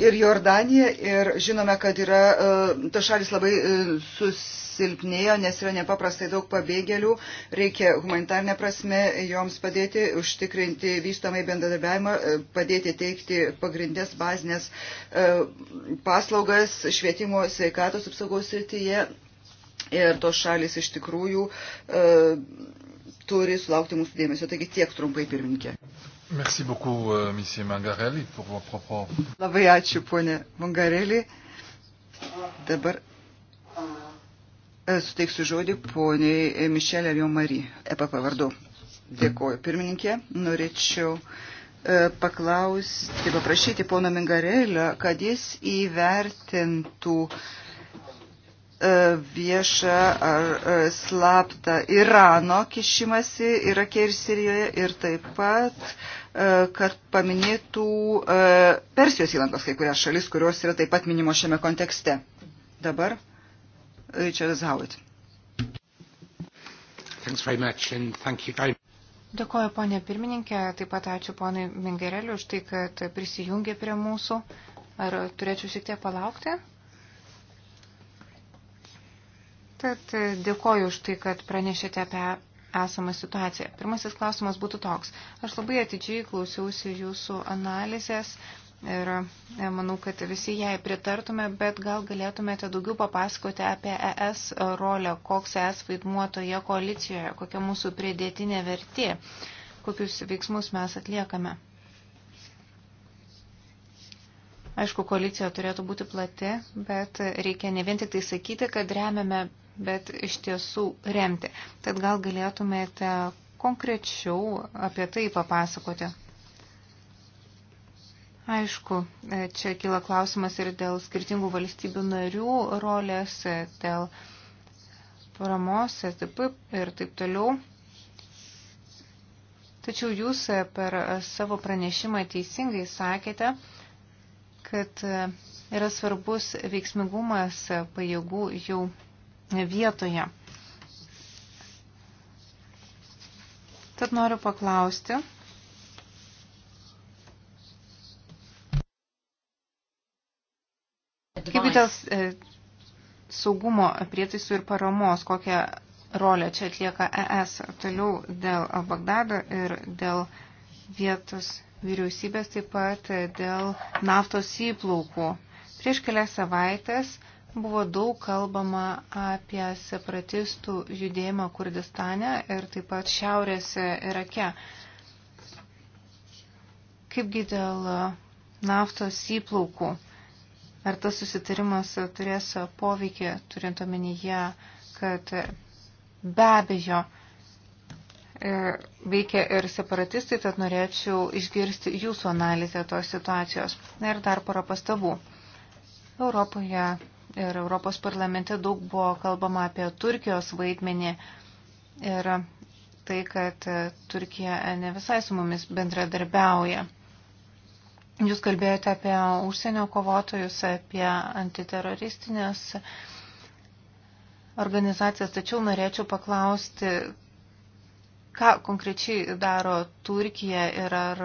ir Jordanija ir žinome, kad yra, e, ta šalis labai e, susilpnėjo, nes yra nepaprastai daug pabėgėlių, reikia humanitarnė prasme joms padėti, užtikrinti vystomai bendradarbiavimą, e, padėti teikti pagrindės bazinės paslaugas švietimo sveikatos apsaugos srityje ir tos šalis iš tikrųjų turi sulaukti mūsų dėmesio. Taigi tiek trumpai pirminkė. Merci beaucoup, euh, monsieur Mangarelli, pour vos propos. Labai ačiū, ponė Mangarelli. Dabar e, suteiksiu žodį poniai e, Mišelė ir jo Mari, EPP vardu. Dėkuoju, pirmininkė. Norėčiau e, paklausti, paprašyti pono Mingarelio, kad jis įvertintų viešą ar slaptą Irano kišimasi Irake ir Sirijoje ir taip pat E, kad paminėtų e, Persijos įlankos kai kurias šalis, kurios yra taip pat minimo šiame kontekste. Dabar e, Richardas Howitt. Dėkoju, ponė pirmininkė, taip pat ačiū ponai Mingereliu už tai, kad prisijungė prie mūsų. Ar turėčiau šiek tiek palaukti? Tad dėkoju už tai, kad pranešėte apie esamą situaciją. Pirmasis klausimas būtų toks. Aš labai atidžiai klausiausi jūsų analizės ir e, manau, kad visi jai pritartume, bet gal galėtumėte daugiau papasakoti apie ES rolę, koks ES vaidmuo toje koalicijoje, kokia mūsų pridėtinė vertė, kokius veiksmus mes atliekame. Aišku, koalicija turėtų būti plati, bet reikia ne vien tik tai sakyti, kad remiame bet iš tiesų remti. Tad gal galėtumėte konkrečiau apie tai papasakoti. Aišku, čia kyla klausimas ir dėl skirtingų valstybių narių rolės, dėl paramos, taip ir taip toliau. Tačiau jūs per savo pranešimą teisingai sakėte, kad yra svarbus veiksmingumas pajėgų jau vietoje. Tad noriu paklausti. Kaip dėl e, saugumo prietaisų ir paramos, kokią rolę čia atlieka ES toliau dėl Bagdado ir dėl vietos vyriausybės, taip pat dėl naftos įplaukų. Prieš kelias savaitės Buvo daug kalbama apie separatistų judėjimą Kurdistane ir taip pat šiaurės Irake. Kaipgi dėl naftos įplaukų? Ar tas susitarimas turės poveikį, turint omenyje, kad be abejo e, veikia ir separatistai, tad norėčiau išgirsti jūsų analizę tos situacijos. Na ir dar porą pastabų. Europoje ir Europos parlamente daug buvo kalbama apie Turkijos vaidmenį ir tai, kad Turkija ne visai su mumis bendradarbiauja. Jūs kalbėjote apie užsienio kovotojus, apie antiteroristinės organizacijas, tačiau norėčiau paklausti, ką konkrečiai daro Turkija ir ar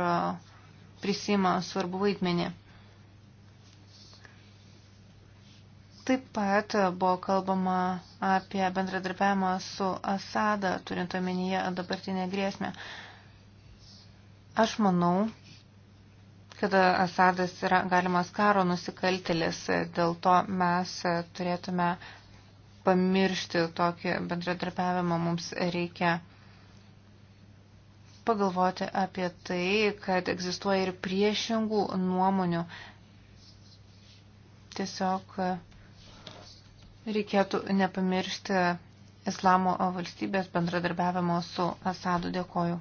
prisima svarbu vaidmenį. Taip pat buvo kalbama apie bendradarbiavimą su Asada, turint omenyje dabartinę grėsmę. Aš manau, kad Asadas yra galimas karo nusikaltelis, dėl to mes turėtume pamiršti tokį bendradarbiavimą, mums reikia pagalvoti apie tai, kad egzistuoja ir priešingų nuomonių. Tiesiog Reikėtų nepamiršti Islamo valstybės bendradarbiavimo su Asadu. Dėkoju.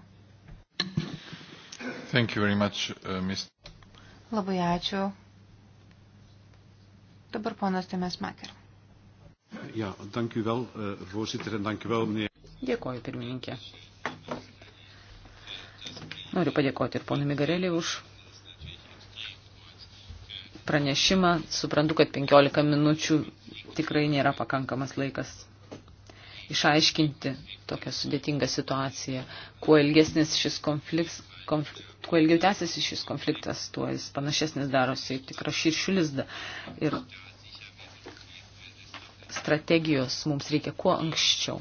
Thank you very much, uh, Mr. Labai ačiū. Dabar ponas Temes Maker. Ja, dank u wel, uh, voorzitter, en dank u wel, meneer. Dėkoju, pirmininkė. Noriu padėkoti ir ponui Migarelį už pranešimą. Suprantu, kad 15 minučių tikrai nėra pakankamas laikas išaiškinti tokią sudėtingą situaciją. Kuo ilgesnis šis konfliktas, konf, kuo ilgiau tęsiasi šis konfliktas, tuo jis panašesnis darosi į tikrą širšių lizdą. Ir strategijos mums reikia kuo anksčiau.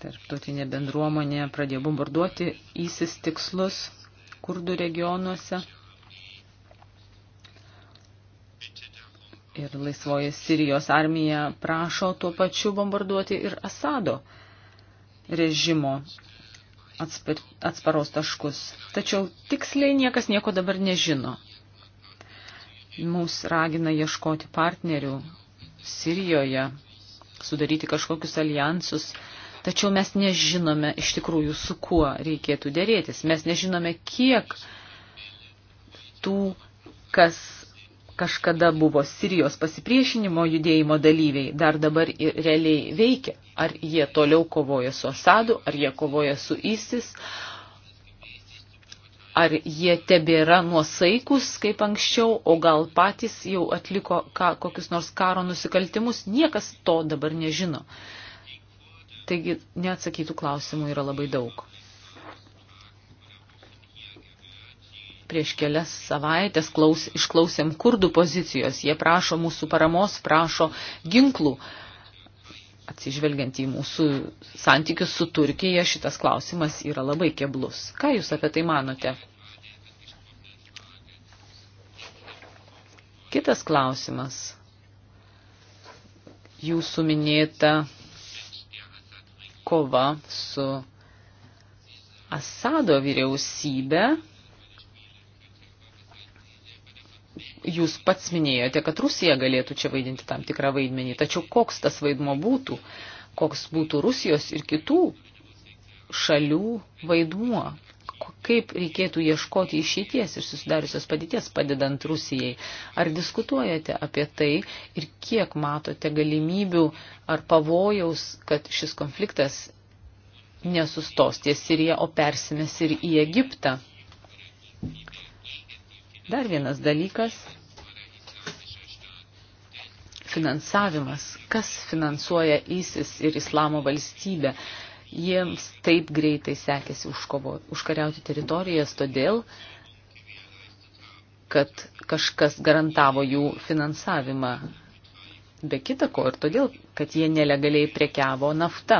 Tarptautinė bendruomonė pradėjo bombarduoti įsis tikslus kurdų regionuose. Ir laisvoji Sirijos armija prašo tuo pačiu bombarduoti ir Asado režimo atspar, atsparos taškus. Tačiau tiksliai niekas nieko dabar nežino. Mums ragina ieškoti partnerių Sirijoje, sudaryti kažkokius alijansus tačiau mes nežinome iš tikrųjų, su kuo reikėtų dėrėtis. Mes nežinome, kiek tų, kas kažkada buvo Sirijos pasipriešinimo judėjimo dalyviai, dar dabar ir realiai veikia. Ar jie toliau kovoja su Asadu, ar jie kovoja su ISIS, ar jie tebėra nuosaikus kaip anksčiau, o gal patys jau atliko ką, kokius nors karo nusikaltimus, niekas to dabar nežino. Taigi neatsakytų klausimų yra labai daug. Prieš kelias savaitės klaus, išklausėm kurdų pozicijos. Jie prašo mūsų paramos, prašo ginklų. Atsižvelgiant į mūsų santykius su Turkija, šitas klausimas yra labai keblus. Ką Jūs apie tai manote? Kitas klausimas. Jūsų minėta kova su Asado vyriausybė. Jūs pats minėjote, kad Rusija galėtų čia vaidinti tam tikrą vaidmenį, tačiau koks tas vaidmo būtų, koks būtų Rusijos ir kitų šalių vaidmuo, kaip reikėtų ieškoti išeities iš susidariusios padėties, padedant Rusijai. Ar diskutuojate apie tai ir kiek matote galimybių ar pavojaus, kad šis konfliktas nesustos ties Siriją, o persimės ir į Egiptą? Dar vienas dalykas finansavimas, kas finansuoja ISIS ir islamo valstybę jiems taip greitai sekėsi užkovo, užkariauti teritorijas, todėl, kad kažkas garantavo jų finansavimą. Be kita ko ir todėl, kad jie nelegaliai prekiavo naftą.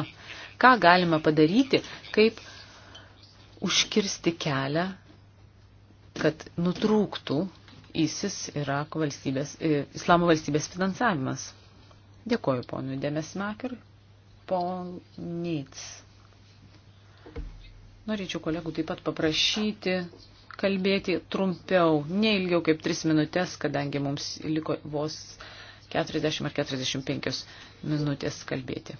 Ką galima padaryti, kaip užkirsti kelią, kad nutrūktų ISIS Irako valstybės, e, Islamo valstybės finansavimas. Dėkoju ponui Demesmakerui. Polnyts. Norėčiau kolegų taip pat paprašyti kalbėti trumpiau, neilgiau kaip 3 minutės, kadangi mums liko vos 40 ar 45 minutės kalbėti.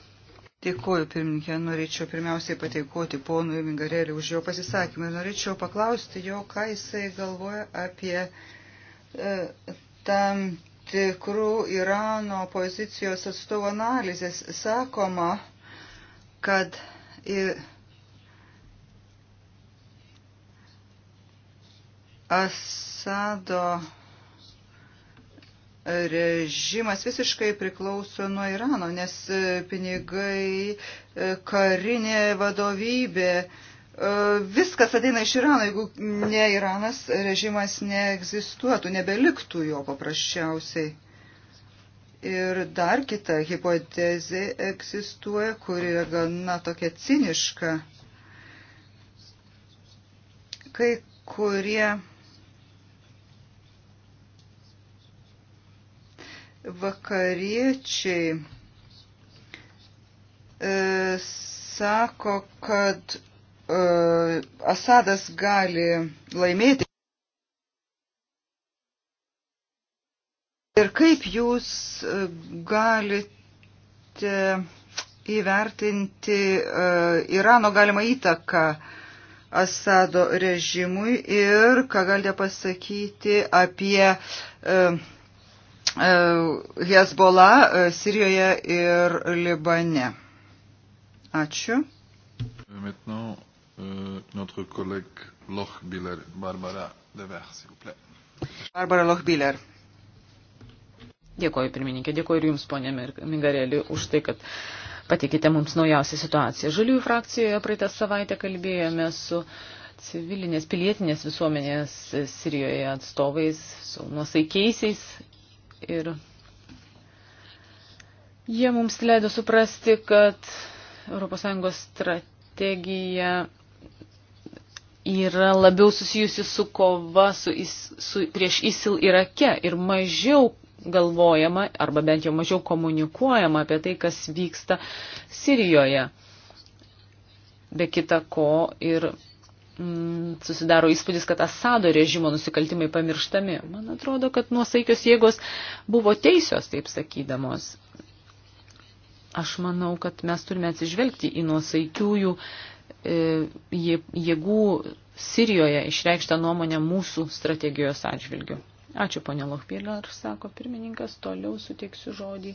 Dėkuoju, pirmininkė. Norėčiau pirmiausiai pateikoti ponui Mingarelį už jo pasisakymą ir norėčiau paklausti jo, ką jisai galvoja apie e, tam tikrų Irano pozicijos atstovų analizės sakoma, kad Asado režimas visiškai priklauso nuo Irano, nes e, pinigai, e, karinė vadovybė, E, viskas ateina iš Irano, jeigu ne Iranas, režimas neegzistuotų, nebeliktų jo paprasčiausiai. Ir dar kita hipotezė egzistuoja, kuri yra gana tokia ciniška. Kai kurie vakariečiai e, sako, kad E, Asadas gali laimėti. Ir kaip jūs e, galite įvertinti e, Irano galimą įtaką Asado režimui ir ką galite pasakyti apie Hezbollah Sirijoje ir Libane? Ačiū. Maintenant, euh, notre collègue Lochbiller, Barbara Dever, s'il vous plaît. Barbara Lochbiller. Dėkoju, pirmininkė, dėkoju ir jums, ponė Mingarėlį, už tai, kad patikite mums naujausią situaciją. Žaliųjų frakcijoje praeitą savaitę kalbėjome su civilinės, pilietinės visuomenės Sirijoje atstovais, su nuosaikiaisiais ir jie mums leido suprasti, kad ES strategija yra labiau susijusi su kova su, su, prieš ISIL Irake ir mažiau galvojama, arba bent jau mažiau komunikuojama apie tai, kas vyksta Sirijoje. Be kita ko ir mm, susidaro įspūdis, kad Asado režimo nusikaltimai pamirštami. Man atrodo, kad nuosaikios jėgos buvo teisios, taip sakydamos. Aš manau, kad mes turime atsižvelgti į nuosaikiųjų E, jėgų Sirijoje išreikštą nuomonę mūsų strategijos atžvilgių. Ačiū, ponė Lochpiller, sako pirmininkas. Toliau suteiksiu žodį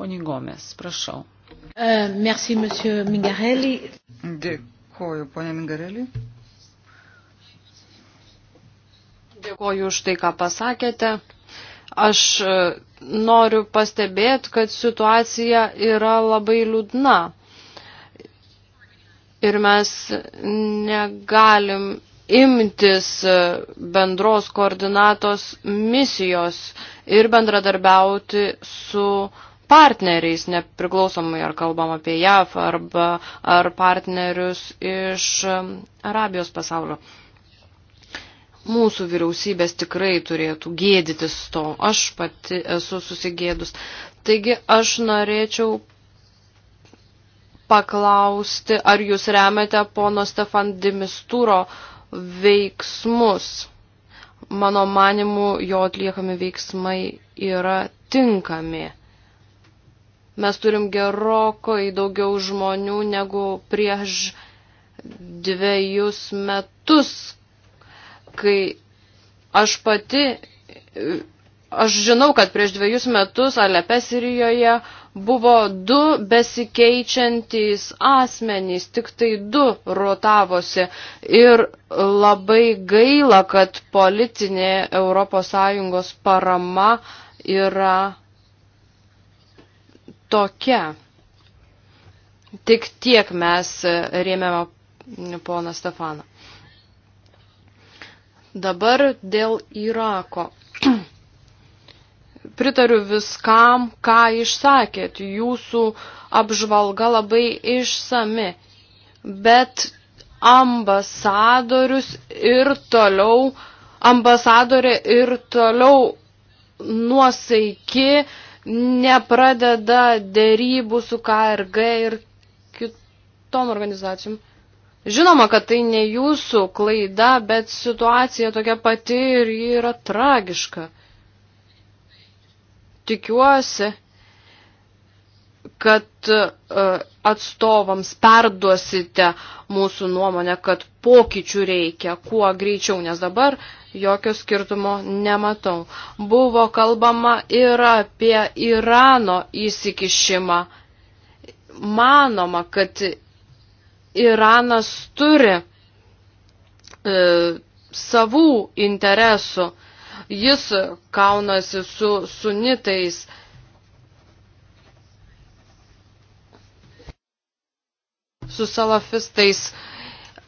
poniai Gomes. Prašau. Uh, merci, monsieur Mingarelli. Dėkoju, ponė Mingarelli. Dėkoju už tai, ką pasakėte. Aš e, noriu pastebėti, kad situacija yra labai liūdna ir mes negalim imtis bendros koordinatos misijos ir bendradarbiauti su partneriais, nepriklausomai ar kalbam apie JAF arba ar partnerius iš Arabijos pasaulio. Mūsų vyriausybės tikrai turėtų gėdytis to, aš pati esu susigėdus. Taigi aš norėčiau paklausti, ar jūs remiate pono Stefan Dimistūro veiksmus. Mano manimu, jo atliekami veiksmai yra tinkami. Mes turim gerokai daugiau žmonių negu prieš dviejus metus, kai aš pati, aš žinau, kad prieš dviejus metus Alepe Sirijoje uh, buvo du besikeičiantys asmenys, tik tai du rotavosi. Ir labai gaila, kad politinė ES parama yra tokia. Tik tiek mes rėmėme poną Stefaną. Dabar dėl Irako pritariu viskam, ką išsakėt. Jūsų apžvalga labai išsami. Bet ambasadorius ir toliau, ambasadorė ir toliau nuosaiki nepradeda dėrybų su KRG ir kitom organizacijom. Žinoma, kad tai ne jūsų klaida, bet situacija tokia pati ir ji yra tragiška tikiuosi, kad e, atstovams perduosite mūsų nuomonę, kad pokyčių reikia kuo greičiau, nes dabar jokio skirtumo nematau. Buvo kalbama ir apie Irano įsikišimą. Manoma, kad Iranas turi e, savų interesų. E, Jis kaunasi su sunitais. su salafistais.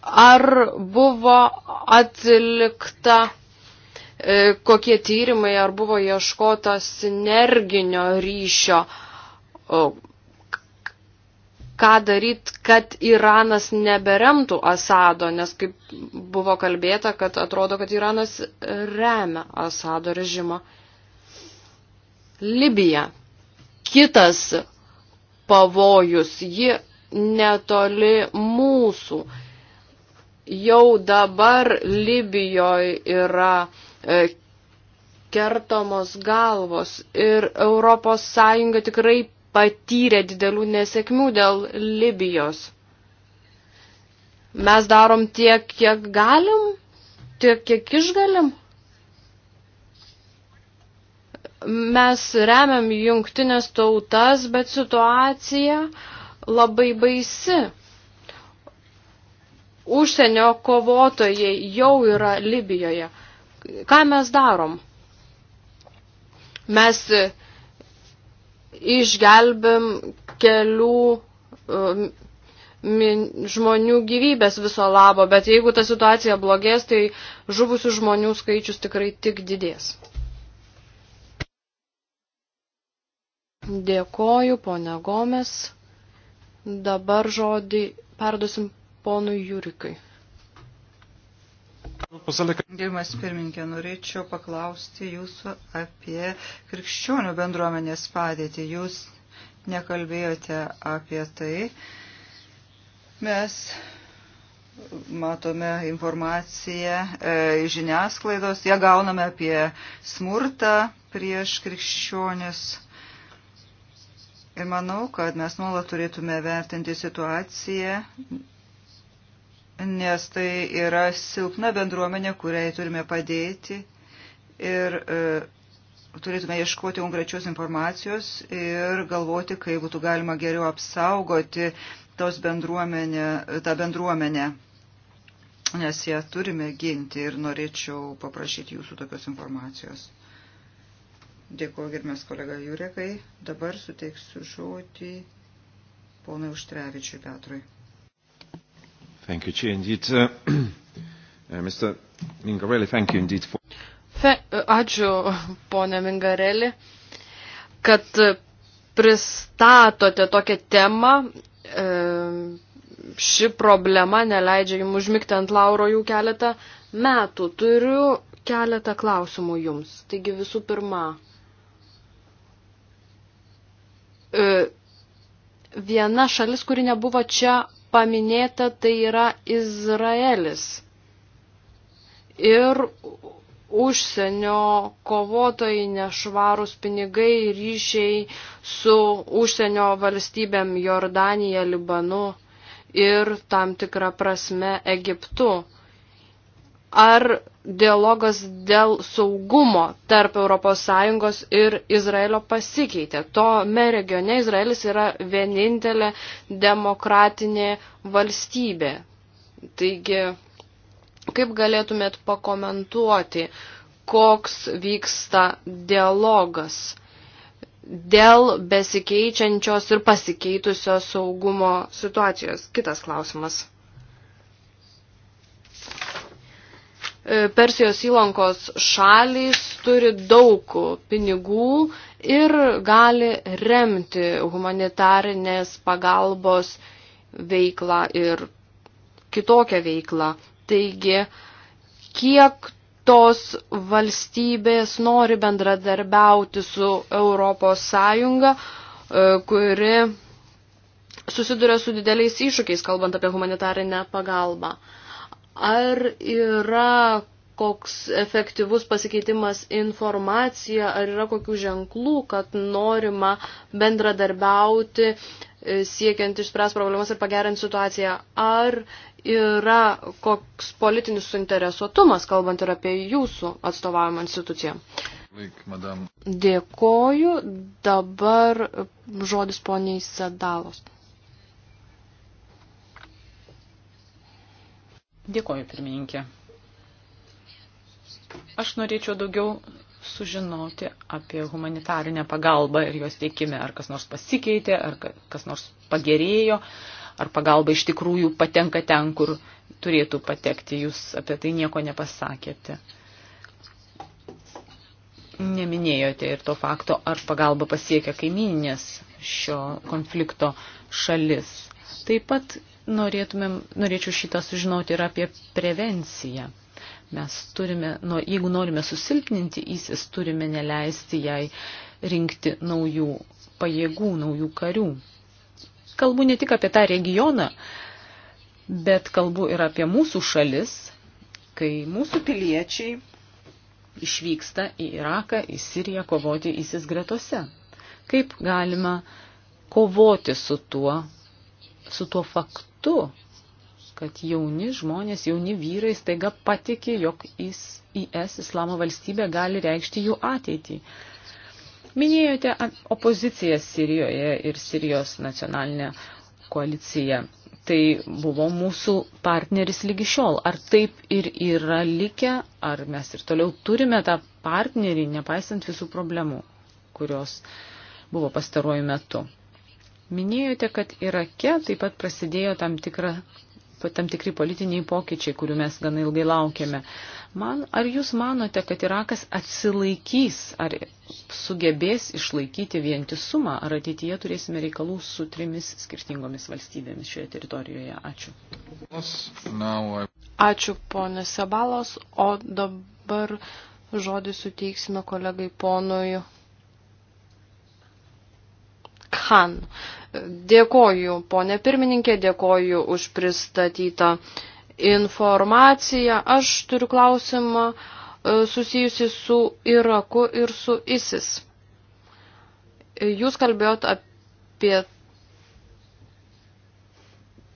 Ar buvo atlikta e, kokie tyrimai, ar buvo ieškota sinerginio ryšio? O, ką daryti, kad Iranas neberemtų Asado, nes kaip buvo kalbėta, kad atrodo, kad Iranas remia Asado režimą. Libija. Kitas pavojus, ji netoli mūsų. Jau dabar Libijoje yra e, kertamos galvos ir ES tikrai patyrė didelių nesėkmių dėl Libijos. Mes darom tiek, kiek galim, tiek, kiek išgalim. Mes remiam jungtinės tautas, bet situacija labai baisi. Užsienio kovotojai jau yra Libijoje. Ką mes darom? Mes išgelbėm kelių e, žmonių gyvybės viso labo, bet jeigu ta situacija blogės, tai žuvusių žmonių skaičius tikrai tik didės. Dėkoju, ponė Gomes. Dabar žodį perduosim ponui Jurikai. Gerbiamas pirmininkė, norėčiau paklausti jūsų apie krikščionių bendruomenės padėtį. Jūs nekalbėjote apie tai. Mes matome informaciją e, iš e, žiniasklaidos, ją gauname apie smurtą prieš krikščionis. Ir manau, kad mes nuolat turėtume vertinti situaciją nes tai yra silpna bendruomenė, kuriai turime padėti ir e, turėtume ieškoti konkrečios informacijos ir galvoti, kaip būtų galima geriau apsaugoti tos bendruomenę, tą bendruomenę, nes ją turime ginti ir norėčiau paprašyti jūsų tokios informacijos. Dėkuoju, gerbės kolega Jurekai. Dabar suteiksiu žodį ponui Užtrevičiui Petrui. Thank you, Chair. Indeed, uh, *clears throat* uh, Mr. Mingarelli, thank you indeed for... Fe, uh, ačiū, ponė Mingarelli, kad uh, pristatote tokią temą. E, ši problema neleidžia jums užmigti ant lauro jau keletą metų. Turiu keletą klausimų jums. Taigi visų pirma, viena šalis, kuri nebuvo čia paminėta, tai yra Izraelis. Ir užsienio kovotojai nešvarūs pinigai, ryšiai su užsienio valstybėm Jordanija, Libanu ir tam tikrą prasme Egiptu ar dialogas dėl saugumo tarp ES ir Izraelio pasikeitė. Tome regione Izraelis yra vienintelė demokratinė valstybė. Taigi, kaip galėtumėt pakomentuoti, koks vyksta dialogas dėl besikeičiančios ir pasikeitusios saugumo situacijos? Kitas klausimas. E, Persijos įlankos šalys turi daug pinigų ir gali remti humanitarinės pagalbos veiklą ir kitokią veiklą. Taigi, kiek tos valstybės nori bendradarbiauti su Europos Sąjunga, e, kuri susiduria su dideliais iššūkiais, kalbant apie humanitarinę pagalbą. Ar yra koks efektyvus pasikeitimas informacija, ar yra kokių ženklų, kad norima bendradarbiauti, e, siekiant išspręs problemas ir pagerinti situaciją, ar yra koks politinis suinteresuotumas, kalbant ir apie jūsų atstovavimą instituciją. Laik, Dėkoju, dabar žodis poniai Sedalos. Dėkoju, pirmininkė. Aš norėčiau daugiau sužinoti apie humanitarinę pagalbą ir jos teikime, ar kas nors pasikeitė, ar kas nors pagerėjo, ar pagalba iš tikrųjų patenka ten, kur turėtų patekti, jūs apie tai nieko nepasakėte. Neminėjote ir to fakto, ar pagalba pasiekia kaimininės šio konflikto šalis. Taip pat norėtumėm, norėčiau šitą sužinoti ir apie prevenciją. Mes turime, nu, jeigu norime susilpninti įsis, turime neleisti jai rinkti naujų pajėgų, naujų karių. Kalbu ne tik apie tą regioną, bet kalbu ir apie mūsų šalis, kai mūsų piliečiai išvyksta į Iraką, į Siriją kovoti įsis gretose. Kaip galima kovoti su tuo, su tuo faktu? apmaudu, kad jauni žmonės, jauni vyrai staiga patikė, jog IS islamo valstybė gali reikšti jų ateitį. Minėjote opoziciją Sirijoje ir Sirijos nacionalinę koaliciją. Tai buvo mūsų partneris lygi šiol. Ar taip ir yra likę, ar mes ir toliau turime tą partnerį, nepaisant visų problemų, kurios buvo pastaruoju metu. Minėjote, kad Irake taip pat prasidėjo tam, tikra, tam tikri politiniai pokyčiai, kurių mes gana ilgai laukėme. Man, ar jūs manote, kad Irakas atsilaikys, ar sugebės išlaikyti vientisumą, ar ateityje turėsime reikalų su trimis skirtingomis valstybėmis šioje teritorijoje? Ačiū. Ačiū, ponė Sabalos, o dabar žodį suteiksime kolegai ponui Han. Dėkoju, ponė pirmininkė, dėkoju už pristatytą informaciją. Aš turiu klausimą e, susijusi su Iraku ir su ISIS. E, jūs kalbėjot apie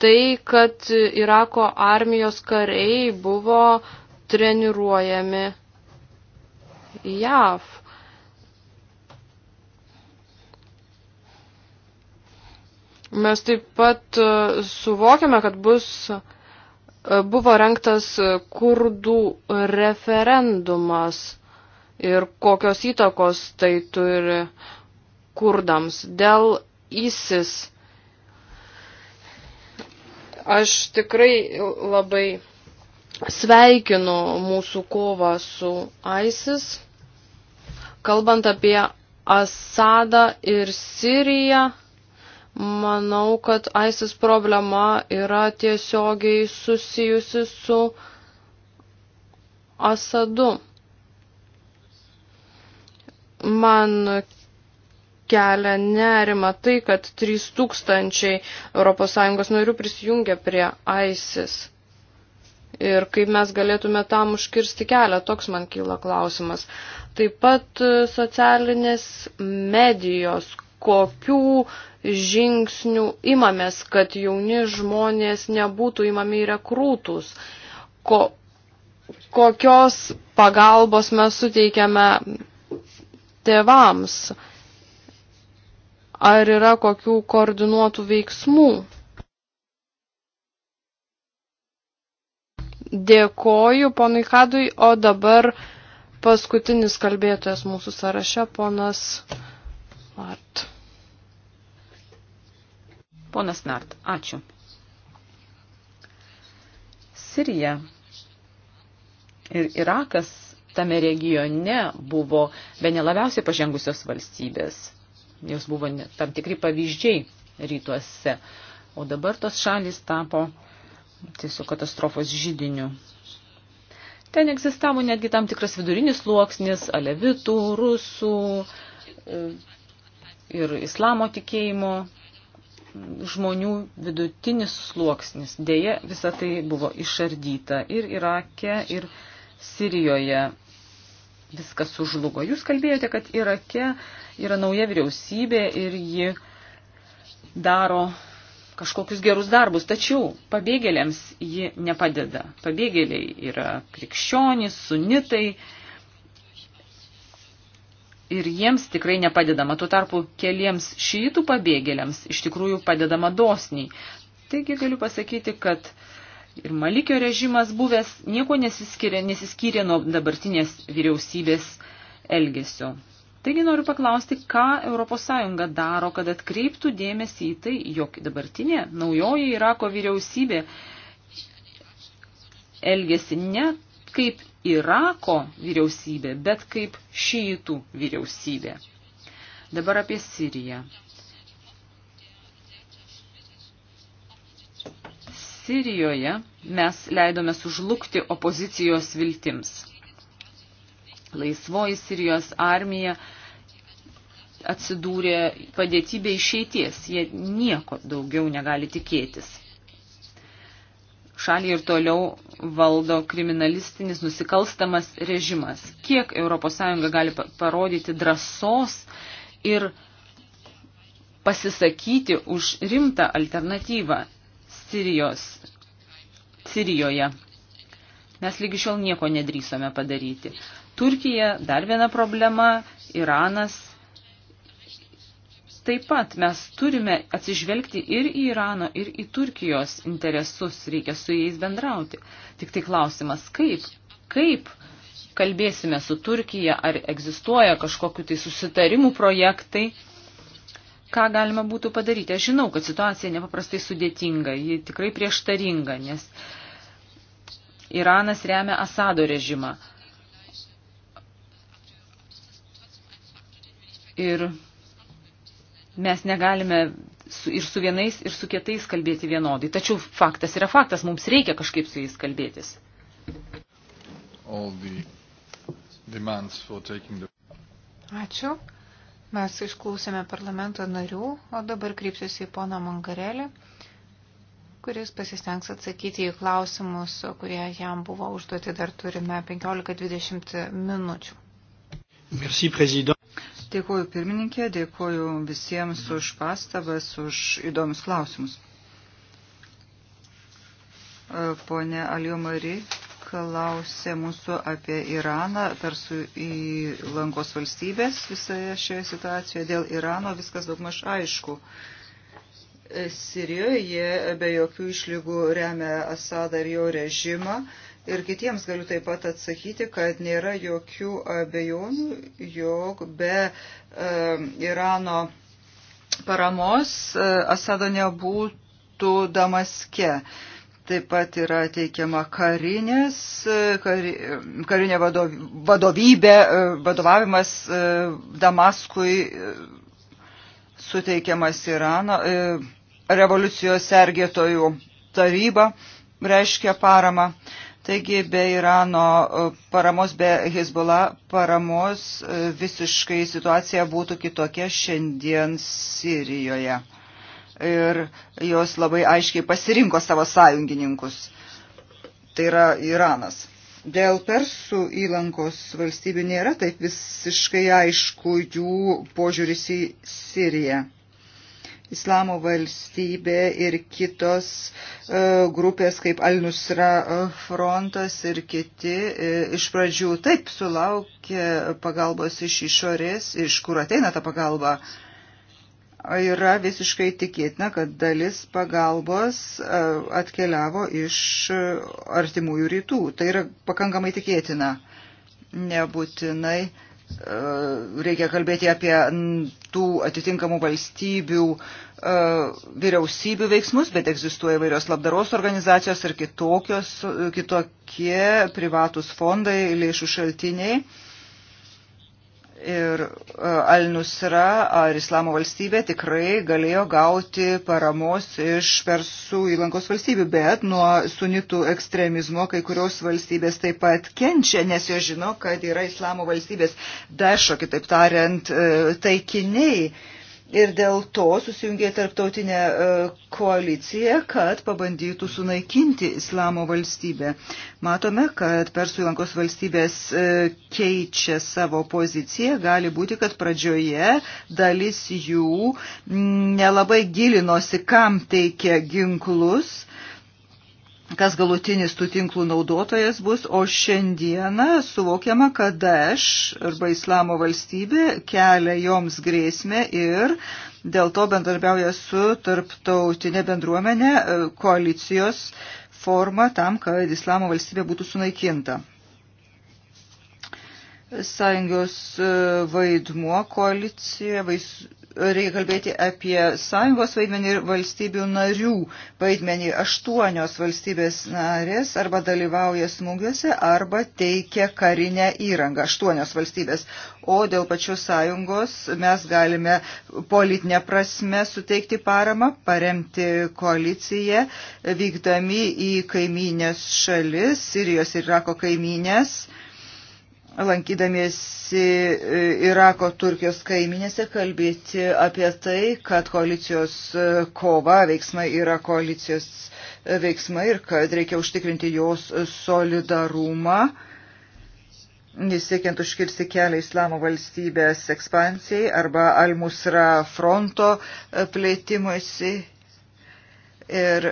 tai, kad Irako armijos kariai buvo treniruojami JAV. Mes taip pat e, suvokiame, kad bus, e, buvo renktas kurdų referendumas ir kokios įtakos tai turi kurdams dėl ISIS. Aš tikrai labai sveikinu mūsų kovą su ISIS. Kalbant apie Asadą ir Siriją, Manau, kad ISIS problema yra tiesiogiai susijusi su Asadu. Man kelia nerima tai, kad 3000 ES narių prisijungia prie ISIS. Ir kaip mes galėtume tam užkirsti kelią, toks man kyla klausimas. Taip pat socialinės medijos, kokių žingsnių imamės, kad jauni žmonės nebūtų imami į rekrūtus? Ko, kokios pagalbos mes suteikiame tėvams? Ar yra kokių koordinuotų veiksmų? Dėkoju ponui Kadui, o dabar paskutinis kalbėtojas mūsų sąraše, ponas Mart. Ponas Nart, ačiū. Sirija ir Irakas tame regione buvo be nelabiausiai pažengusios valstybės. Jos buvo tam tikri pavyzdžiai rytuose. O dabar tos šalis tapo tiesiog katastrofos žydiniu. Ten egzistavo netgi tam tikras vidurinis sluoksnis alevitų, rusų e, ir islamo tikėjimo žmonių vidutinis sluoksnis. Deja, visa tai buvo išardyta ir Irake, ir Sirijoje viskas sužlugo. Jūs kalbėjote, kad Irake yra nauja vyriausybė ir ji daro kažkokius gerus darbus, tačiau pabėgėliams ji nepadeda. Pabėgėliai yra krikščionys, sunitai ir jiems tikrai nepadedama. Tuo tarpu keliems šytų pabėgėliams iš tikrųjų padedama dosniai. Taigi galiu pasakyti, kad ir Malikio režimas buvęs nieko nesiskiria, nesiskiria nuo dabartinės vyriausybės elgesio. Taigi noriu paklausti, ką ES daro, kad atkreiptų dėmesį į tai, jog dabartinė naujoji Irako vyriausybė elgesi ne kaip Irako vyriausybė, bet kaip šyitų vyriausybė. Dabar apie Siriją. Sirijoje mes leidome sužlugti opozicijos viltims. Laisvoji Sirijos armija atsidūrė padėtybė išeities. Jie nieko daugiau negali tikėtis šalį ir toliau valdo kriminalistinis nusikalstamas režimas. Kiek ES gali parodyti drąsos ir pasisakyti už rimtą alternatyvą Sirijos, Sirijoje. Mes lygi šiol nieko nedrįsome padaryti. Turkija, dar viena problema, Iranas Taip pat mes turime atsižvelgti ir į Irano, ir į Turkijos interesus, reikia su jais bendrauti. Tik tai klausimas, kaip, kaip kalbėsime su Turkija, ar egzistuoja kažkokiu tai susitarimų projektai, ką galima būtų padaryti. Aš žinau, kad situacija nepaprastai sudėtinga, ji tikrai prieštaringa, nes Iranas remia Asado režimą. Ir mes negalime su, ir su vienais, ir su kietais kalbėti vienodai. Tačiau faktas yra faktas, mums reikia kažkaip su jais kalbėtis. The... Ačiū. Mes išklausėme parlamento narių, o dabar krypsiuosi į poną Mangarelį, kuris pasistengs atsakyti į klausimus, kurie jam buvo užduoti. Dar turime 15-20 minučių. Merci, Dėkuoju pirmininkė, dėkuoju visiems už pastabas, už įdomius klausimus. E, pone Aliomari klausė mūsų apie Iraną, persų įlankos valstybės visoje šioje situacijoje. Dėl Irano viskas daugmaž aišku. E, Sirijoje be jokių išlygų remia Asadą ir jo režimą Ir kitiems galiu taip pat atsakyti, kad nėra jokių abejonių, jog be e, Irano paramos e, Asado nebūtų Damaske. Taip pat yra teikiama karinės, e, kari, karinė vadov, vadovybė, e, vadovavimas e, Damaskui e, suteikiamas Irano e, revoliucijos sergėtojų taryba reiškia paramą. E, Taigi be Irano e, paramos, be Hezbollah paramos e, visiškai situacija būtų kitokia šiandien Sirijoje. Ir jos labai aiškiai pasirinko savo sąjungininkus. Tai yra Iranas. Dėl persų įlankos valstybių nėra taip visiškai aišku jų požiūris į Siriją. Islamo valstybė ir kitos e, grupės kaip Al-Nusra e, frontas ir kiti e, iš pradžių taip sulaukė pagalbos iš išorės, iš kur ateina ta pagalba yra visiškai tikėtina, kad dalis pagalbos atkeliavo iš artimųjų rytų. Tai yra pakankamai tikėtina. Nebūtinai reikia kalbėti apie tų atitinkamų valstybių e, vyriausybių veiksmus, bet egzistuoja vairios labdaros organizacijos ir kitokios, kitokie privatus fondai, lėšų šaltiniai. Ir e, Al-Nusra ar Islamo valstybė tikrai galėjo gauti paramos iš Persų įlankos valstybių, bet nuo sunitų ekstremizmo kai kurios valstybės taip pat kenčia, nes jos žino, kad yra Islamo valstybės dešo, kitaip tariant, e, taikiniai ir dėl to susijungė tarptautinė e, koalicija, kad pabandytų sunaikinti islamo valstybę. Matome, kad Persų įlankos valstybės e, keičia savo poziciją, gali būti, kad pradžioje dalis jų nelabai gilinosi, kam teikia ginklus kas galutinis tų tinklų naudotojas bus, o šiandieną suvokiama, kad Daesh arba Islamo valstybė kelia joms grėsmę ir dėl to bendarbiauja su tarptautinė bendruomenė e, koalicijos forma tam, kad Islamo valstybė būtų sunaikinta. Sąjungos e, vaidmuo koalicijoje, reikia kalbėti apie sąjungos vaidmenį ir valstybių narių vaidmenį. Aštuonios valstybės narės arba dalyvauja smūgiuose, arba teikia karinę įrangą. Aštuonios valstybės. O dėl pačios sąjungos mes galime politinę prasme suteikti paramą, paremti koaliciją, vykdami į kaiminės šalis, Sirijos ir Irako kaiminės. Ir lankydamiesi e, Irako Turkijos kaiminėse kalbėti apie tai, kad koalicijos e, kova veiksmai yra koalicijos e, veiksmai ir kad reikia užtikrinti jos solidarumą, siekiant užkirsti kelią Islamo valstybės ekspansijai arba Al-Musra fronto plėtimuisi. Ir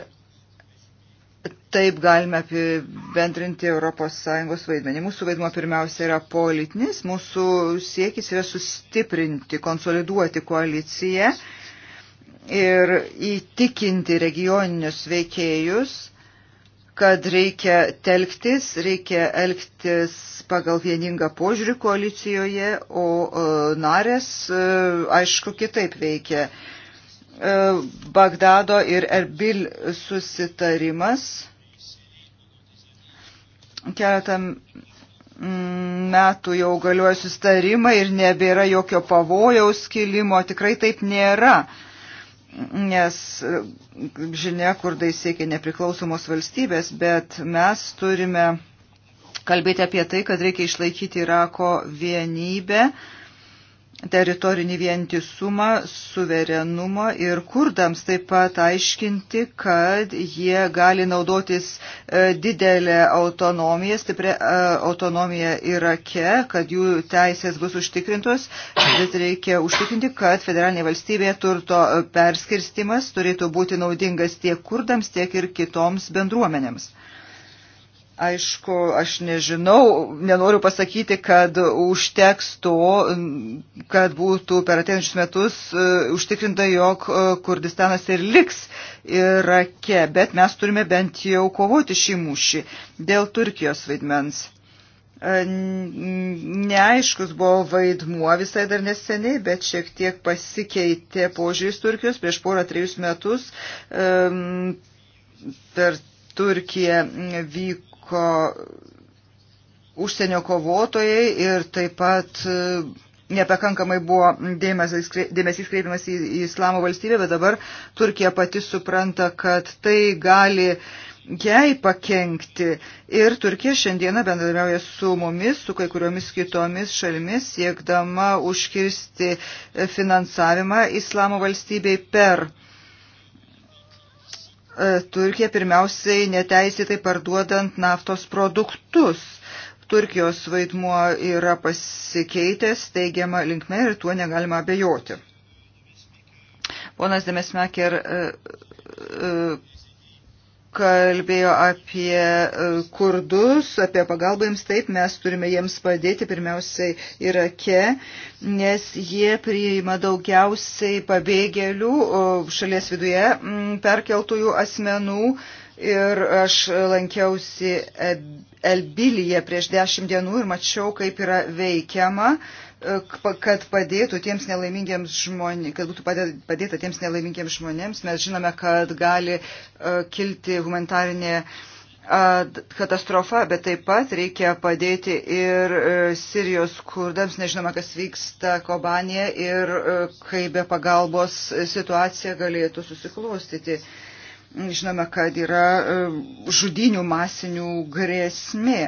Taip galime apibendrinti ES vaidmenį. Mūsų vaidmo pirmiausia yra politinis, mūsų siekis yra sustiprinti, konsoliduoti koaliciją ir įtikinti regioninius veikėjus, kad reikia telktis, reikia elgtis pagal vieningą požiūrį koalicijoje, o e, narės, e, aišku, kitaip veikia. E, Bagdado ir Erbil susitarimas keletą metų jau galioja sustarimai ir nebėra jokio pavojaus kilimo, tikrai taip nėra, nes žinia, kurdai siekia nepriklausomos valstybės, bet mes turime kalbėti apie tai, kad reikia išlaikyti Irako vienybę teritorinį vientisumą, suverenumą ir kurdams taip pat aiškinti, kad jie gali naudotis e, didelę autonomiją, stiprią e, autonomiją Irake, kad jų teisės bus užtikrintos, bet reikia užtikrinti, kad federalinė valstybė turto e, perskirstimas turėtų būti naudingas tiek kurdams, tiek ir kitoms bendruomenėms. Aišku, aš nežinau, nenoriu pasakyti, kad užteks to, kad būtų per ateinančius metus e, užtikrinta, jog e, Kurdistanas ir liks Irake, bet mes turime bent jau kovoti šį mūšį dėl Turkijos vaidmens. E, neaiškus buvo vaidmuo visai dar neseniai, bet šiek tiek pasikeitė požiūris Turkijos prieš porą trejus metus. Per Turkija vyko vyko užsienio kovotojai ir taip pat e, nepakankamai buvo dėmesys kreipiamas į, į islamo valstybę, bet dabar Turkija pati supranta, kad tai gali jai pakenkti. Ir Turkija šiandieną bendradarbiauja su mumis, su kai kuriomis kitomis šalimis, siekdama užkirsti finansavimą islamo valstybei per E, Turkija pirmiausiai neteisėtai parduodant naftos produktus. Turkijos vaidmuo yra pasikeitęs teigiama linkme ir tuo negalima abejoti. Ponas Demesmeker e, e, kalbėjo apie e, kurdus, apie pagalbą jiems, taip mes turime jiems padėti pirmiausiai Irake, nes jie priima daugiausiai pabėgėlių šalies viduje perkeltųjų asmenų. Ir aš lankiausi Elbilyje prieš dešimt dienų ir mačiau, kaip yra veikiama uh, kad padėtų tiems nelaimingiems žmonėms, kad būtų padėta tiems nelaimingiems žmonėms. Mes žinome, kad gali e, kilti humanitarinė katastrofa, bet taip pat reikia padėti ir e, Sirijos kurdams, nežinoma, kas vyksta Kobanėje ir e, kaip be pagalbos situacija galėtų susiklostyti. Žinome, kad yra žudinių masinių grėsmė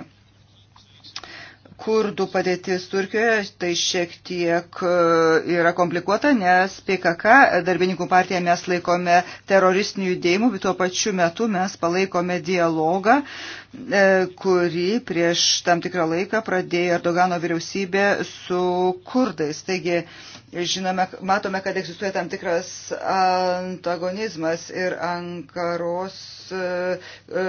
kurdų padėtis Turkijoje, tai šiek tiek e, yra komplikuota, nes PKK, darbininkų partiją mes laikome teroristinių judėjimų, bet tuo pačiu metu mes palaikome dialogą, e, kurį prieš tam tikrą laiką pradėjo Erdogano vyriausybė su kurdais. Taigi, Žinome, matome, kad egzistuoja tam tikras antagonizmas ir Ankaros e, e,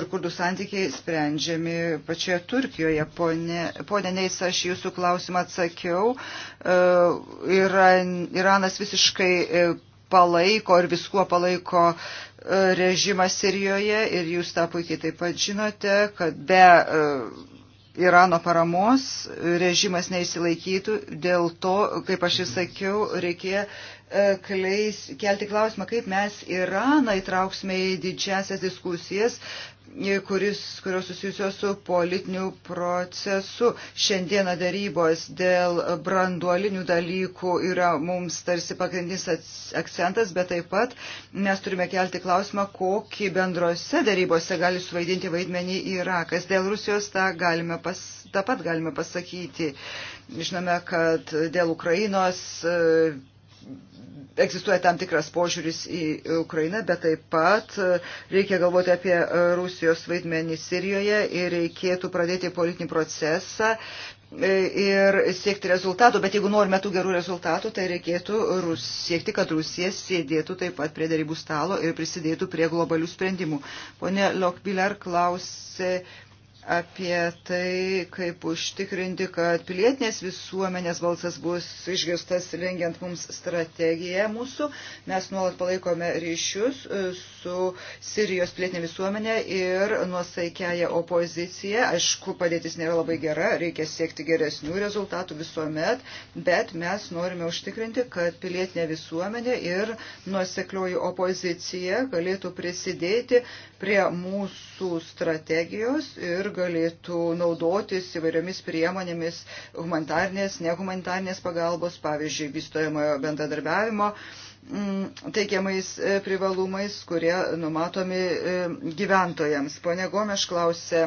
ir kurdų santykiai sprendžiami pačioje Turkijoje. Pone, pone Neis, aš jūsų klausimą atsakiau. Iran, e, Iranas visiškai palaiko ir viskuo palaiko režimą Sirijoje ir jūs tą puikiai taip pat žinote, kad be Irano paramos režimas neįsilaikytų, dėl to, kaip aš įsakiau, reikia E, kleis, kelti klausimą, kaip mes Iraną įtrauksime į didžiasias diskusijas, e, kuris, kurios susijusios su politiniu procesu. Šiandieną darybos dėl branduolinių dalykų yra mums tarsi pagrindinis akcentas, bet taip pat mes turime kelti klausimą, kokį bendrose darybose gali suvaidinti vaidmenį Irakas. Dėl Rusijos tą, galime pas, tą pat galime pasakyti. Žinome, kad dėl Ukrainos. E, egzistuoja tam tikras požiūris į Ukrainą, bet taip pat e, reikia galvoti apie e, Rusijos vaidmenį Sirijoje ir reikėtų pradėti politinį procesą e, ir siekti rezultatų, bet jeigu norime tų gerų rezultatų, tai reikėtų Rus, siekti, kad Rusija sėdėtų taip pat prie darybų stalo ir prisidėtų prie globalių sprendimų. Pone Lokbiler klausė apie tai, kaip užtikrinti, kad pilietinės visuomenės balsas bus išgirstas rengiant mums strategiją mūsų. Mes nuolat palaikome ryšius e, su Sirijos pilietinė visuomenė ir nuosaikiaja opozicija. Aišku, padėtis nėra labai gera, reikia siekti geresnių rezultatų visuomet, bet mes norime užtikrinti, kad pilietinė visuomenė ir nuoseklioji opozicija galėtų prisidėti prie mūsų strategijos ir galėtų naudotis įvairiomis priemonėmis humanitarnės, nehumanitarnės pagalbos, pavyzdžiui, vystojamojo bendradarbiavimo mm, teikiamais e, privalumais, kurie numatomi e, gyventojams. Pone Gomeš klausė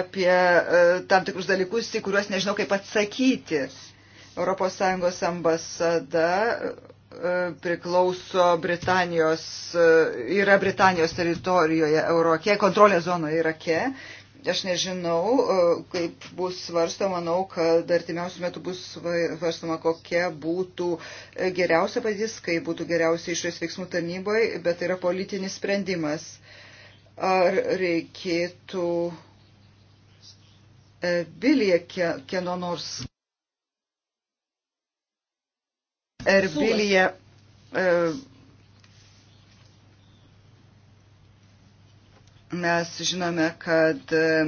apie e, tam tikrus dalykus, į kuriuos nežinau kaip atsakyti. ES ambasada E, priklauso Britanijos, e, yra Britanijos teritorijoje Eurokė, kontrolės zonoje Irake. Aš nežinau, e, kaip bus svarstama, manau, kad artimiausių metų bus svarstama, kokia būtų geriausia padėtis, kaip būtų geriausia išorės veiksmų tarnyboje, bet tai yra politinis sprendimas. Ar reikėtų Vilija kieno nors Erbilyje. Mes žinome, kad e,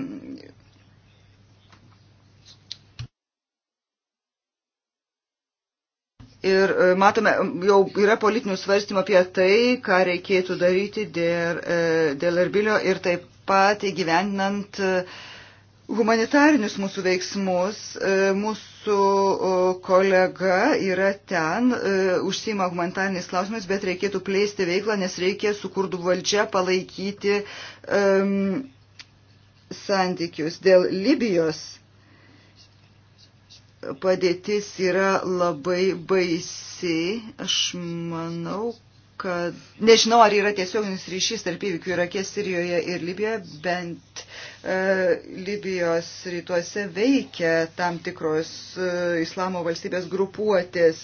Ir e, matome, jau yra politinių svarstymų apie tai, ką reikėtų daryti dėl, e, dėl Erbilio ir taip pat įgyvendinant uh, humanitarinius mūsų veiksmus. E, mūsų kolega yra ten, e, užsima humanitariniais klausimais, bet reikėtų plėsti veiklą, nes reikia su kurdų valdžia palaikyti um, santykius. Dėl Libijos padėtis yra labai baisi. Aš manau, kad nežinau, ar yra tiesioginis ryšys tarp įvykių Irakė, Sirijoje ir Libijoje, bent e, Libijos rytuose veikia tam tikros e, islamo valstybės grupuotės.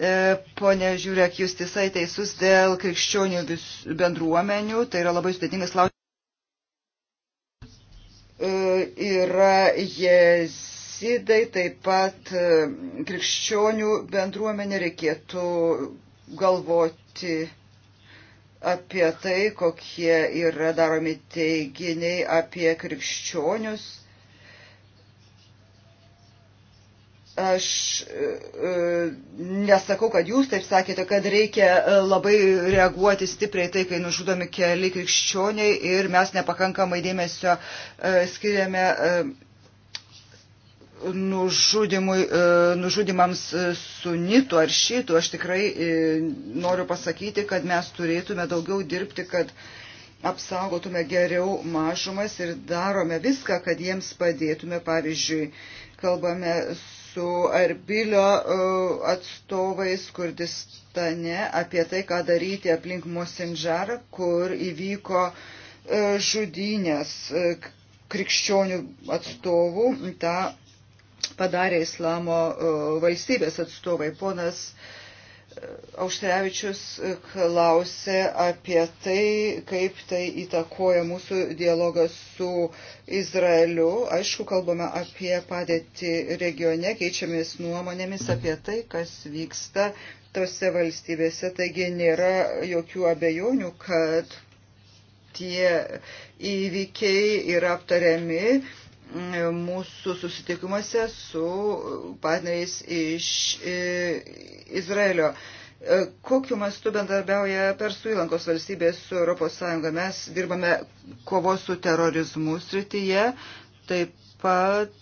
E, Pone Žiūrėk, jūs tiesai teisus dėl krikščionių vis, bendruomenių, tai yra labai sudėtingas klausimas. E, yra jės gencidai, taip pat e, krikščionių bendruomenė reikėtų galvoti apie tai, kokie yra daromi teiginiai apie krikščionius. Aš e, e, nesakau, kad jūs taip sakėte, kad reikia labai reaguoti stipriai tai, kai nužudomi keli krikščioniai ir mes nepakankamai dėmesio skiriame E, nužudimams e, sunitų ar šitų, aš tikrai e, noriu pasakyti, kad mes turėtume daugiau dirbti, kad apsaugotume geriau mažumas ir darome viską, kad jiems padėtume. Pavyzdžiui, kalbame su Arbilio atstovais Kurdistane apie tai, ką daryti aplink Mosinžarą, kur įvyko žudynės krikščionių atstovų. Ta padarė islamo e, valstybės atstovai. Ponas e, Auštrevičius e, klausė apie tai, kaip tai įtakoja mūsų dialogas su Izraeliu. Aišku, kalbame apie padėtį regione, keičiamės nuomonėmis apie tai, kas vyksta tose valstybėse. Taigi nėra jokių abejonių, kad tie įvykiai yra aptariami mūsų susitikimuose su partneriais iš e, Izraelio. E, kokiu mastu bendarbiauja Persų įlankos valstybės su ES? Mes dirbame kovos su terorizmu srityje, taip pat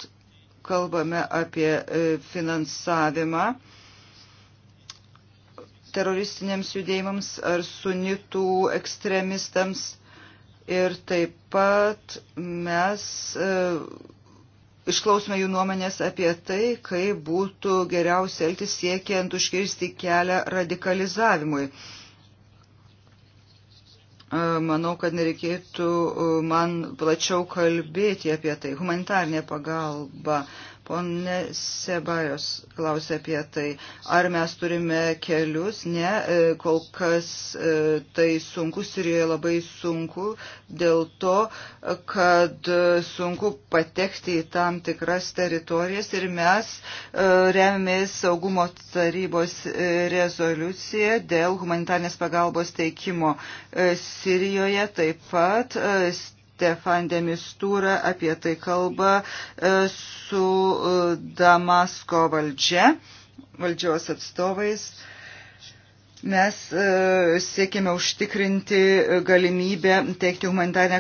kalbame apie e, finansavimą teroristiniams judėjimams ar sunitų ekstremistams ir taip pat mes e, išklausome jų nuomonės apie tai, kaip būtų geriausia elgtis siekiant užkirsti kelią radikalizavimui. E, manau, kad nereikėtų e, man plačiau kalbėti apie tai. Humanitarnė pagalba. Pone Sebajos klausė apie tai, ar mes turime kelius. Ne, e, kol kas e, tai sunku, Sirijoje labai sunku dėl to, kad e, sunku patekti į tam tikras teritorijas ir mes remiamės saugumo tarybos rezoliuciją dėl humanitarnės pagalbos teikimo Sirijoje taip pat Stefan Demistūra apie tai kalba e, su e, Damasko valdžia, valdžios atstovais. Mes e, siekėme užtikrinti galimybę teikti humanitarinę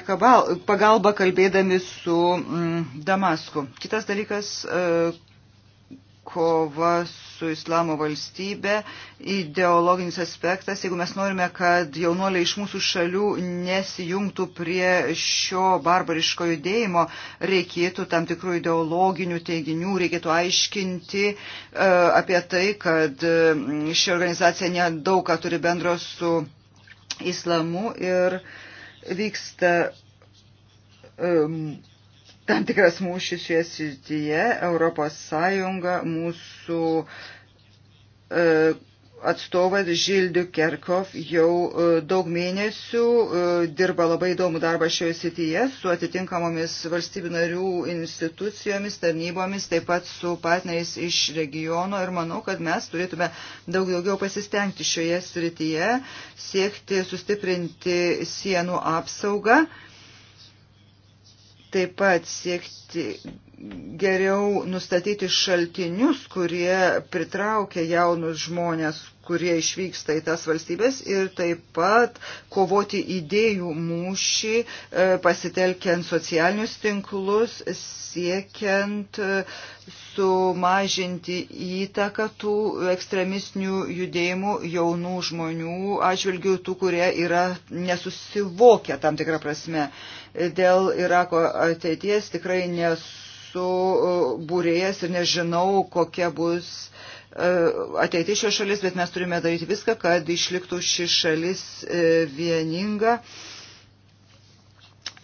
pagalbą, kalbėdami su mm, Damasku. Kitas dalykas, kova su islamo valstybė, ideologinis aspektas, jeigu mes norime, kad jaunuoliai iš mūsų šalių nesijungtų prie šio barbariško judėjimo, reikėtų tam tikrų ideologinių teiginių, reikėtų aiškinti e, apie tai, kad e, ši organizacija nedaug ką turi bendro su islamu ir vyksta. E, tam tikras mūšis šioje srityje. Europos Sąjunga mūsų e, atstovas Žildių Kerkov jau e, daug mėnesių e, dirba labai įdomų darbą šioje sityje su atitinkamomis valstybių narių institucijomis, tarnybomis, taip pat su partneriais iš regiono ir manau, kad mes turėtume daug daugiau pasistengti šioje srityje, siekti sustiprinti sienų apsaugą taip pat siekti geriau nustatyti šaltinius, kurie pritraukia jaunus žmonės, kurie išvyksta į tas valstybės ir taip pat kovoti idėjų mūšį, e, pasitelkiant socialinius tinklus, siekiant e, sumažinti įtaką tų ekstremistinių judėjimų jaunų žmonių atžvilgių, tų, kurie yra nesusivokę tam tikrą prasme. Dėl Irako ateities tikrai nesu esu e, būrėjas ir nežinau, kokia bus e, ateiti šios šalis, bet mes turime daryti viską, kad išliktų ši šalis e, vieninga.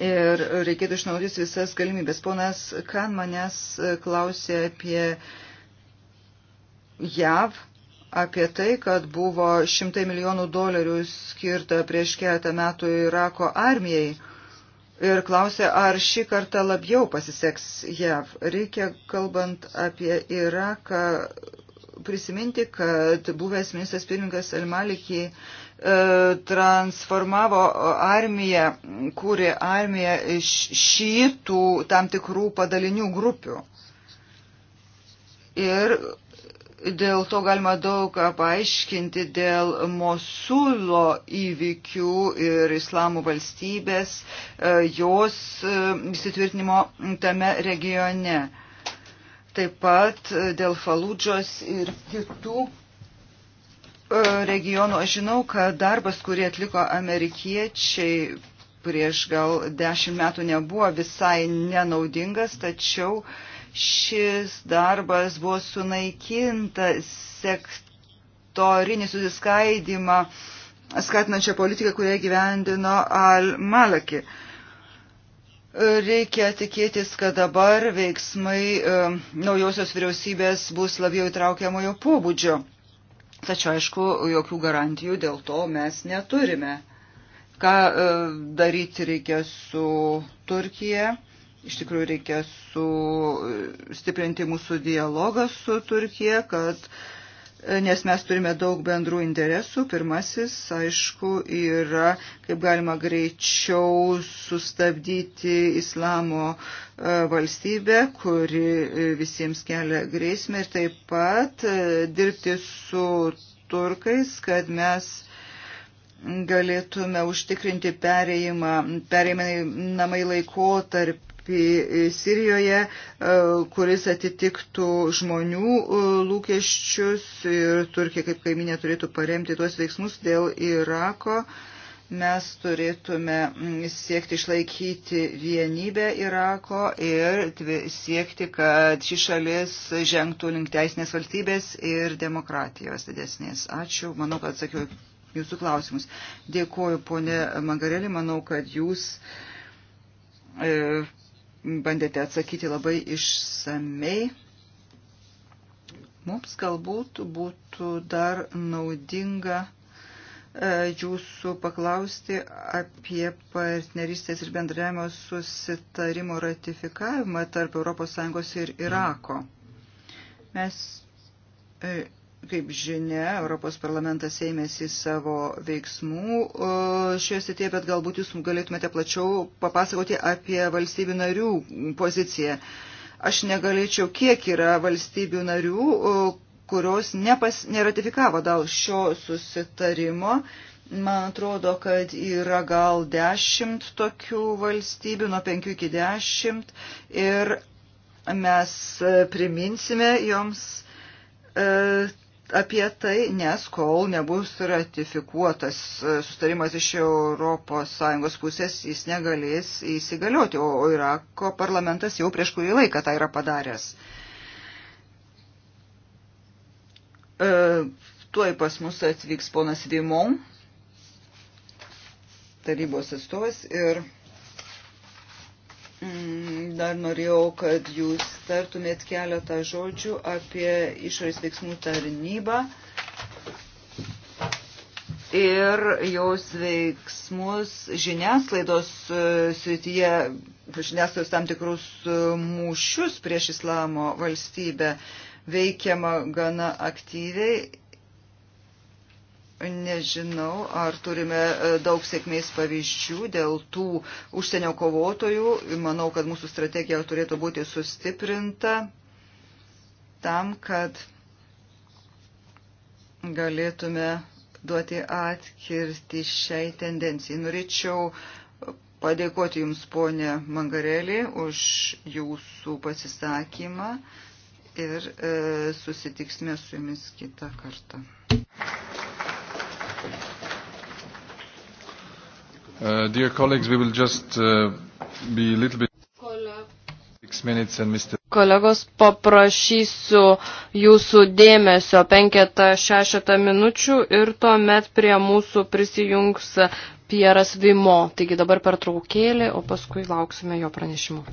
Ir reikėtų išnaudyti visas galimybės. Ponas Kan manęs klausė apie JAV, apie tai, kad buvo šimtai milijonų dolerių skirta prieš keletą metų Irako armijai ir klausė, ar šį kartą labiau pasiseks JAV. Reikia, kalbant apie Iraką, prisiminti, kad buvęs ministras pirmininkas Elmalikį e, transformavo armiją, kūrė armiją iš šytų tam tikrų padalinių grupių. Ir Dėl to galima daug paaiškinti dėl Mosulo įvykių ir islamų valstybės, e, jos e, įsitvirtinimo tame regione. Taip pat e, dėl Faludžos ir kitų regionų. Aš žinau, kad darbas, kurį atliko amerikiečiai prieš gal dešimt metų nebuvo visai nenaudingas, tačiau uh, Šis darbas buvo sunaikintas sektorinį susiskaidimą skatinančią politiką, kurią gyvendino Al-Malaki. Reikia tikėtis, kad dabar veiksmai e, naujosios vyriausybės bus labiau įtraukiamojo pobūdžio. Tačiau, aišku, jokių garantijų dėl to mes neturime. Ką e, daryti reikia su Turkija? Iš tikrųjų reikia sustiprinti mūsų dialogą su Turkija, kad, e, nes mes turime daug bendrų interesų. Pirmasis, aišku, yra kaip galima greičiau sustabdyti islamo e, valstybę, kuri e, visiems kelia grėsmę ir taip pat dirbti su turkais, kad mes galėtume užtikrinti perėjimą, perėjimai namai laikotarpį Sirijoje, e, kuris atitiktų žmonių e, lūkesčius ir Turkija kaip kaiminė turėtų paremti tuos veiksmus dėl Irako. Mes turėtume mm, siekti išlaikyti vienybę Irako ir siekti, kad ši šalis žengtų link teisinės valstybės ir demokratijos didesnės. Ačiū. Manau, kad atsakiau jūsų klausimus. Dėkuoju, ponė Mangarelį. Manau, kad jūs. E, bandėte atsakyti labai išsamei. Mums galbūt būtų dar naudinga e, jūsų paklausti apie partnerystės ir bendravimo susitarimo ratifikavimą tarp ES ir Irako. Mes e, Kaip žinia, Europos parlamentas ėmėsi savo veiksmų e, šioje srityje, bet galbūt jūs galėtumėte plačiau papasakoti apie valstybių narių poziciją. Aš negalėčiau, kiek yra valstybių narių, e, kurios nepas, neratifikavo dėl šio susitarimo. Man atrodo, kad yra gal dešimt tokių valstybių, nuo penkių iki dešimt. Ir mes priminsime joms e, apie tai, nes kol nebus ratifikuotas e, sustarimas iš ES pusės, jis negalės įsigalioti, o Irako parlamentas jau prieš kurį laiką tą yra padaręs. E, tuoj pas mus atvyks ponas Dimon, tarybos atstovas ir Mm, dar norėjau, kad jūs tartumėt keletą žodžių apie išorės veiksmų tarnybą ir jos veiksmus žiniasklaidos e, srityje, žiniasklaidos tam tikrus e, mūšius prieš islamo valstybę veikiama gana aktyviai Nežinau, ar turime e, daug sėkmės pavyzdžių dėl tų užsienio kovotojų. Manau, kad mūsų strategija turėtų būti sustiprinta tam, kad galėtume duoti atkirti šiai tendencijai. Norėčiau padėkoti Jums, ponė Mangarelį, už Jūsų pasisakymą ir e, susitiksime su Jumis kitą kartą. Uh, dear colleagues, we will just uh, be a little bit Kolegos, paprašysiu jūsų dėmesio penketą šešetą minučių ir tuomet prie mūsų prisijungs Pieras Vimo. Taigi dabar per traukėlį, o paskui lauksime jo pranešimo.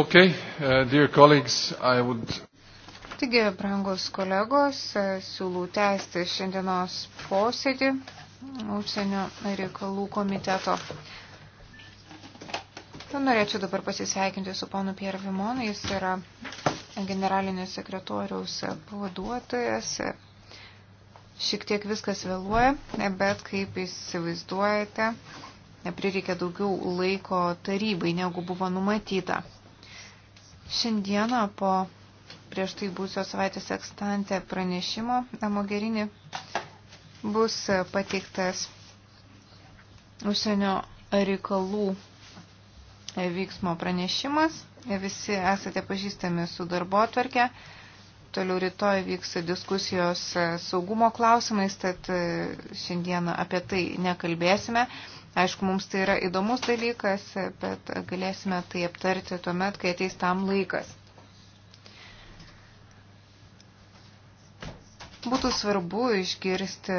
Okay, uh, dear colleagues, I would. Taigi, brangus kolegos, e, siūlau tęsti šiandienos posėdį užsienio reikalų komiteto. Norėčiau dabar pasisveikinti su ponu Pierre Vimonu, jis yra generalinio sekretoriaus pavaduotojas. Šiek tiek viskas vėluoja, bet kaip įsivaizduojate, prireikė daugiau laiko tarybai, negu buvo numatyta. Šiandieną po prieš tai būsios savaitės ekstantė pranešimo Mogerini bus pateiktas užsienio reikalų vyksmo pranešimas. Visi esate pažįstami su darbo atverke. Toliau rytoj vyks diskusijos saugumo klausimais, tad šiandieną apie tai nekalbėsime. Aišku, mums tai yra įdomus dalykas, bet galėsime tai aptarti tuomet, kai ateis tam laikas. Būtų svarbu išgirsti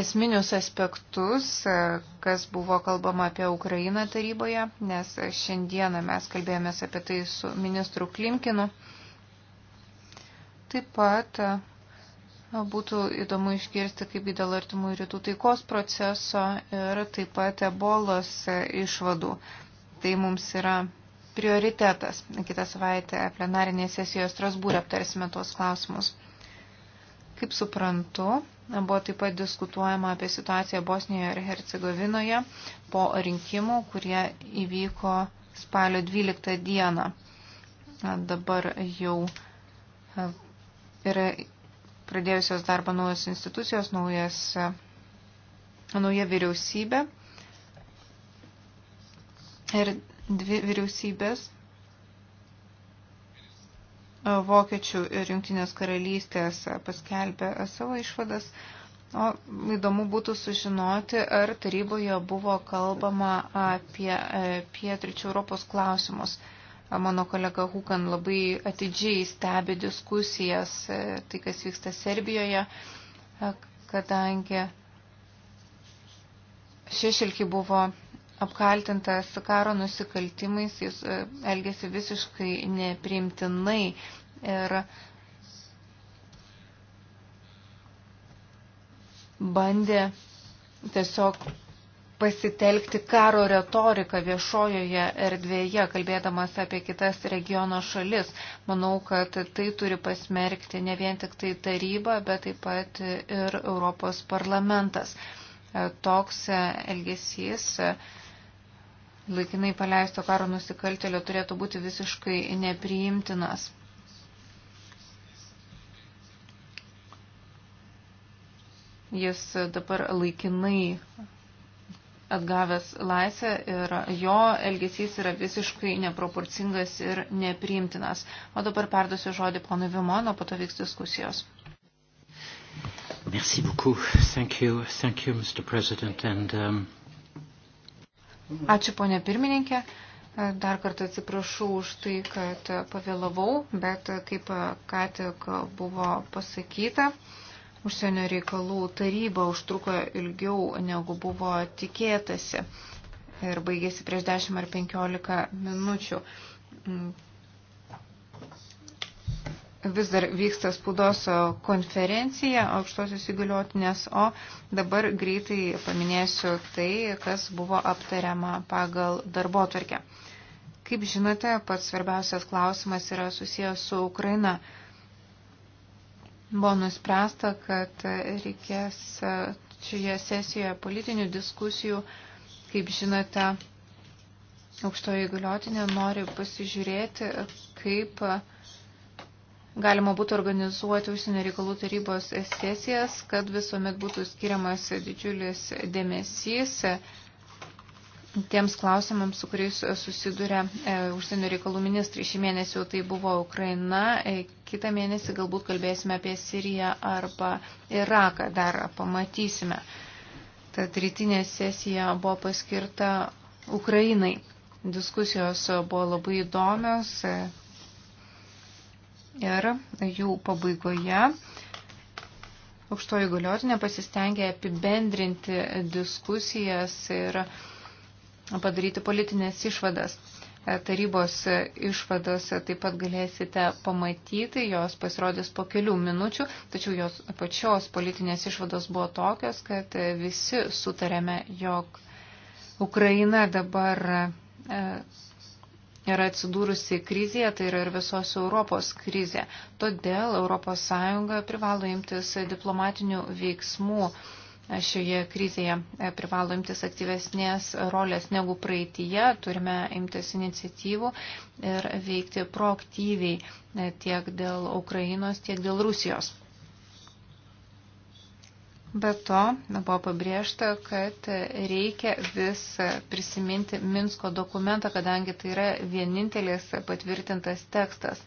esminius aspektus, kas buvo kalbama apie Ukrainą taryboje, nes šiandieną mes kalbėjomės apie tai su ministru Klimkinu. Taip pat Būtų įdomu išgirsti, kaip dėl artimų rytų taikos proceso ir taip pat ebolos išvadų. Tai mums yra prioritetas. Kitą savaitę plenarinėje sesijoje Strasbūrė aptarsime tuos klausimus. Kaip suprantu, buvo taip pat diskutuojama apie situaciją Bosnijoje ir Hercegovinoje po rinkimų, kurie įvyko spalio 12 dieną. Dabar jau e, yra pradėjusios darbą naujos institucijos, naujas, nauja vyriausybė ir dvi vyriausybės Vokiečių ir Junktinės karalystės paskelbė savo išvadas. O įdomu būtų sužinoti, ar taryboje buvo kalbama apie e, pietričių Europos klausimus. Mano kolega Hukan labai atidžiai stebi diskusijas, e, tai kas vyksta Serbijoje, e, kadangi Šešelki buvo apkaltintas karo nusikaltimais, jis e, elgėsi visiškai nepriimtinai ir bandė tiesiog pasitelkti karo retoriką viešojoje erdvėje, kalbėdamas apie kitas regiono šalis. Manau, kad tai turi pasmerkti ne vien tik tai taryba, bet taip pat ir Europos parlamentas. E, toks e, elgesys e, laikinai paleisto karo nusikaltelio turėtų būti visiškai nepriimtinas. Jis dabar laikinai atgavęs laisvę ir jo elgesys yra visiškai neproporcingas ir nepriimtinas. O dabar perduosiu žodį ponui Vimono, po to vyks diskusijos. Merci beaucoup. Thank you. Thank you, Mr. President. And, um... Ačiū, ponė pirmininkė. Dar kartą atsiprašau už tai, kad pavėlavau, bet kaip ką tik buvo pasakyta, uh, užsienio reikalų taryba užtruko ilgiau negu buvo tikėtasi ir baigėsi prieš 10 ar 15 minučių. Vis dar vyksta spaudos konferencija aukštosios įgaliotinės, o dabar greitai paminėsiu tai, kas buvo aptariama pagal darbo tvarkę. Kaip žinote, pats svarbiausias klausimas yra susijęs su Ukraina. Buvo nuspręsta, kad reikės šioje sesijoje politinių diskusijų. Kaip žinote, aukštoji galiotinė nori pasižiūrėti, kaip galima būtų organizuoti užsienio reikalų tarybos sesijas, kad visuomet būtų skiriamas didžiulis dėmesys tiems klausimams, su kuriais e, susiduria e, užsienio reikalų ministrai. Šį mėnesį jau tai buvo Ukraina, e, kitą mėnesį galbūt kalbėsime apie Siriją arba Iraką, dar pamatysime. Tad rytinė sesija buvo paskirta Ukrainai. Diskusijos buvo labai įdomios ir jų pabaigoje aukštoji galiotinė pasistengė apibendrinti diskusijas ir uh, padaryti politinės išvadas. E, tarybos išvados taip pat galėsite pamatyti, jos pasirodys po kelių minučių, tačiau jos pačios politinės išvados buvo tokios, kad visi sutarėme, jog Ukraina dabar e, yra atsidūrusi krizėje, tai yra ir visos Europos krizė. Todėl ES privalo imtis diplomatinių veiksmų šioje krizėje e, privalo imtis aktyvesnės rolės negu praeitie, turime imtis iniciatyvų ir veikti proaktyviai e, tiek dėl Ukrainos, tiek dėl Rusijos. Be to, buvo pabrėžta, kad reikia vis prisiminti Minsko dokumentą, kadangi tai yra vienintelis patvirtintas tekstas.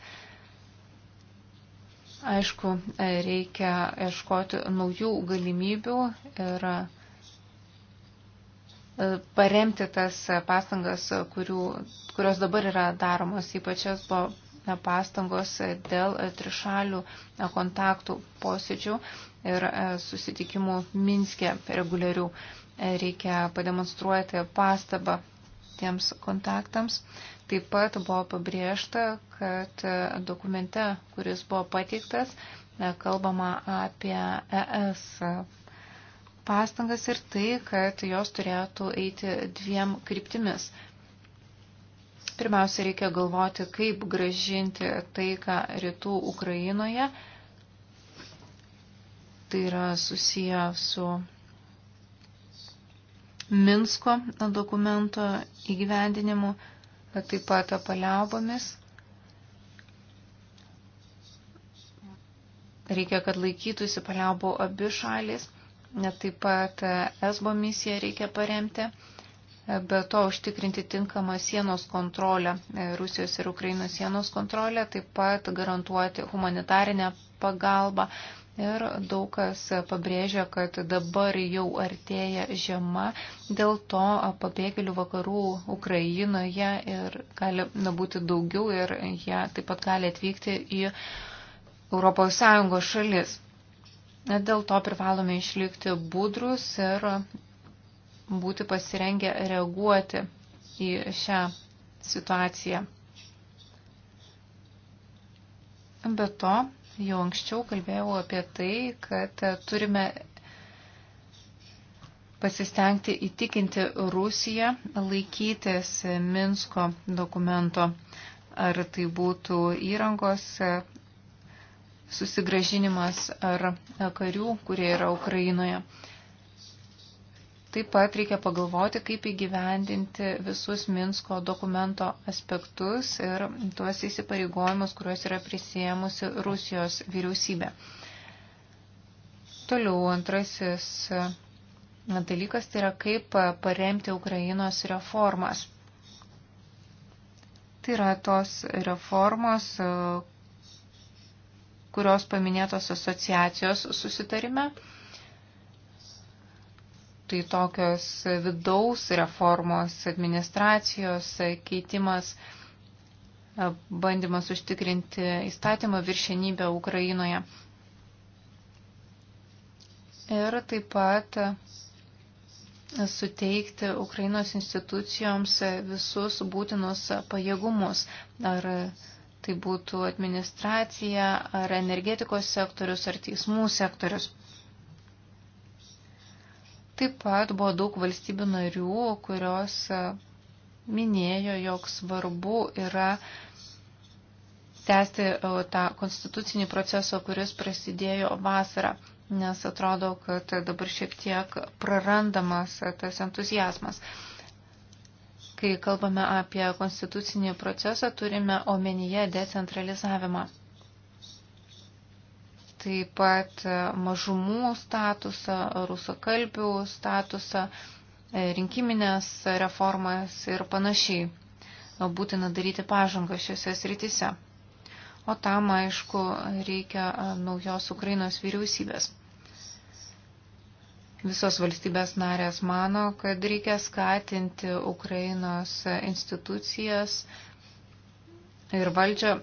Aišku, reikia ieškoti naujų galimybių ir e, paremti tas pastangas, kurių, kurios dabar yra daromos, ypač jas buvo e, pastangos dėl trišalių e, kontaktų posėdžių ir susitikimų Minske reguliarių. Reikia pademonstruoti pastabą tiems kontaktams. Taip pat buvo pabrėžta, kad dokumente, kuris buvo pateiktas, e, kalbama apie ES pastangas ir tai, kad jos turėtų eiti dviem kryptimis. Pirmiausia, reikia galvoti, kaip gražinti taiką rytų Ukrainoje. Tai yra susiję su Minsko dokumento įgyvendinimu bet taip pat paliaubomis. Reikia, kad laikytųsi paliaubų abi šalis, net taip pat esbo misiją reikia paremti, be to užtikrinti tinkamą sienos kontrolę, Rusijos ir Ukrainos sienos kontrolę, taip pat garantuoti humanitarinę pagalbą Ir daug kas pabrėžia, kad dabar jau artėja žiema, dėl to pabėgėlių vakarų Ukrainoje ir gali būti daugiau ir jie taip pat gali atvykti į ES šalis. Dėl to privalome išlikti budrus ir būti pasirengę reaguoti į šią situaciją. Be to, Jau anksčiau kalbėjau apie tai, kad turime pasistengti įtikinti Rusiją laikytis Minsko dokumento, ar tai būtų įrangos susigražinimas ar karių, kurie yra Ukrainoje. Taip pat reikia pagalvoti, kaip įgyvendinti visus Minsko dokumento aspektus ir tuos įsipareigojimus, kuriuos yra prisėmusi Rusijos vyriausybė. Toliau antrasis dalykas tai yra, kaip paremti Ukrainos reformas. Tai yra tos reformos, kurios paminėtos asociacijos susitarime tai tokios vidaus reformos, administracijos keitimas, bandymas užtikrinti įstatymo viršenybę Ukrainoje. Ir taip pat suteikti Ukrainos institucijoms visus būtinus pajėgumus, ar tai būtų administracija, ar energetikos sektorius, ar teismų sektorius. Taip pat buvo daug valstybių narių, kurios e, minėjo, jog svarbu yra tęsti e, tą konstitucinį procesą, kuris prasidėjo vasarą, nes atrodo, kad dabar šiek tiek prarandamas e, tas entuzijazmas. Kai kalbame apie konstitucinį procesą, turime omenyje decentralizavimą taip pat e, mažumų statusą, rusakalbių statusą, e, rinkiminės reformas ir panašiai. E, būtina daryti pažangą šiuose srityse. O tam, aišku, reikia naujos Ukrainos vyriausybės. Visos valstybės narės mano, kad reikia skatinti Ukrainos institucijas ir valdžią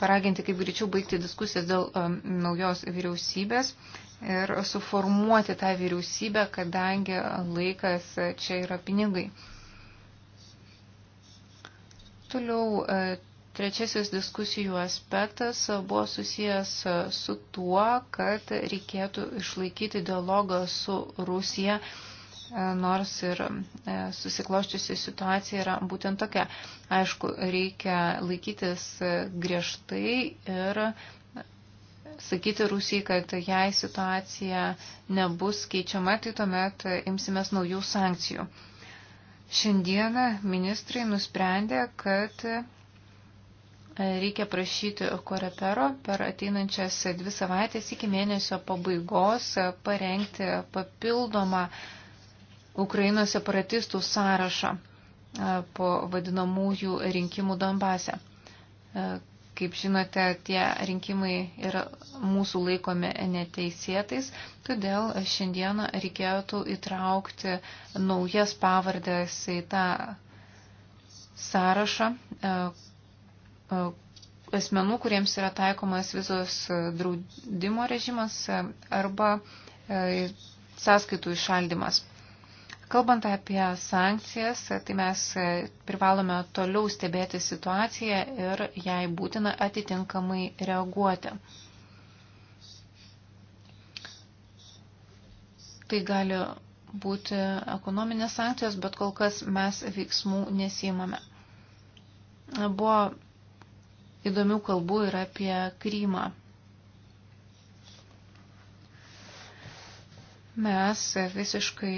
paraginti kaip greičiau baigti diskusijas dėl um, naujos vyriausybės ir suformuoti tą vyriausybę, kadangi laikas čia yra pinigai. Toliau e, trečiasis diskusijų aspektas buvo susijęs su tuo, kad reikėtų išlaikyti dialogą su Rusija E, nors ir e, susikloščiusi situacija yra būtent tokia. Aišku, reikia laikytis e, griežtai ir sakyti Rusijai, kad jei situacija nebus keičiama, tai tuomet imsimės naujų sankcijų. Šiandieną ministrai nusprendė, kad reikia prašyti korepero per ateinančias dvi savaitės iki mėnesio pabaigos parengti papildomą uh, Ukrainos separatistų sąrašą e, po vadinamųjų rinkimų Donbase. E, kaip žinote, tie rinkimai yra mūsų laikomi neteisėtais, todėl šiandieną reikėtų įtraukti naujas pavardės į tą sąrašą e, asmenų, kuriems yra taikomas vizos draudimo režimas arba sąskaitų išaldimas. Kalbant apie sankcijas, tai mes privalome toliau stebėti situaciją ir jai būtina atitinkamai reaguoti. Tai gali būti ekonominės sankcijos, bet kol kas mes veiksmų nesimame. Buvo įdomių kalbų ir apie Krymą. Mes visiškai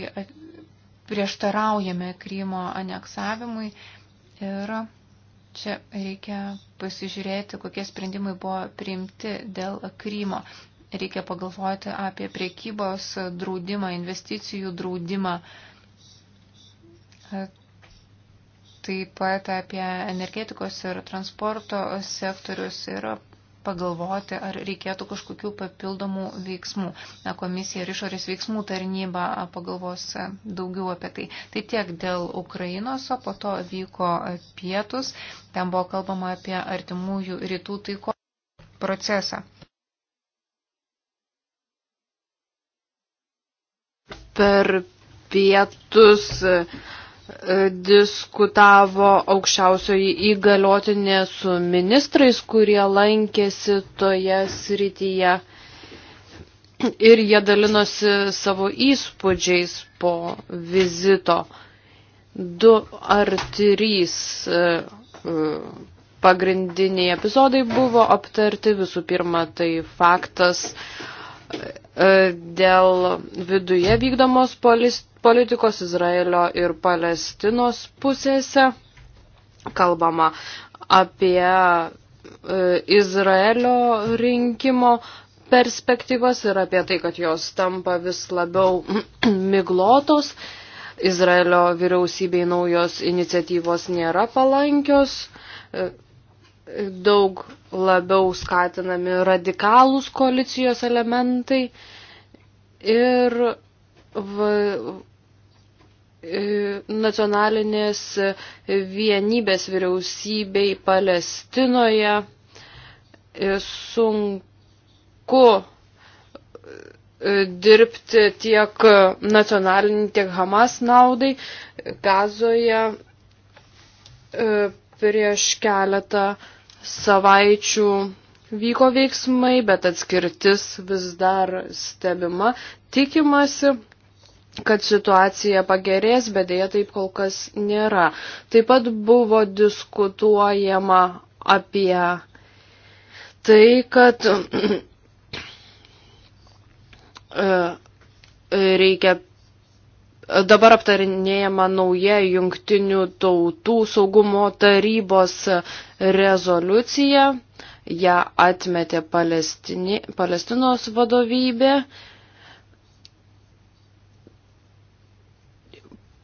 prieštaraujame Krymo aneksavimui ir čia reikia pasižiūrėti, kokie sprendimai buvo priimti dėl Krymo. Reikia pagalvoti apie priekybos draudimą, investicijų draudimą, taip pat apie energetikos ir transporto sektorius ir pagalvoti, ar reikėtų kažkokių papildomų veiksmų. Komisija ir išorės veiksmų tarnyba pagalvos daugiau apie tai. Tai tiek dėl Ukrainos, o po to vyko pietus. Ten buvo kalbama apie artimųjų rytų taiko procesą. Per pietus E, diskutavo aukščiausioji įgaliotinė su ministrais, kurie lankėsi toje srityje ir jie dalinosi savo įspūdžiais po vizito. Du ar trys e, e, pagrindiniai epizodai buvo aptarti. Visų pirma, tai faktas dėl viduje vykdomos polis, politikos Izraelio ir Palestinos pusėse. Kalbama apie e, Izraelio rinkimo perspektyvas ir apie tai, kad jos tampa vis labiau *clears throat* miglotos. Izraelio vyriausybei naujos iniciatyvos nėra palankios, e, daug labiau skatinami radikalūs koalicijos elementai ir v, e, nacionalinės vienybės vyriausybei Palestinoje e, sunku e, dirbti tiek nacionalinį, tiek Hamas naudai. Gazoje prieš keletą savaičių vyko veiksmai, bet atskirtis vis dar stebima. Tikimasi, kad situacija pagerės, bet dėja taip kol kas nėra. Taip pat buvo diskutuojama apie tai, kad *clears throat* e, reikia dabar aptarinėjama nauja jungtinių tautų saugumo tarybos rezoliucija. Ja atmetė Palestini, Palestinos vadovybė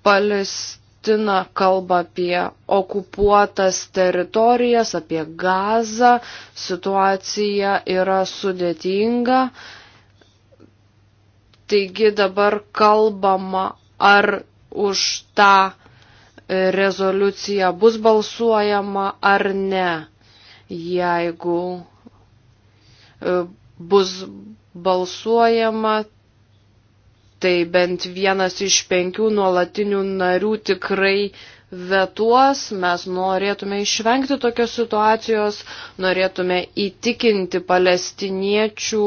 Palestina kalba apie okupuotas teritorijas, apie gazą, situacija yra sudėtinga. Taigi dabar kalbama, ar už tą rezoliuciją bus balsuojama ar ne. Jeigu e, bus balsuojama, tai bent vienas iš penkių nuolatinių narių tikrai vetuos, mes norėtume išvengti tokios situacijos, norėtume įtikinti palestiniečių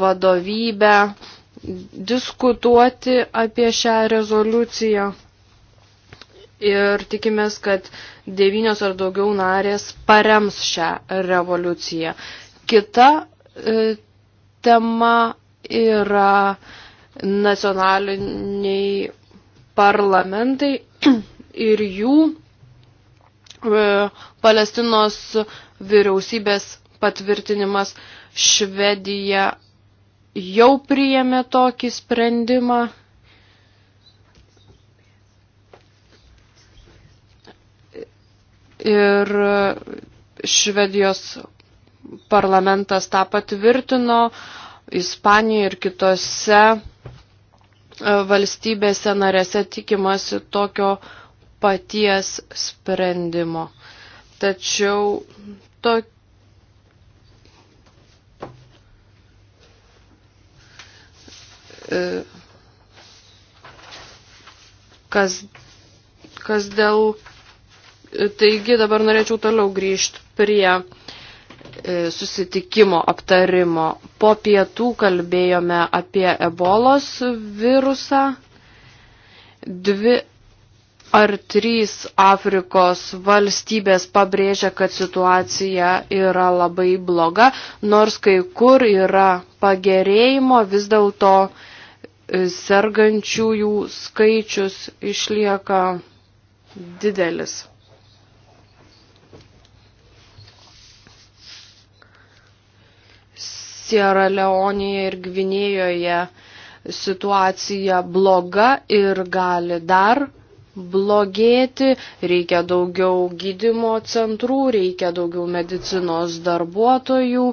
vadovybę, diskutuoti apie šią rezoliuciją. Ir tikimės, kad devynios ar daugiau narės parems šią revoliuciją. Kita e, tema yra e, nacionaliniai parlamentai *clears throat* ir jų e, Palestinos vyriausybės patvirtinimas Švedija jau priėmė tokį sprendimą. Ir Švedijos parlamentas tą patvirtino, Ispanija ir kitose valstybėse narėse tikimasi tokio paties sprendimo. Tačiau to... E, kas, kas dėl... Taigi dabar norėčiau toliau grįžti prie E, susitikimo aptarimo. Po pietų kalbėjome apie ebolos virusą. Dvi ar trys Afrikos valstybės pabrėžia, kad situacija yra labai bloga, nors kai kur yra pagerėjimo, vis dėlto e, sergančiųjų skaičius išlieka didelis. Sierra Leonėje ir Gvinėjoje situacija bloga ir gali dar blogėti, reikia daugiau gydimo centrų, reikia daugiau medicinos darbuotojų,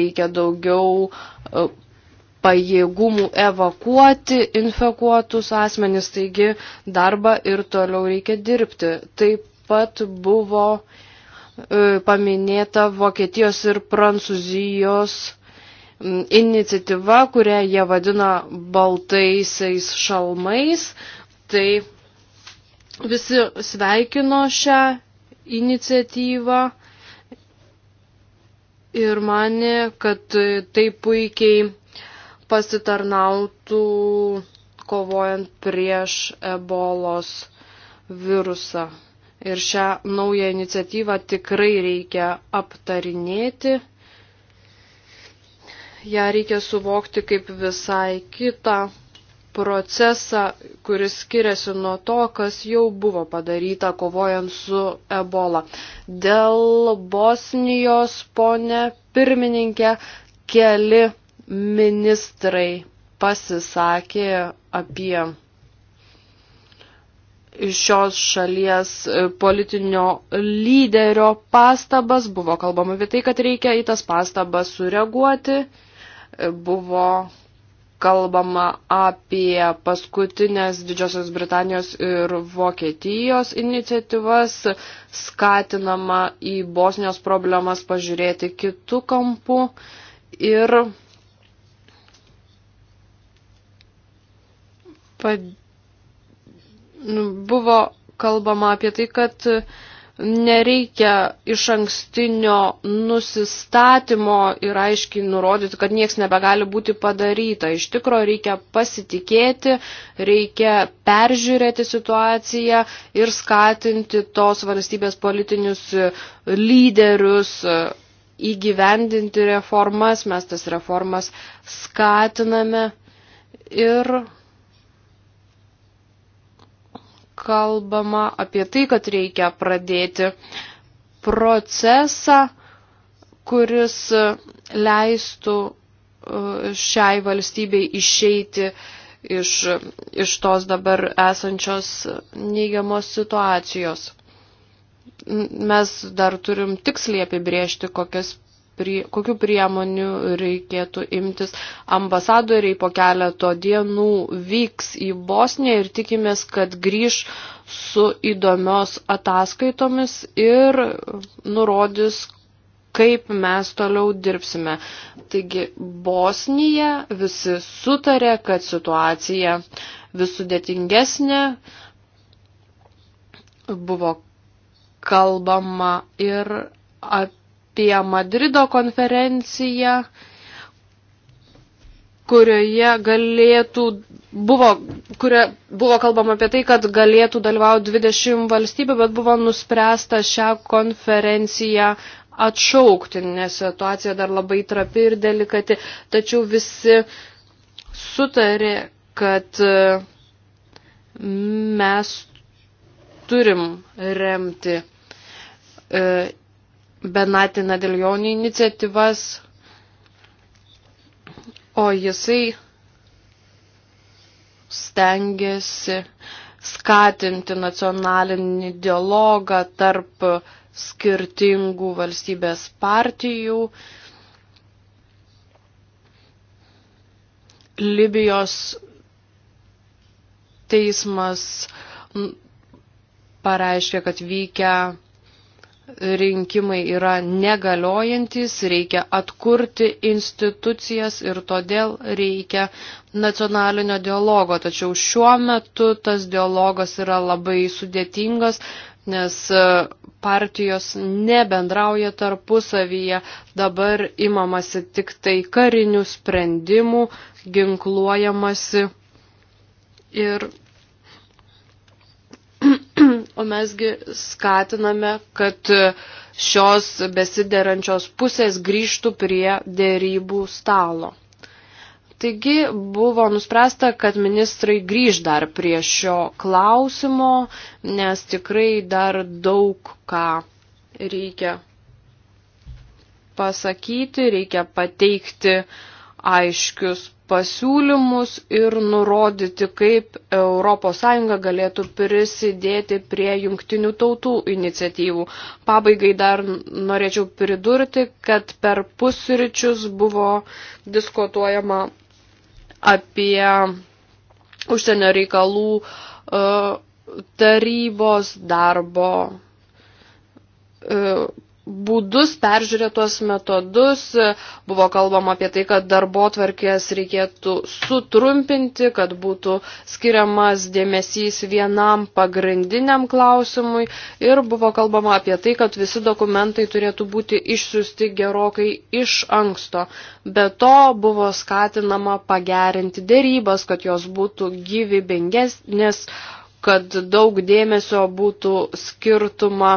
reikia daugiau e, pajėgumų evakuoti infekuotus asmenis, taigi darbą ir toliau reikia dirbti. Taip pat buvo e, paminėta Vokietijos ir Prancūzijos iniciatyva, kurią jie vadina baltaisiais šalmais. Tai visi sveikino šią iniciatyvą ir mane, kad tai puikiai pasitarnautų kovojant prieš ebolos virusą. Ir šią naują iniciatyvą tikrai reikia aptarinėti ją reikia suvokti kaip visai kitą procesą, kuris skiriasi nuo to, kas jau buvo padaryta kovojant su ebola. Dėl Bosnijos, ponė pirmininkė, keli ministrai pasisakė apie šios šalies politinio lyderio pastabas, buvo kalbama apie tai, kad reikia į tas pastabas sureaguoti buvo kalbama apie paskutinės Didžiosios Britanijos ir Vokietijos iniciatyvas, skatinama į Bosnijos problemas pažiūrėti kitų kampų ir pad... Nu, buvo kalbama apie tai, kad nereikia iš ankstinio nusistatymo ir aiškiai nurodyti, kad nieks nebegali būti padaryta. Iš tikro reikia pasitikėti, reikia peržiūrėti situaciją ir skatinti tos valstybės politinius lyderius įgyvendinti reformas. Mes tas reformas skatiname ir kalbama apie tai, kad reikia pradėti procesą, kuris leistų e, šiai valstybei išeiti iš, iš tos dabar esančios neigiamos situacijos. Mes dar turim tiksliai apibriežti, kokias prie, kokiu priemonių reikėtų imtis. Ambasadoriai po keleto dienų vyks į Bosniją ir tikimės, kad grįž su įdomios ataskaitomis ir nurodys, kaip mes toliau dirbsime. Taigi Bosnija visi sutarė, kad situacija vis sudėtingesnė buvo kalbama ir apie apie Madrido konferenciją, kurioje galėtų, buvo, kurio, buvo kalbama apie tai, kad galėtų dalyvauti 20 valstybių, bet buvo nuspręsta šią konferenciją atšaukti, nes situacija dar labai trapi ir delikati. Tačiau visi sutarė, kad e, mes turim remti e, Benatį Nadeljonį iniciatyvas, o jisai stengiasi skatinti nacionalinį dialogą tarp skirtingų valstybės partijų. Libijos teismas pareiškė, kad vykę rinkimai yra negaliojantis, reikia atkurti institucijas ir todėl reikia nacionalinio dialogo. Tačiau šiuo metu tas dialogas yra labai sudėtingas, nes e, partijos nebendrauja tarpusavyje, dabar imamasi tik tai karinių sprendimų, ginkluojamasi ir o mesgi skatiname, kad šios besiderančios pusės grįžtų prie dėrybų stalo. Taigi buvo nuspręsta, kad ministrai grįž dar prie šio klausimo, nes tikrai dar daug ką reikia pasakyti, reikia pateikti uh, aiškius pasiūlymus ir nurodyti, kaip ES galėtų prisidėti prie jungtinių tautų iniciatyvų. Pabaigai dar norėčiau pridurti, kad per pusryčius buvo diskutuojama apie užsienio reikalų e, tarybos darbo e, būdus, peržiūrėtos metodus. Buvo kalbama apie tai, kad darbo tvarkės reikėtų sutrumpinti, kad būtų skiriamas dėmesys vienam pagrindiniam klausimui. Ir buvo kalbama apie tai, kad visi dokumentai turėtų būti išsiusti gerokai iš anksto. Be to buvo skatinama pagerinti dėrybas, kad jos būtų gyvybingesnės. Nes kad daug dėmesio būtų skirtuma,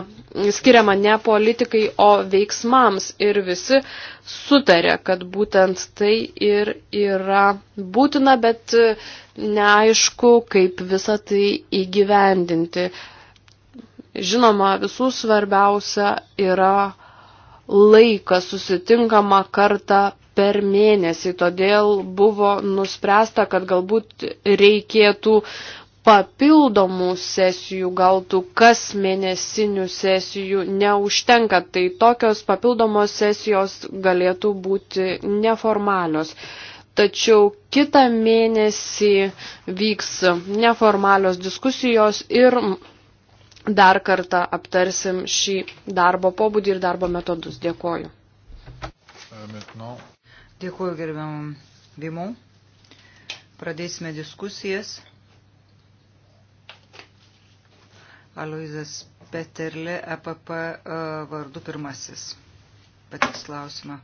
skiriama ne politikai, o veiksmams. Ir visi sutarė, kad būtent tai ir yra būtina, bet neaišku, kaip visą tai įgyvendinti. Žinoma, visų svarbiausia yra laikas susitinkama kartą per mėnesį. Todėl buvo nuspręsta, kad galbūt reikėtų papildomų sesijų, gal tų kas mėnesinių sesijų neužtenka, tai tokios papildomos sesijos galėtų būti neformalios. Tačiau kitą mėnesį vyks neformalios diskusijos ir dar kartą aptarsim šį darbo pobūdį ir darbo metodus. Dėkoju. Euh, Dėkuoju gerbiamam Vimau. Pradėsime diskusijas. Aloizas Peterle, EPP e, vardu pirmasis. Patiks klausimą.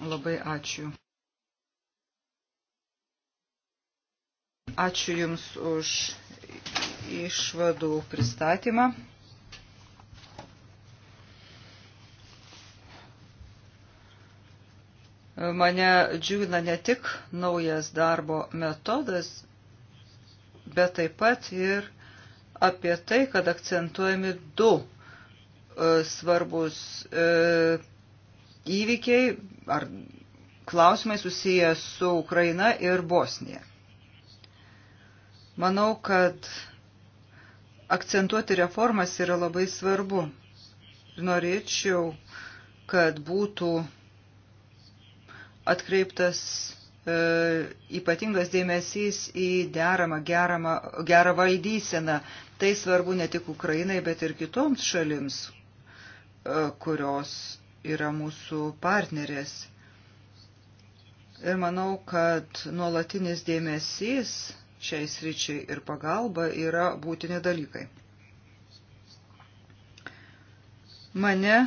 Labai ačiū. Ačiū Jums už išvadų pristatymą. Mane džiugina ne tik naujas darbo metodas, bet taip pat ir apie tai, kad akcentuojami du e, svarbus e, įvykiai ar klausimai susiję su Ukraina ir Bosnija. Manau, kad akcentuoti reformas yra labai svarbu. Norėčiau, kad būtų atkreiptas E, ypatingas dėmesys į deramą, geramą, gerą valdyseną. Tai svarbu ne tik Ukrainai, bet ir kitoms šalims, e, kurios yra mūsų partnerės. Ir manau, kad nuolatinis dėmesys šiai sričiai ir pagalba yra būtini dalykai. Mane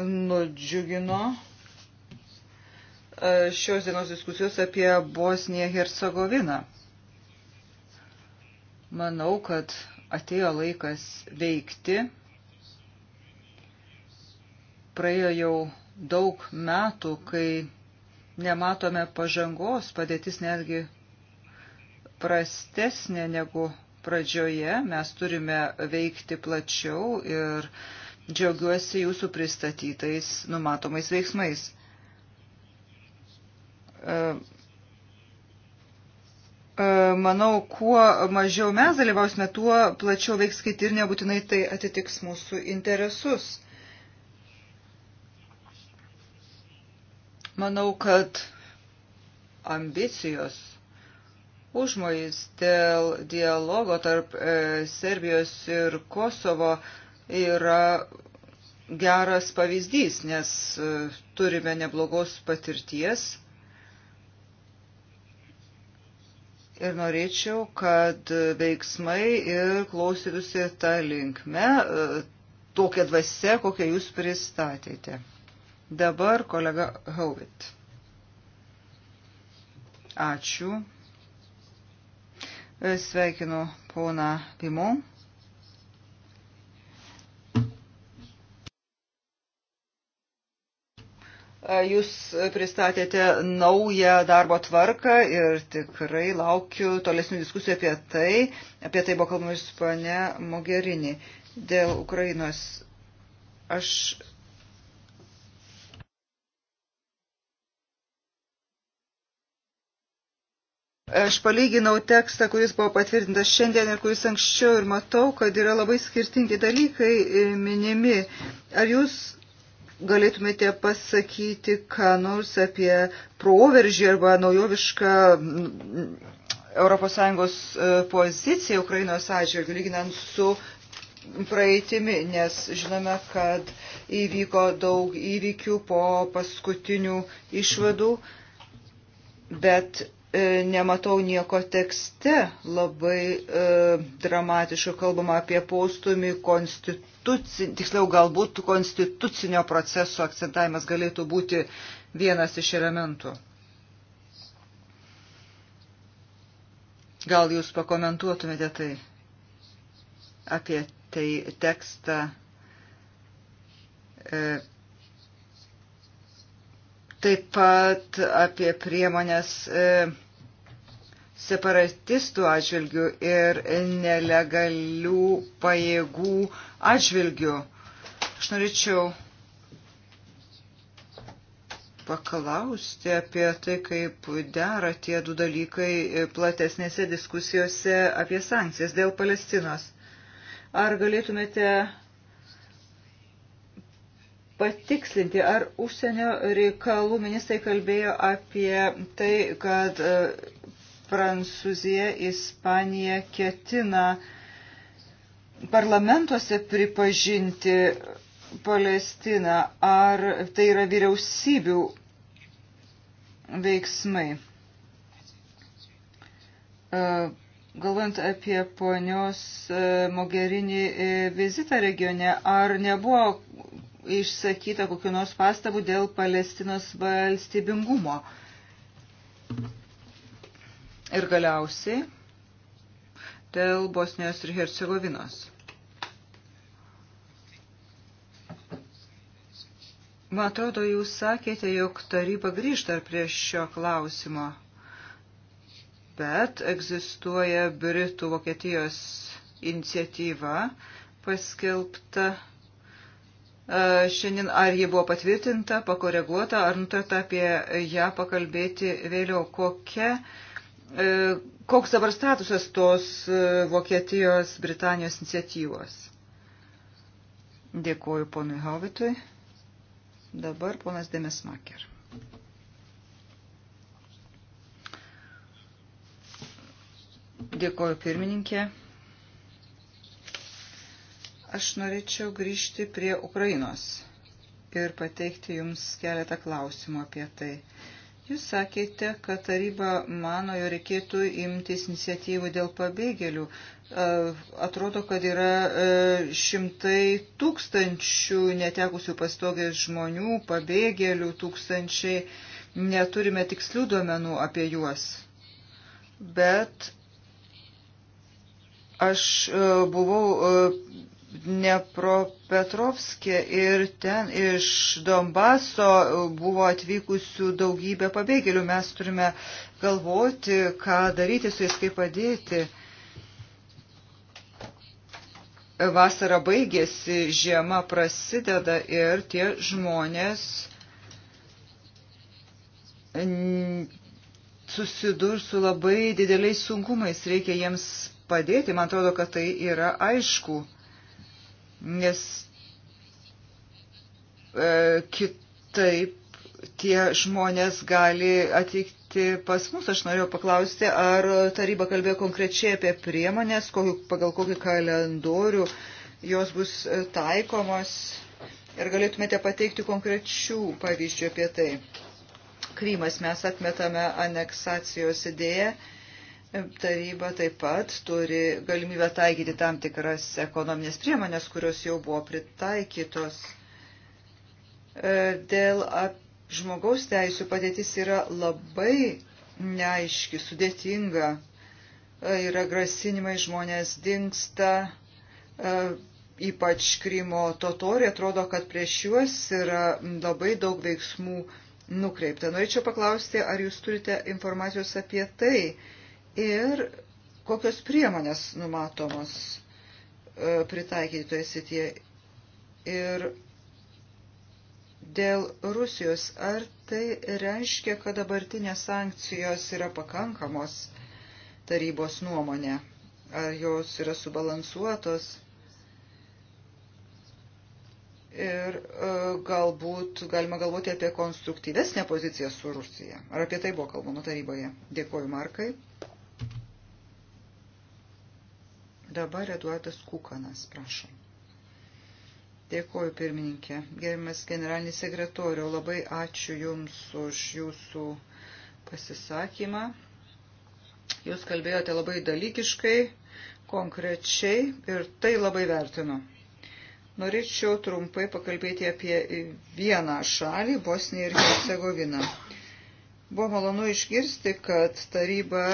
nudžiugino E, šios dienos diskusijos apie Bosniją Hercegoviną. Manau, kad atėjo laikas veikti. Praėjo jau daug metų, kai nematome pažangos, padėtis netgi prastesnė negu pradžioje. Mes turime veikti plačiau ir džiaugiuosi jūsų pristatytais numatomais veiksmais. E, e, manau, kuo mažiau mes dalyvausime, tuo plačiau veiks kiti ir nebūtinai tai atitiks mūsų interesus. Manau, kad ambicijos užmojais dėl dialogo tarp e, Serbijos ir Kosovo yra geras pavyzdys, nes e, turime neblogos patirties ir norėčiau, kad veiksmai ir klausytųsi tą linkme, tokia dvasia, kokią jūs pristatėte. Dabar kolega Howitt. Ačiū. E, sveikinu poną Pimon E, jūs pristatėte naują darbo tvarką ir tikrai laukiu tolesnių diskusijų apie tai. Apie tai buvo kalbama ir su pane Mogherini. Dėl Ukrainos aš. Aš palyginau tekstą, kuris buvo patvirtintas šiandien ir kuris anksčiau ir matau, kad yra labai skirtingi dalykai minimi. Ar jūs galėtumėte pasakyti, ką nors apie proveržį arba naujovišką mm, ES e, poziciją Ukrainos atžvilgių, lyginant su praeitimi, nes žinome, kad įvyko daug įvykių po paskutinių išvadų, bet E, nematau nieko tekste labai e, dramatiško kalbama apie postumį konstitucinį, tiksliau galbūt konstitucinio proceso akcentavimas galėtų būti vienas iš elementų. Gal jūs pakomentuotumėte tai apie tai tekstą. E, taip pat apie priemonės. E, separatistų atžvilgių ir nelegalių pajėgų atžvilgių. Aš norėčiau paklausti apie tai, kaip dera tie du dalykai platesnėse diskusijose apie sankcijas dėl Palestinos. Ar galėtumėte patikslinti, ar užsienio reikalų ministrai kalbėjo apie tai, kad Prancūzija, Ispanija ketina parlamentuose pripažinti Palestiną. Ar tai yra vyriausybių veiksmai? E, Galvant apie ponios e, Mogerinį e, vizitą regione, ar nebuvo išsakyta kokiu nors pastabu dėl Palestinos valstybingumo? Ir galiausiai dėl Bosnijos ir Hercegovinos. Man atrodo, jūs sakėte, jog taryba grįžta prie šio klausimo, bet egzistuoja Britų Vokietijos iniciatyva paskelbta e, šiandien, ar ji buvo patvirtinta, pakoreguota, ar nutarta apie ją pakalbėti vėliau, kokia E, koks dabar statusas tos e, Vokietijos, Britanijos iniciatyvos? Dėkuoju ponui Havitui. Dabar ponas Demesmaker. Dėkuoju pirmininkė. Aš norėčiau grįžti prie Ukrainos ir pateikti Jums keletą klausimų apie tai. Jūs sakėte, kad taryba mano, jo reikėtų imtis iniciatyvų dėl pabėgėlių. Atrodo, kad yra e, šimtai tūkstančių netekusių pastogės žmonių, pabėgėlių tūkstančiai. Neturime tikslių duomenų apie juos. Bet aš e, buvau e, Nepropetrovskė ir ten iš Donbaso buvo atvykusių daugybė pabėgėlių. Mes turime galvoti, ką daryti su jais, kaip padėti. Vasara baigėsi, žiema prasideda ir tie žmonės susidurs su labai dideliais sunkumais. Reikia jiems padėti. Man atrodo, kad tai yra aišku nes e, kitaip tie žmonės gali atvykti pas mus. Aš norėjau paklausti, ar taryba kalbėjo konkrečiai apie priemonės, kokiu, pagal kokį kalendorių jos bus e, taikomos ir galėtumėte pateikti konkrečių pavyzdžių apie tai. Krymas mes atmetame aneksacijos idėją Taryba taip pat turi galimybę taikyti tam tikras ekonominės priemonės, kurios jau buvo pritaikytos. E, dėl žmogaus teisų padėtis yra labai neaiški, sudėtinga. E, yra grasinimai, žmonės dinksta, e, ypač Krymo totorė, atrodo, kad prieš juos yra labai daug veiksmų nukreipta. Norėčiau paklausti, ar jūs turite informacijos apie tai? ir kokios priemonės numatomos e, pritaikyti toje sityje. Ir dėl Rusijos, ar tai reiškia, kad dabartinės sankcijos yra pakankamos tarybos nuomonė? Ar jos yra subalansuotos? Ir e, galbūt galima galvoti apie konstruktyvesnę poziciją su Rusija. Ar apie tai buvo kalbama taryboje? Dėkuoju, Markai. Dabar Eduardas Kukanas, prašom. Dėkoju, pirmininkė. Gerimas generalinis sekretoriau, labai ačiū Jums už Jūsų pasisakymą. Jūs kalbėjote labai dalykiškai, konkrečiai ir tai labai vertinu. Norėčiau trumpai pakalbėti apie vieną šalį - Bosniją ir Hercegoviną. Buvo malonu išgirsti, kad taryba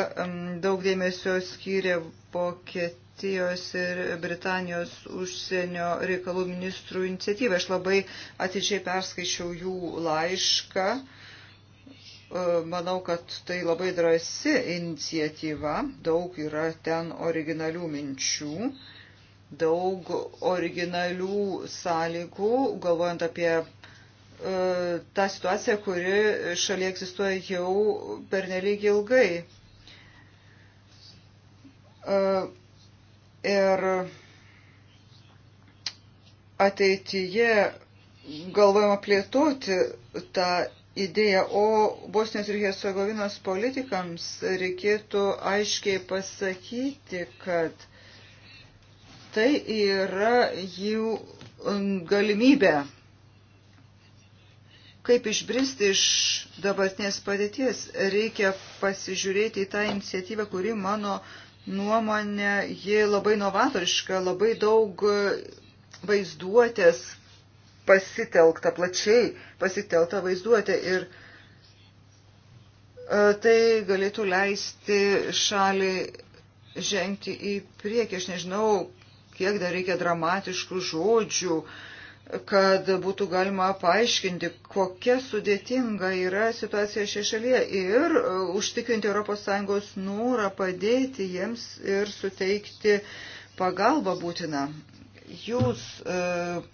daug dėmesio skyrė Vokietijai Estijos ir Britanijos užsienio reikalų ministrų iniciatyvą. Aš labai atidžiai perskaičiau jų laišką. E, manau, kad tai labai drasi iniciatyva. Daug yra ten originalių minčių daug originalių sąlygų, galvojant apie e, tą situaciją, kuri šalia egzistuoja jau pernelyg ilgai. E, Ir ateityje galvojama plėtoti tą idėją, o Bosnijos ir Hercegovinos politikams reikėtų aiškiai pasakyti, kad tai yra jų galimybė, kaip išbristi iš dabartinės padėties. Reikia pasižiūrėti į tą iniciatyvą, kuri mano nuomonę, ji labai novatoriška, labai daug vaizduotės pasitelkta, plačiai pasitelkta vaizduotė ir e, tai galėtų leisti šaliai žengti į priekį. Aš nežinau, kiek dar reikia dramatiškų žodžių, uh, kad būtų galima paaiškinti, kokia sudėtinga yra situacija šioje šalyje ir e, užtikrinti ES norą padėti jiems ir suteikti pagalbą būtiną. Jūs e,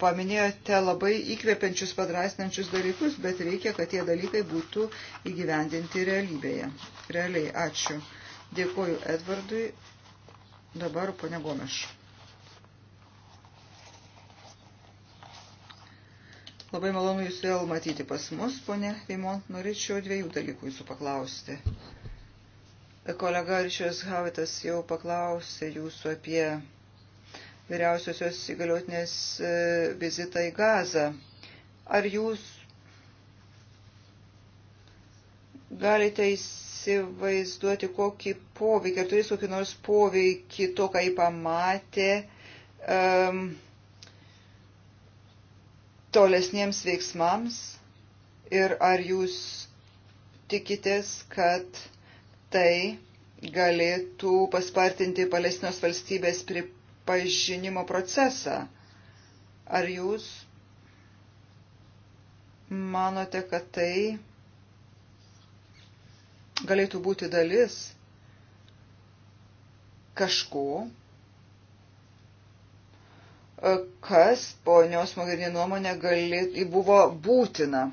paminėjote labai įkvepiančius, padrasnančius dalykus, bet reikia, kad tie dalykai būtų įgyvendinti realybėje. Realiai, ačiū. Dėkuoju Edvardui. Dabar ponia Gomeš. Labai malonu Jūs vėl matyti pas mus, ponė Vimont. Norėčiau dviejų dalykų Jūsų paklausti. Kolega Ryšės Havitas jau paklausė Jūsų apie vyriausiosios įgaliotinės e, vizitą į Gazą. Ar Jūs galite įsivaizduoti kokį poveikį, ar turės kokį nors poveikį to, ką jį pamatė? Um, tolesniems veiksmams ir ar jūs tikitės, kad tai galėtų paspartinti Palestinos valstybės pripažinimo procesą. Ar jūs manote, kad tai galėtų būti dalis kažko, kas ponios Mogherini nuomonė gali, buvo būtina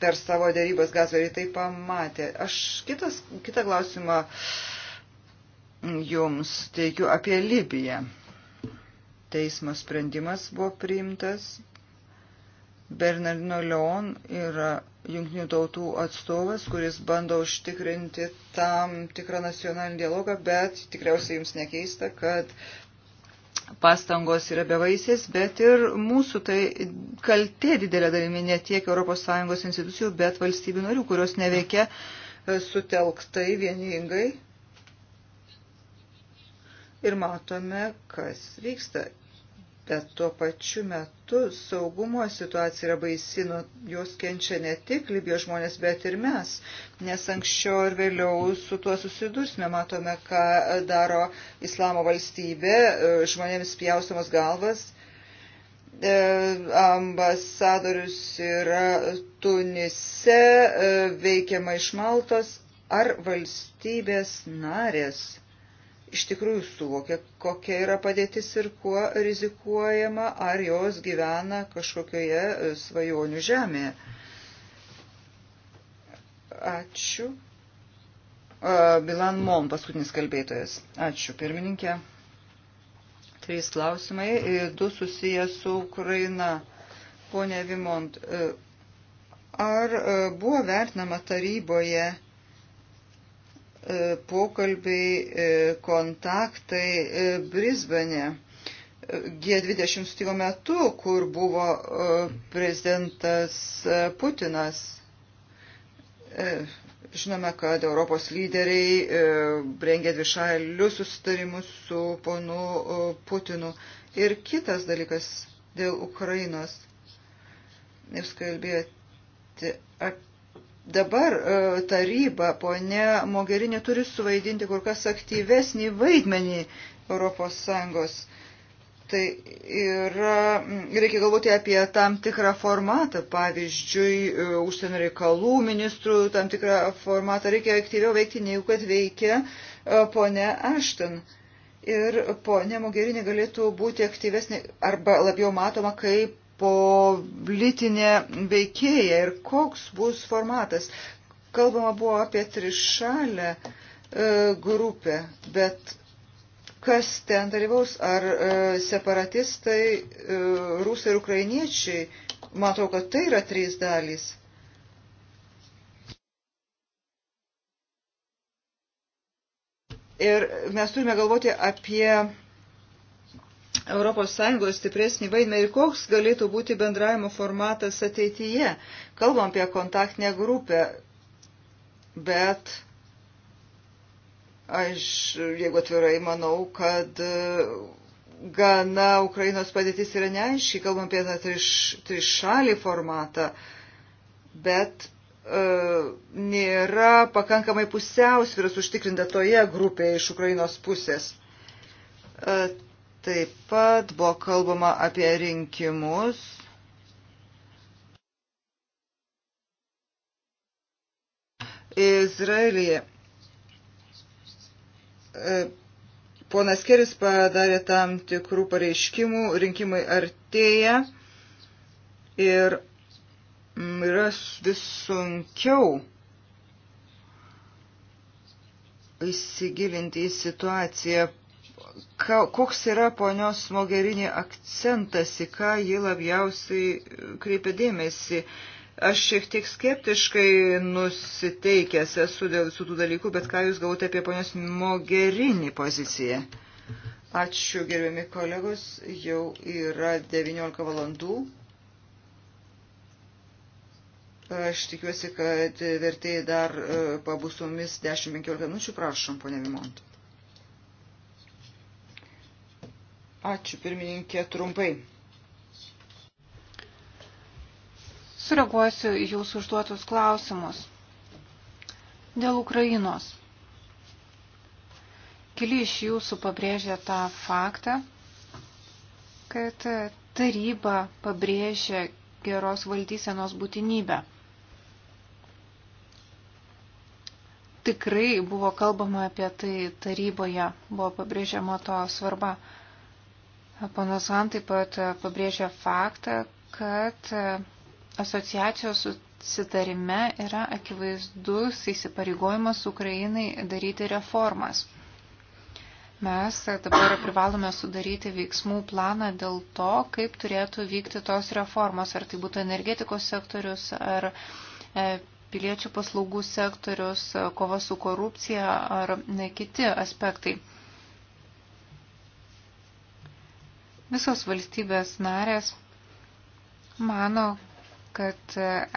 per savo dėrybas Gazverį tai pamatė. Aš kitas, kitą klausimą jums teikiu apie Libiją. Teismo sprendimas buvo priimtas. Bernardino Leon yra jungtinių tautų atstovas, kuris bando užtikrinti tam tikrą nacionalinį dialogą, bet tikriausiai jums nekeista, kad pastangos yra bevaisės, bet ir mūsų tai kaltė didelė dalimi ne tiek ES institucijų, bet valstybių narių, kurios neveikia e, sutelktai vieningai. Ir matome, kas vyksta. Bet tuo pačiu metu saugumo situacija yra baisi, nuo jos kenčia ne tik Libijos žmonės, bet ir mes, nes anksčiau ir vėliau su tuo susidursime, matome, ką daro islamo valstybė, e, žmonėms pjaustamos galvas. E, ambasadorius yra Tunise, e, veikiama iš Maltos ar valstybės narės iš tikrųjų suvokia, kokia yra padėtis ir kuo rizikuojama, ar jos gyvena kažkokioje e, svajonių žemėje. Ačiū. Bilan Mom, paskutinis kalbėtojas. Ačiū, pirmininkė. Trys klausimai, e, du susiję su Ukraina. Pone Vimont, e, ar buvo vertinama taryboje E, pokalbiai, e, kontaktai e, Brisbane. G20 sutiko metu, kur buvo prezidentas Putinas. Žinome, kad Europos lyderiai rengė dvišalius susitarimus su ponu Putinu. Ir kitas dalykas dėl Ukrainos. Jūs kalbėjote apie Dabar e, taryba, ponė Mogerinė, turi suvaidinti kur kas aktyvesnį vaidmenį ES. Tai yra, reikia galvoti apie tam tikrą formatą, pavyzdžiui, e, užsienio reikalų ministrų tam tikrą formatą, reikia aktyviau veikti, negu kad veikia e, ponė Ashton. Ir ponė Mogerinė galėtų būti aktyvesnė arba labiau matoma kaip politinė veikėja ir koks bus formatas. Kalbama buvo apie trišalę e, grupę, bet kas ten dalyvaus, ar e, separatistai, e, rusai ir ukrainiečiai, matau, kad tai yra trys dalys. Ir mes turime galvoti apie ES stipresnį vaidmenį ir koks galėtų būti bendravimo formatas ateityje. Kalbam apie kontaktinę grupę, bet aš, jeigu atvirai, manau, kad e, gana Ukrainos padėtis yra neaiški, kalbam apie tą triš, trišalį formatą, bet e, nėra pakankamai pusiausvyros užtikrinta toje grupėje iš Ukrainos pusės. E, Taip pat buvo kalbama apie rinkimus. Izraelyje. E, ponas Keris padarė tam tikrų pareiškimų, rinkimai artėja ir mm, yra vis sunkiau įsigilinti į situaciją koks yra ponios Mogerinė akcentas, į ką ji labiausiai e, kreipia dėmesį. Aš šiek tiek skeptiškai nusiteikęs esu dėl visų tų dalykų, bet ką Jūs galvote apie ponios Mogerinį poziciją? Ačiū, gerbiami kolegos, jau yra 19 valandų. Aš tikiuosi, kad vertėjai dar e, pabus su mumis 10-15 minučių. Prašom, ponė Vimont. Ačiū pirmininkė trumpai. Sureaguosiu į jūsų užduotus klausimus. Dėl Ukrainos. Keli iš jūsų pabrėžė tą faktą, kad taryba pabrėžė geros valdysenos būtinybę. Tikrai buvo kalbama apie tai taryboje, buvo pabrėžiama to svarba. Ponas Van taip pat pabrėžia faktą, kad asociacijos susitarime yra akivaizdus įsipareigojimas Ukrainai daryti reformas. Mes dabar privalome sudaryti veiksmų planą dėl to, kaip turėtų vykti tos reformos, ar tai būtų energetikos sektorius, ar e, piliečių paslaugų sektorius, kova su korupcija ar kiti aspektai. Visos valstybės narės mano, kad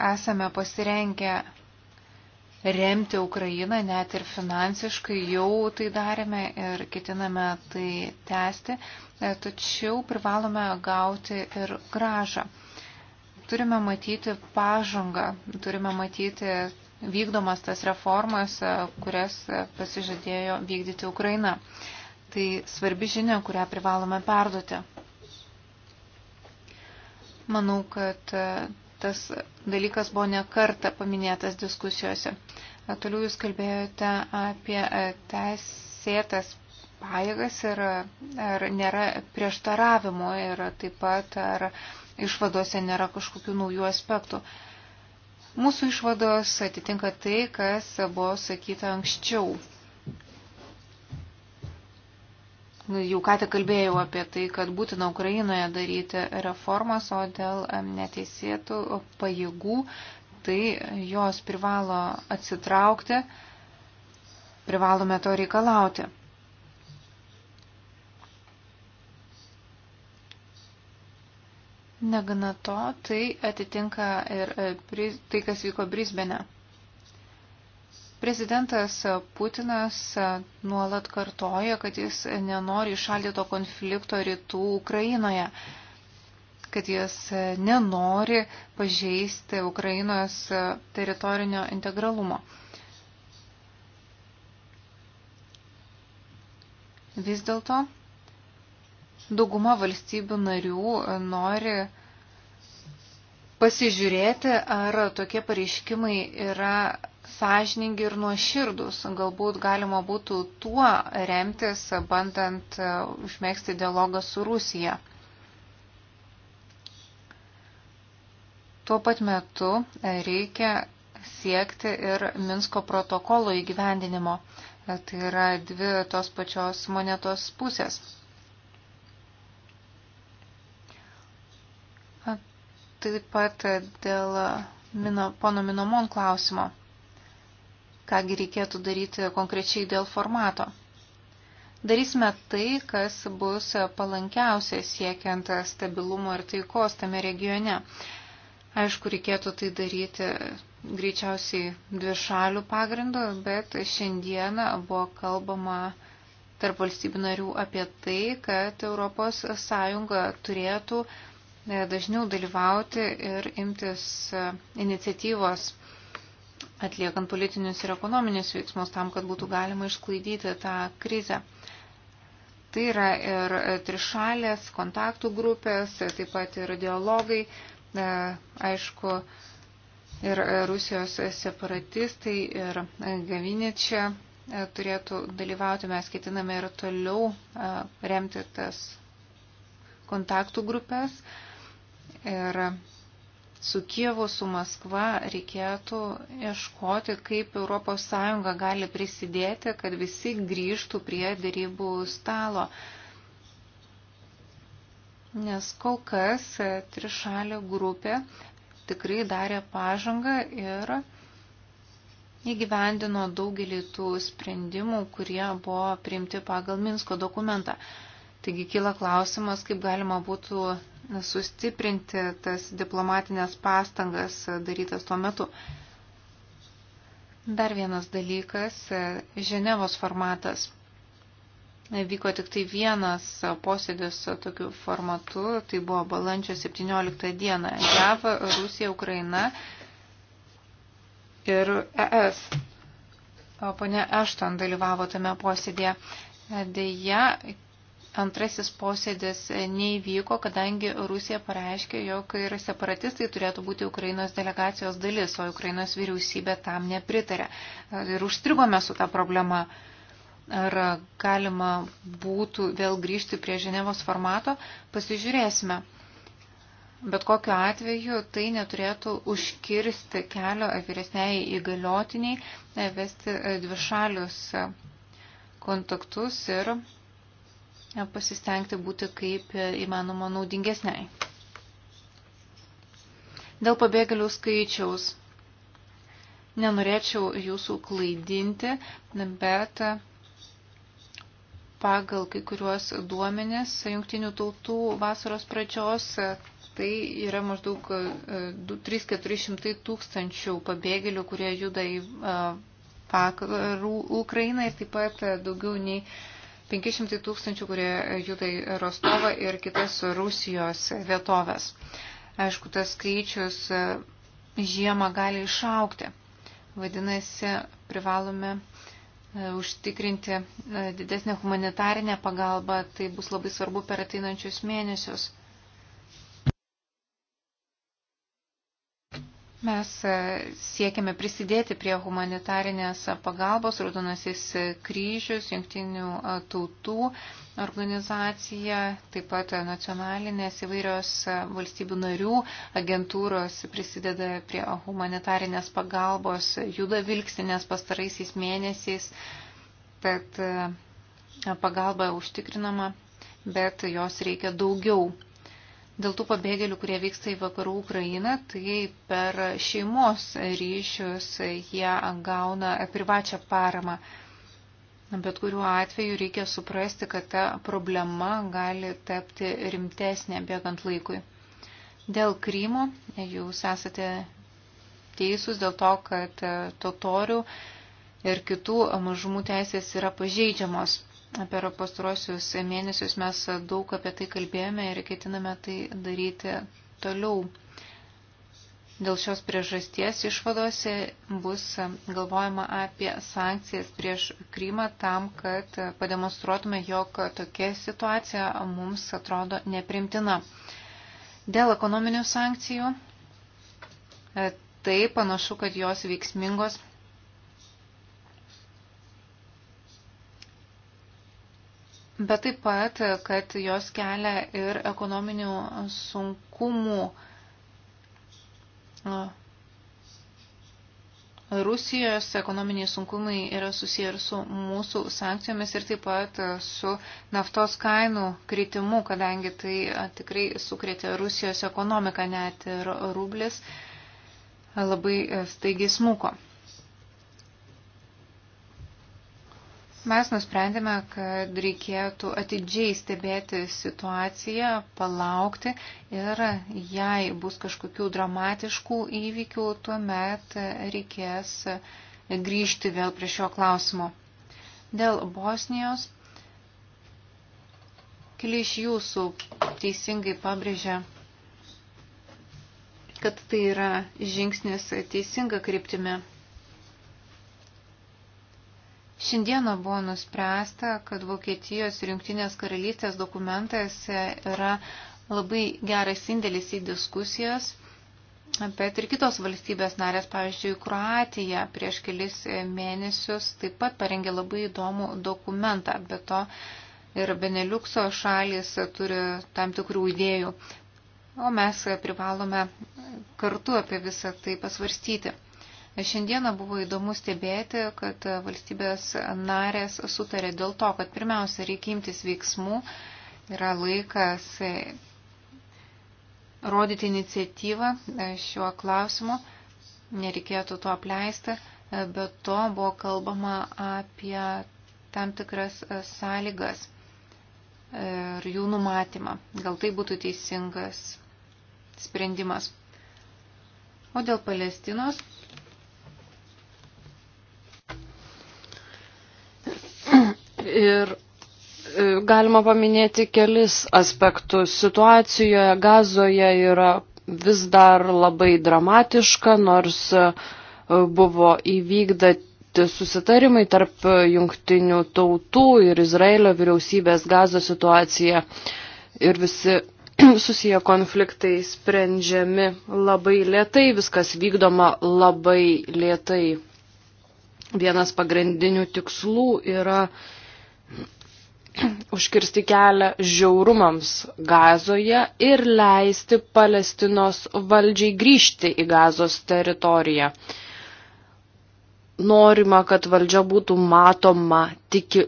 esame pasirenkę remti Ukrainą net ir finansiškai, jau tai darėme ir ketiname tai tęsti, tačiau privalome gauti ir gražą. Turime matyti pažangą, turime matyti vykdomas tas reformas, kurias pasižadėjo vykdyti Ukraina. Tai svarbi žinia, kurią privalome perduoti. Manau, kad e, tas dalykas buvo ne kartą paminėtas diskusijose. E, toliau jūs kalbėjote apie e, teisėtas pajėgas ir ar nėra prieštaravimo ir taip pat ar išvadose nėra kažkokių naujų aspektų. Mūsų išvados atitinka tai, kas buvo sakyta anksčiau. Jau ką tik kalbėjau apie tai, kad būtina Ukrainoje daryti reformas, o dėl neteisėtų pajėgų, tai jos privalo atsitraukti, privalome to reikalauti. Negana to, tai atitinka ir e, tai, kas vyko Brisbane. E. Prezidentas Putinas nuolat kartoja, kad jis nenori išaldyto konflikto rytų Ukrainoje, kad jis nenori pažeisti Ukrainos teritorinio integralumo. Vis dėlto dauguma valstybių narių nori pasižiūrėti, ar tokie pareiškimai yra sąžiningi ir nuoširdus. Galbūt galima būtų tuo remtis, bandant e, užmėgsti dialogą su Rusija. Tuo pat metu e, reikia siekti ir Minsko protokolo įgyvendinimo. E, tai yra dvi tos pačios monetos pusės. Taip pat dėl mino, pono Minomon klausimo kągi reikėtų daryti konkrečiai dėl formato. Darysime tai, kas bus palankiausia siekiant stabilumo ir taikos tame regione. Aišku, reikėtų tai daryti greičiausiai dvišalių pagrindų, bet šiandieną buvo kalbama tarp valstybių narių apie tai, kad ES turėtų dažniau dalyvauti ir imtis iniciatyvos atliekant politinius ir ekonominius veiksmus tam, kad būtų galima išklaidyti tą krizę. Tai yra ir trišalės, kontaktų grupės, taip pat ir dialogai, e, aišku, ir Rusijos separatistai ir Gaviničia e, turėtų dalyvauti, mes ketiname ir toliau e, remti tas kontaktų grupės. Ir su Kievu, su Maskva reikėtų ieškoti, kaip ES gali prisidėti, kad visi grįžtų prie dėrybų stalo. Nes kol kas trišalė grupė tikrai darė pažangą ir įgyvendino daugelį tų sprendimų, kurie buvo priimti pagal Minsko dokumentą. Taigi kyla klausimas, kaip galima būtų sustiprinti tas diplomatinės pastangas darytas tuo metu. Dar vienas dalykas - Ženevos formatas. Vyko tik tai vienas posėdis tokiu formatu, tai buvo balandžio 17 dieną. JAV, Rusija, Ukraina ir ES. Pone Ešton dalyvavo tame posėdėje. Deja, antrasis posėdis e, neįvyko, kadangi Rusija pareiškė, jog ir separatistai turėtų būti Ukrainos delegacijos dalis, o Ukrainos vyriausybė tam nepritarė. E, ir užstrigome su tą problema. Ar galima būtų vėl grįžti prie Ženevos formato, pasižiūrėsime. Bet kokiu atveju tai neturėtų užkirsti kelio vyresniai įgaliotiniai e, vesti dvišalius kontaktus ir E, pasistengti būti kaip e, įmanoma naudingesniai. Dėl pabėgėlių skaičiaus. Nenorėčiau jūsų klaidinti, bet pagal kai kuriuos duomenis jungtinių tautų vasaros pradžios e, tai yra maždaug 3-400 tūkstančių pabėgėlių, kurie juda į vakarų Ukrainą ir taip pat daugiau nei 500 tūkstančių, kurie juda į Rostovą ir kitas Rusijos vietovės. Aišku, tas skaičius e, žiemą gali išaukti. Vadinasi, privalome e, užtikrinti e, didesnę humanitarinę pagalbą. Tai bus labai svarbu per ateinančius mėnesius. Mes e, siekiame prisidėti prie humanitarinės pagalbos, Raudonasis kryžius, jungtinių e, tautų organizacija, taip pat nacionalinės įvairios e, valstybių narių agentūros prisideda prie humanitarinės pagalbos, juda vilksinės pastaraisiais mėnesiais, tad pagalba užtikrinama, bet jos reikia daugiau dėl tų pabėgėlių, kurie vyksta į vakarų Ukrainą, tai per šeimos ryšius jie gauna privačią paramą. Bet kuriuo atveju reikia suprasti, kad ta problema gali tapti rimtesnė bėgant laikui. Dėl Krymo jūs esate teisūs dėl to, kad totorių ir kitų mažumų teisės yra pažeidžiamos. Per pastarosius mėnesius mes daug apie tai kalbėjome ir ketiname tai daryti toliau. Dėl šios priežasties išvadose bus galvojama apie sankcijas prieš Krymą tam, kad pademonstruotume, jog tokia situacija mums atrodo neprimtina. Dėl ekonominių sankcijų, e, tai panašu, kad jos veiksmingos bet taip pat, kad jos kelia ir ekonominių sunkumų Rusijos ekonominiai sunkumai yra susiję ir su mūsų sankcijomis ir taip pat su naftos kainų kritimu, kadangi tai tikrai sukrėtė Rusijos ekonomiką, net ir rublis labai staigiai smuko. Mes nusprendėme, kad reikėtų atidžiai stebėti situaciją, palaukti ir jei bus kažkokių dramatiškų įvykių, tuomet reikės grįžti vėl prie šio klausimo. Dėl Bosnijos keli iš jūsų teisingai pabrėžė, kad tai yra žingsnis teisinga kryptimi. Šiandieną buvo nuspręsta, kad Vokietijos ir Junktinės karalystės dokumentas yra labai geras indėlis į diskusijas, bet ir kitos valstybės narės, pavyzdžiui, Kroatija prieš kelis mėnesius taip pat parengė labai įdomų dokumentą, be to ir Beneliukso šalis turi tam tikrų idėjų, o mes privalome kartu apie visą tai pasvarstyti. Šiandieną buvo įdomu stebėti, kad valstybės narės sutarė dėl to, kad pirmiausia reikia imtis veiksmų, yra laikas e, rodyti iniciatyvą e, šiuo klausimu, nereikėtų to apleisti, e, bet to buvo kalbama apie tam tikras sąlygas ir jų numatymą. Gal tai būtų teisingas sprendimas. O dėl Palestinos Ir e, galima paminėti kelis aspektus. Situacijoje gazoje yra vis dar labai dramatiška, nors e, buvo įvykdyti susitarimai tarp jungtinių tautų ir Izraelio vyriausybės gazo situacija ir visi *clears throat* susiję konfliktai sprendžiami labai lietai, viskas vykdoma labai lietai. Vienas pagrindinių tikslų yra uh, užkirsti kelią žiaurumams gazoje ir leisti Palestinos valdžiai grįžti į gazos teritoriją. Norima, kad valdžia būtų matoma, tiki,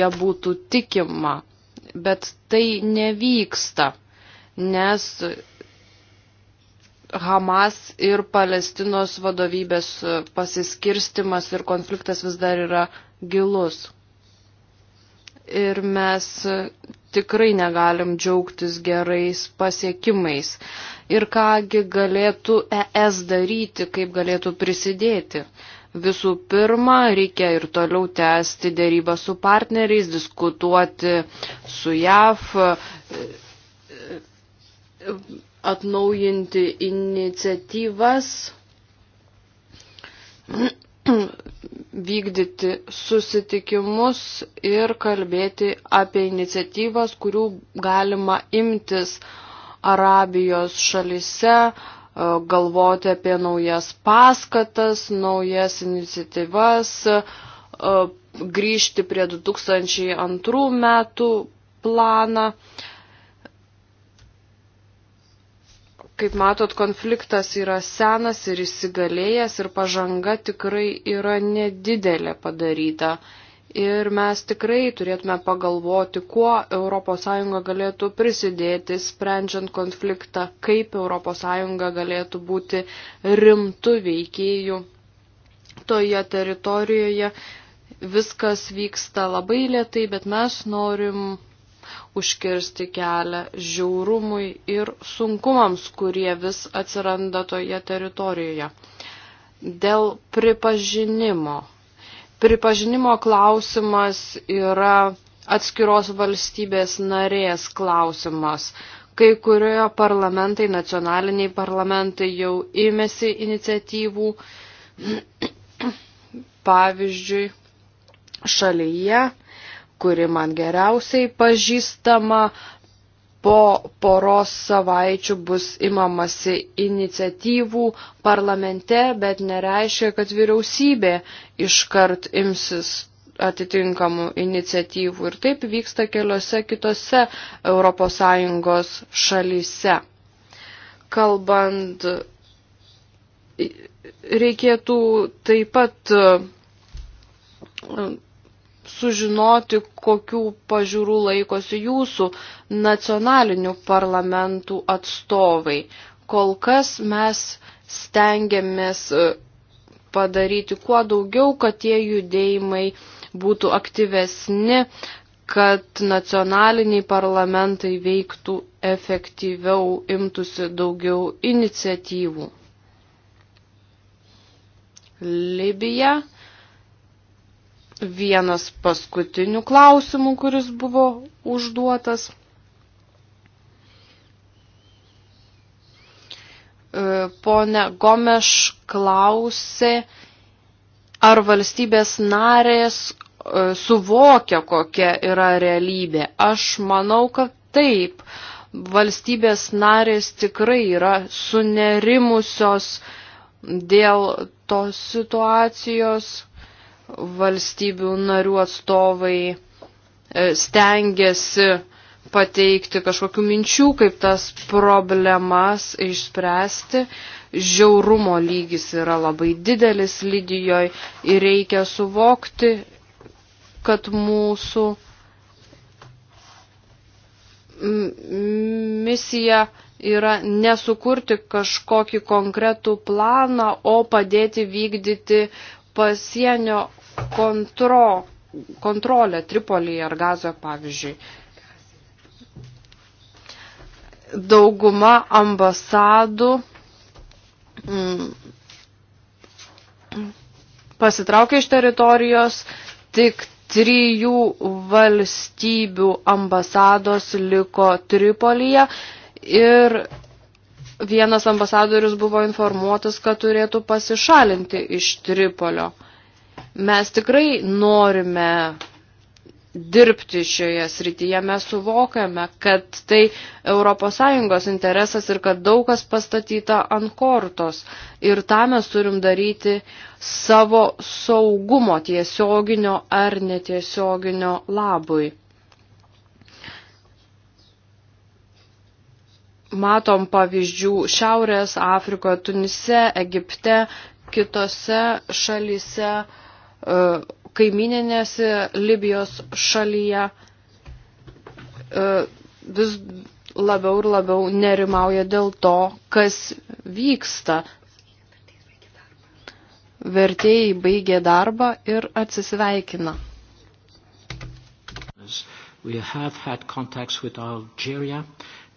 ja būtų tikima, bet tai nevyksta, nes Hamas ir Palestinos vadovybės pasiskirstimas ir konfliktas vis dar yra gilus ir mes tikrai negalim džiaugtis gerais pasiekimais. Ir kągi galėtų ES daryti, kaip galėtų prisidėti. Visų pirma, reikia ir toliau tęsti dėrybą su partneriais, diskutuoti su JAF, atnaujinti iniciatyvas vykdyti susitikimus ir kalbėti apie iniciatyvas, kurių galima imtis Arabijos šalise, e, galvoti apie naujas paskatas, naujas iniciatyvas, e, grįžti prie 2002 metų planą. Kaip matot, konfliktas yra senas ir įsigalėjęs ir pažanga tikrai yra nedidelė padaryta. Ir mes tikrai turėtume pagalvoti, kuo ES galėtų prisidėti, sprendžiant konfliktą, kaip ES galėtų būti rimtų veikėjų toje teritorijoje. Viskas vyksta labai lietai, bet mes norim užkirsti kelią žiaurumui ir sunkumams, kurie vis atsiranda toje teritorijoje. Dėl pripažinimo. Pripažinimo klausimas yra atskiros valstybės narės klausimas. Kai kurioje parlamentai, nacionaliniai parlamentai jau imėsi iniciatyvų. *clears throat* Pavyzdžiui, šalyje kuri man geriausiai pažįstama, po poros savaičių bus imamasi iniciatyvų parlamente, bet nereiškia, kad vyriausybė iškart imsis atitinkamų iniciatyvų. Ir taip vyksta keliose kitose ES šalyse. Kalbant, reikėtų taip pat sužinoti, kokių pažiūrų laikosi jūsų nacionalinių parlamentų atstovai. Kol kas mes stengiamės e, padaryti kuo daugiau, kad tie judėjimai būtų aktyvesni, kad nacionaliniai parlamentai veiktų efektyviau, imtųsi daugiau iniciatyvų. Libija vienas paskutinių klausimų, kuris buvo užduotas. E, pone Gomeš klausė, ar valstybės narės e, suvokia, kokia yra realybė. Aš manau, kad taip. Valstybės narės tikrai yra sunerimusios dėl tos situacijos valstybių narių atstovai e, stengiasi pateikti kažkokių minčių, kaip tas problemas išspręsti. Žiaurumo lygis yra labai didelis Lidijoje ir reikia suvokti, kad mūsų misija yra nesukurti kažkokį konkretų planą, o padėti vykdyti pasienio kontro, kontrolę Tripolyje ar Gazoje, pavyzdžiui. Dauguma ambasadų mm, pasitraukė iš teritorijos, tik trijų valstybių ambasados liko Tripolyje ir vienas ambasadorius buvo informuotas, kad turėtų pasišalinti iš Tripolio. Mes tikrai norime dirbti šioje srityje, mes suvokiame, kad tai ES interesas ir kad daug kas pastatyta ant kortos. Ir tą mes turim daryti savo saugumo tiesioginio ar netiesioginio labui. Matom pavyzdžių Šiaurės Afrikoje, Tunise, Egipte, kitose šalyse E, kaimininėse Libijos šalyje e, vis labiau ir labiau nerimauja dėl to, kas vyksta. Vertėjai baigė darbą ir atsisveikina. We have had contacts with Algeria. Uh,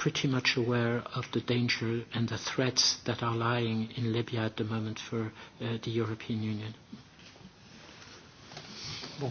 pretty much aware of the danger and the threats that are lying in Libya at the moment for uh, the European Union. Bon.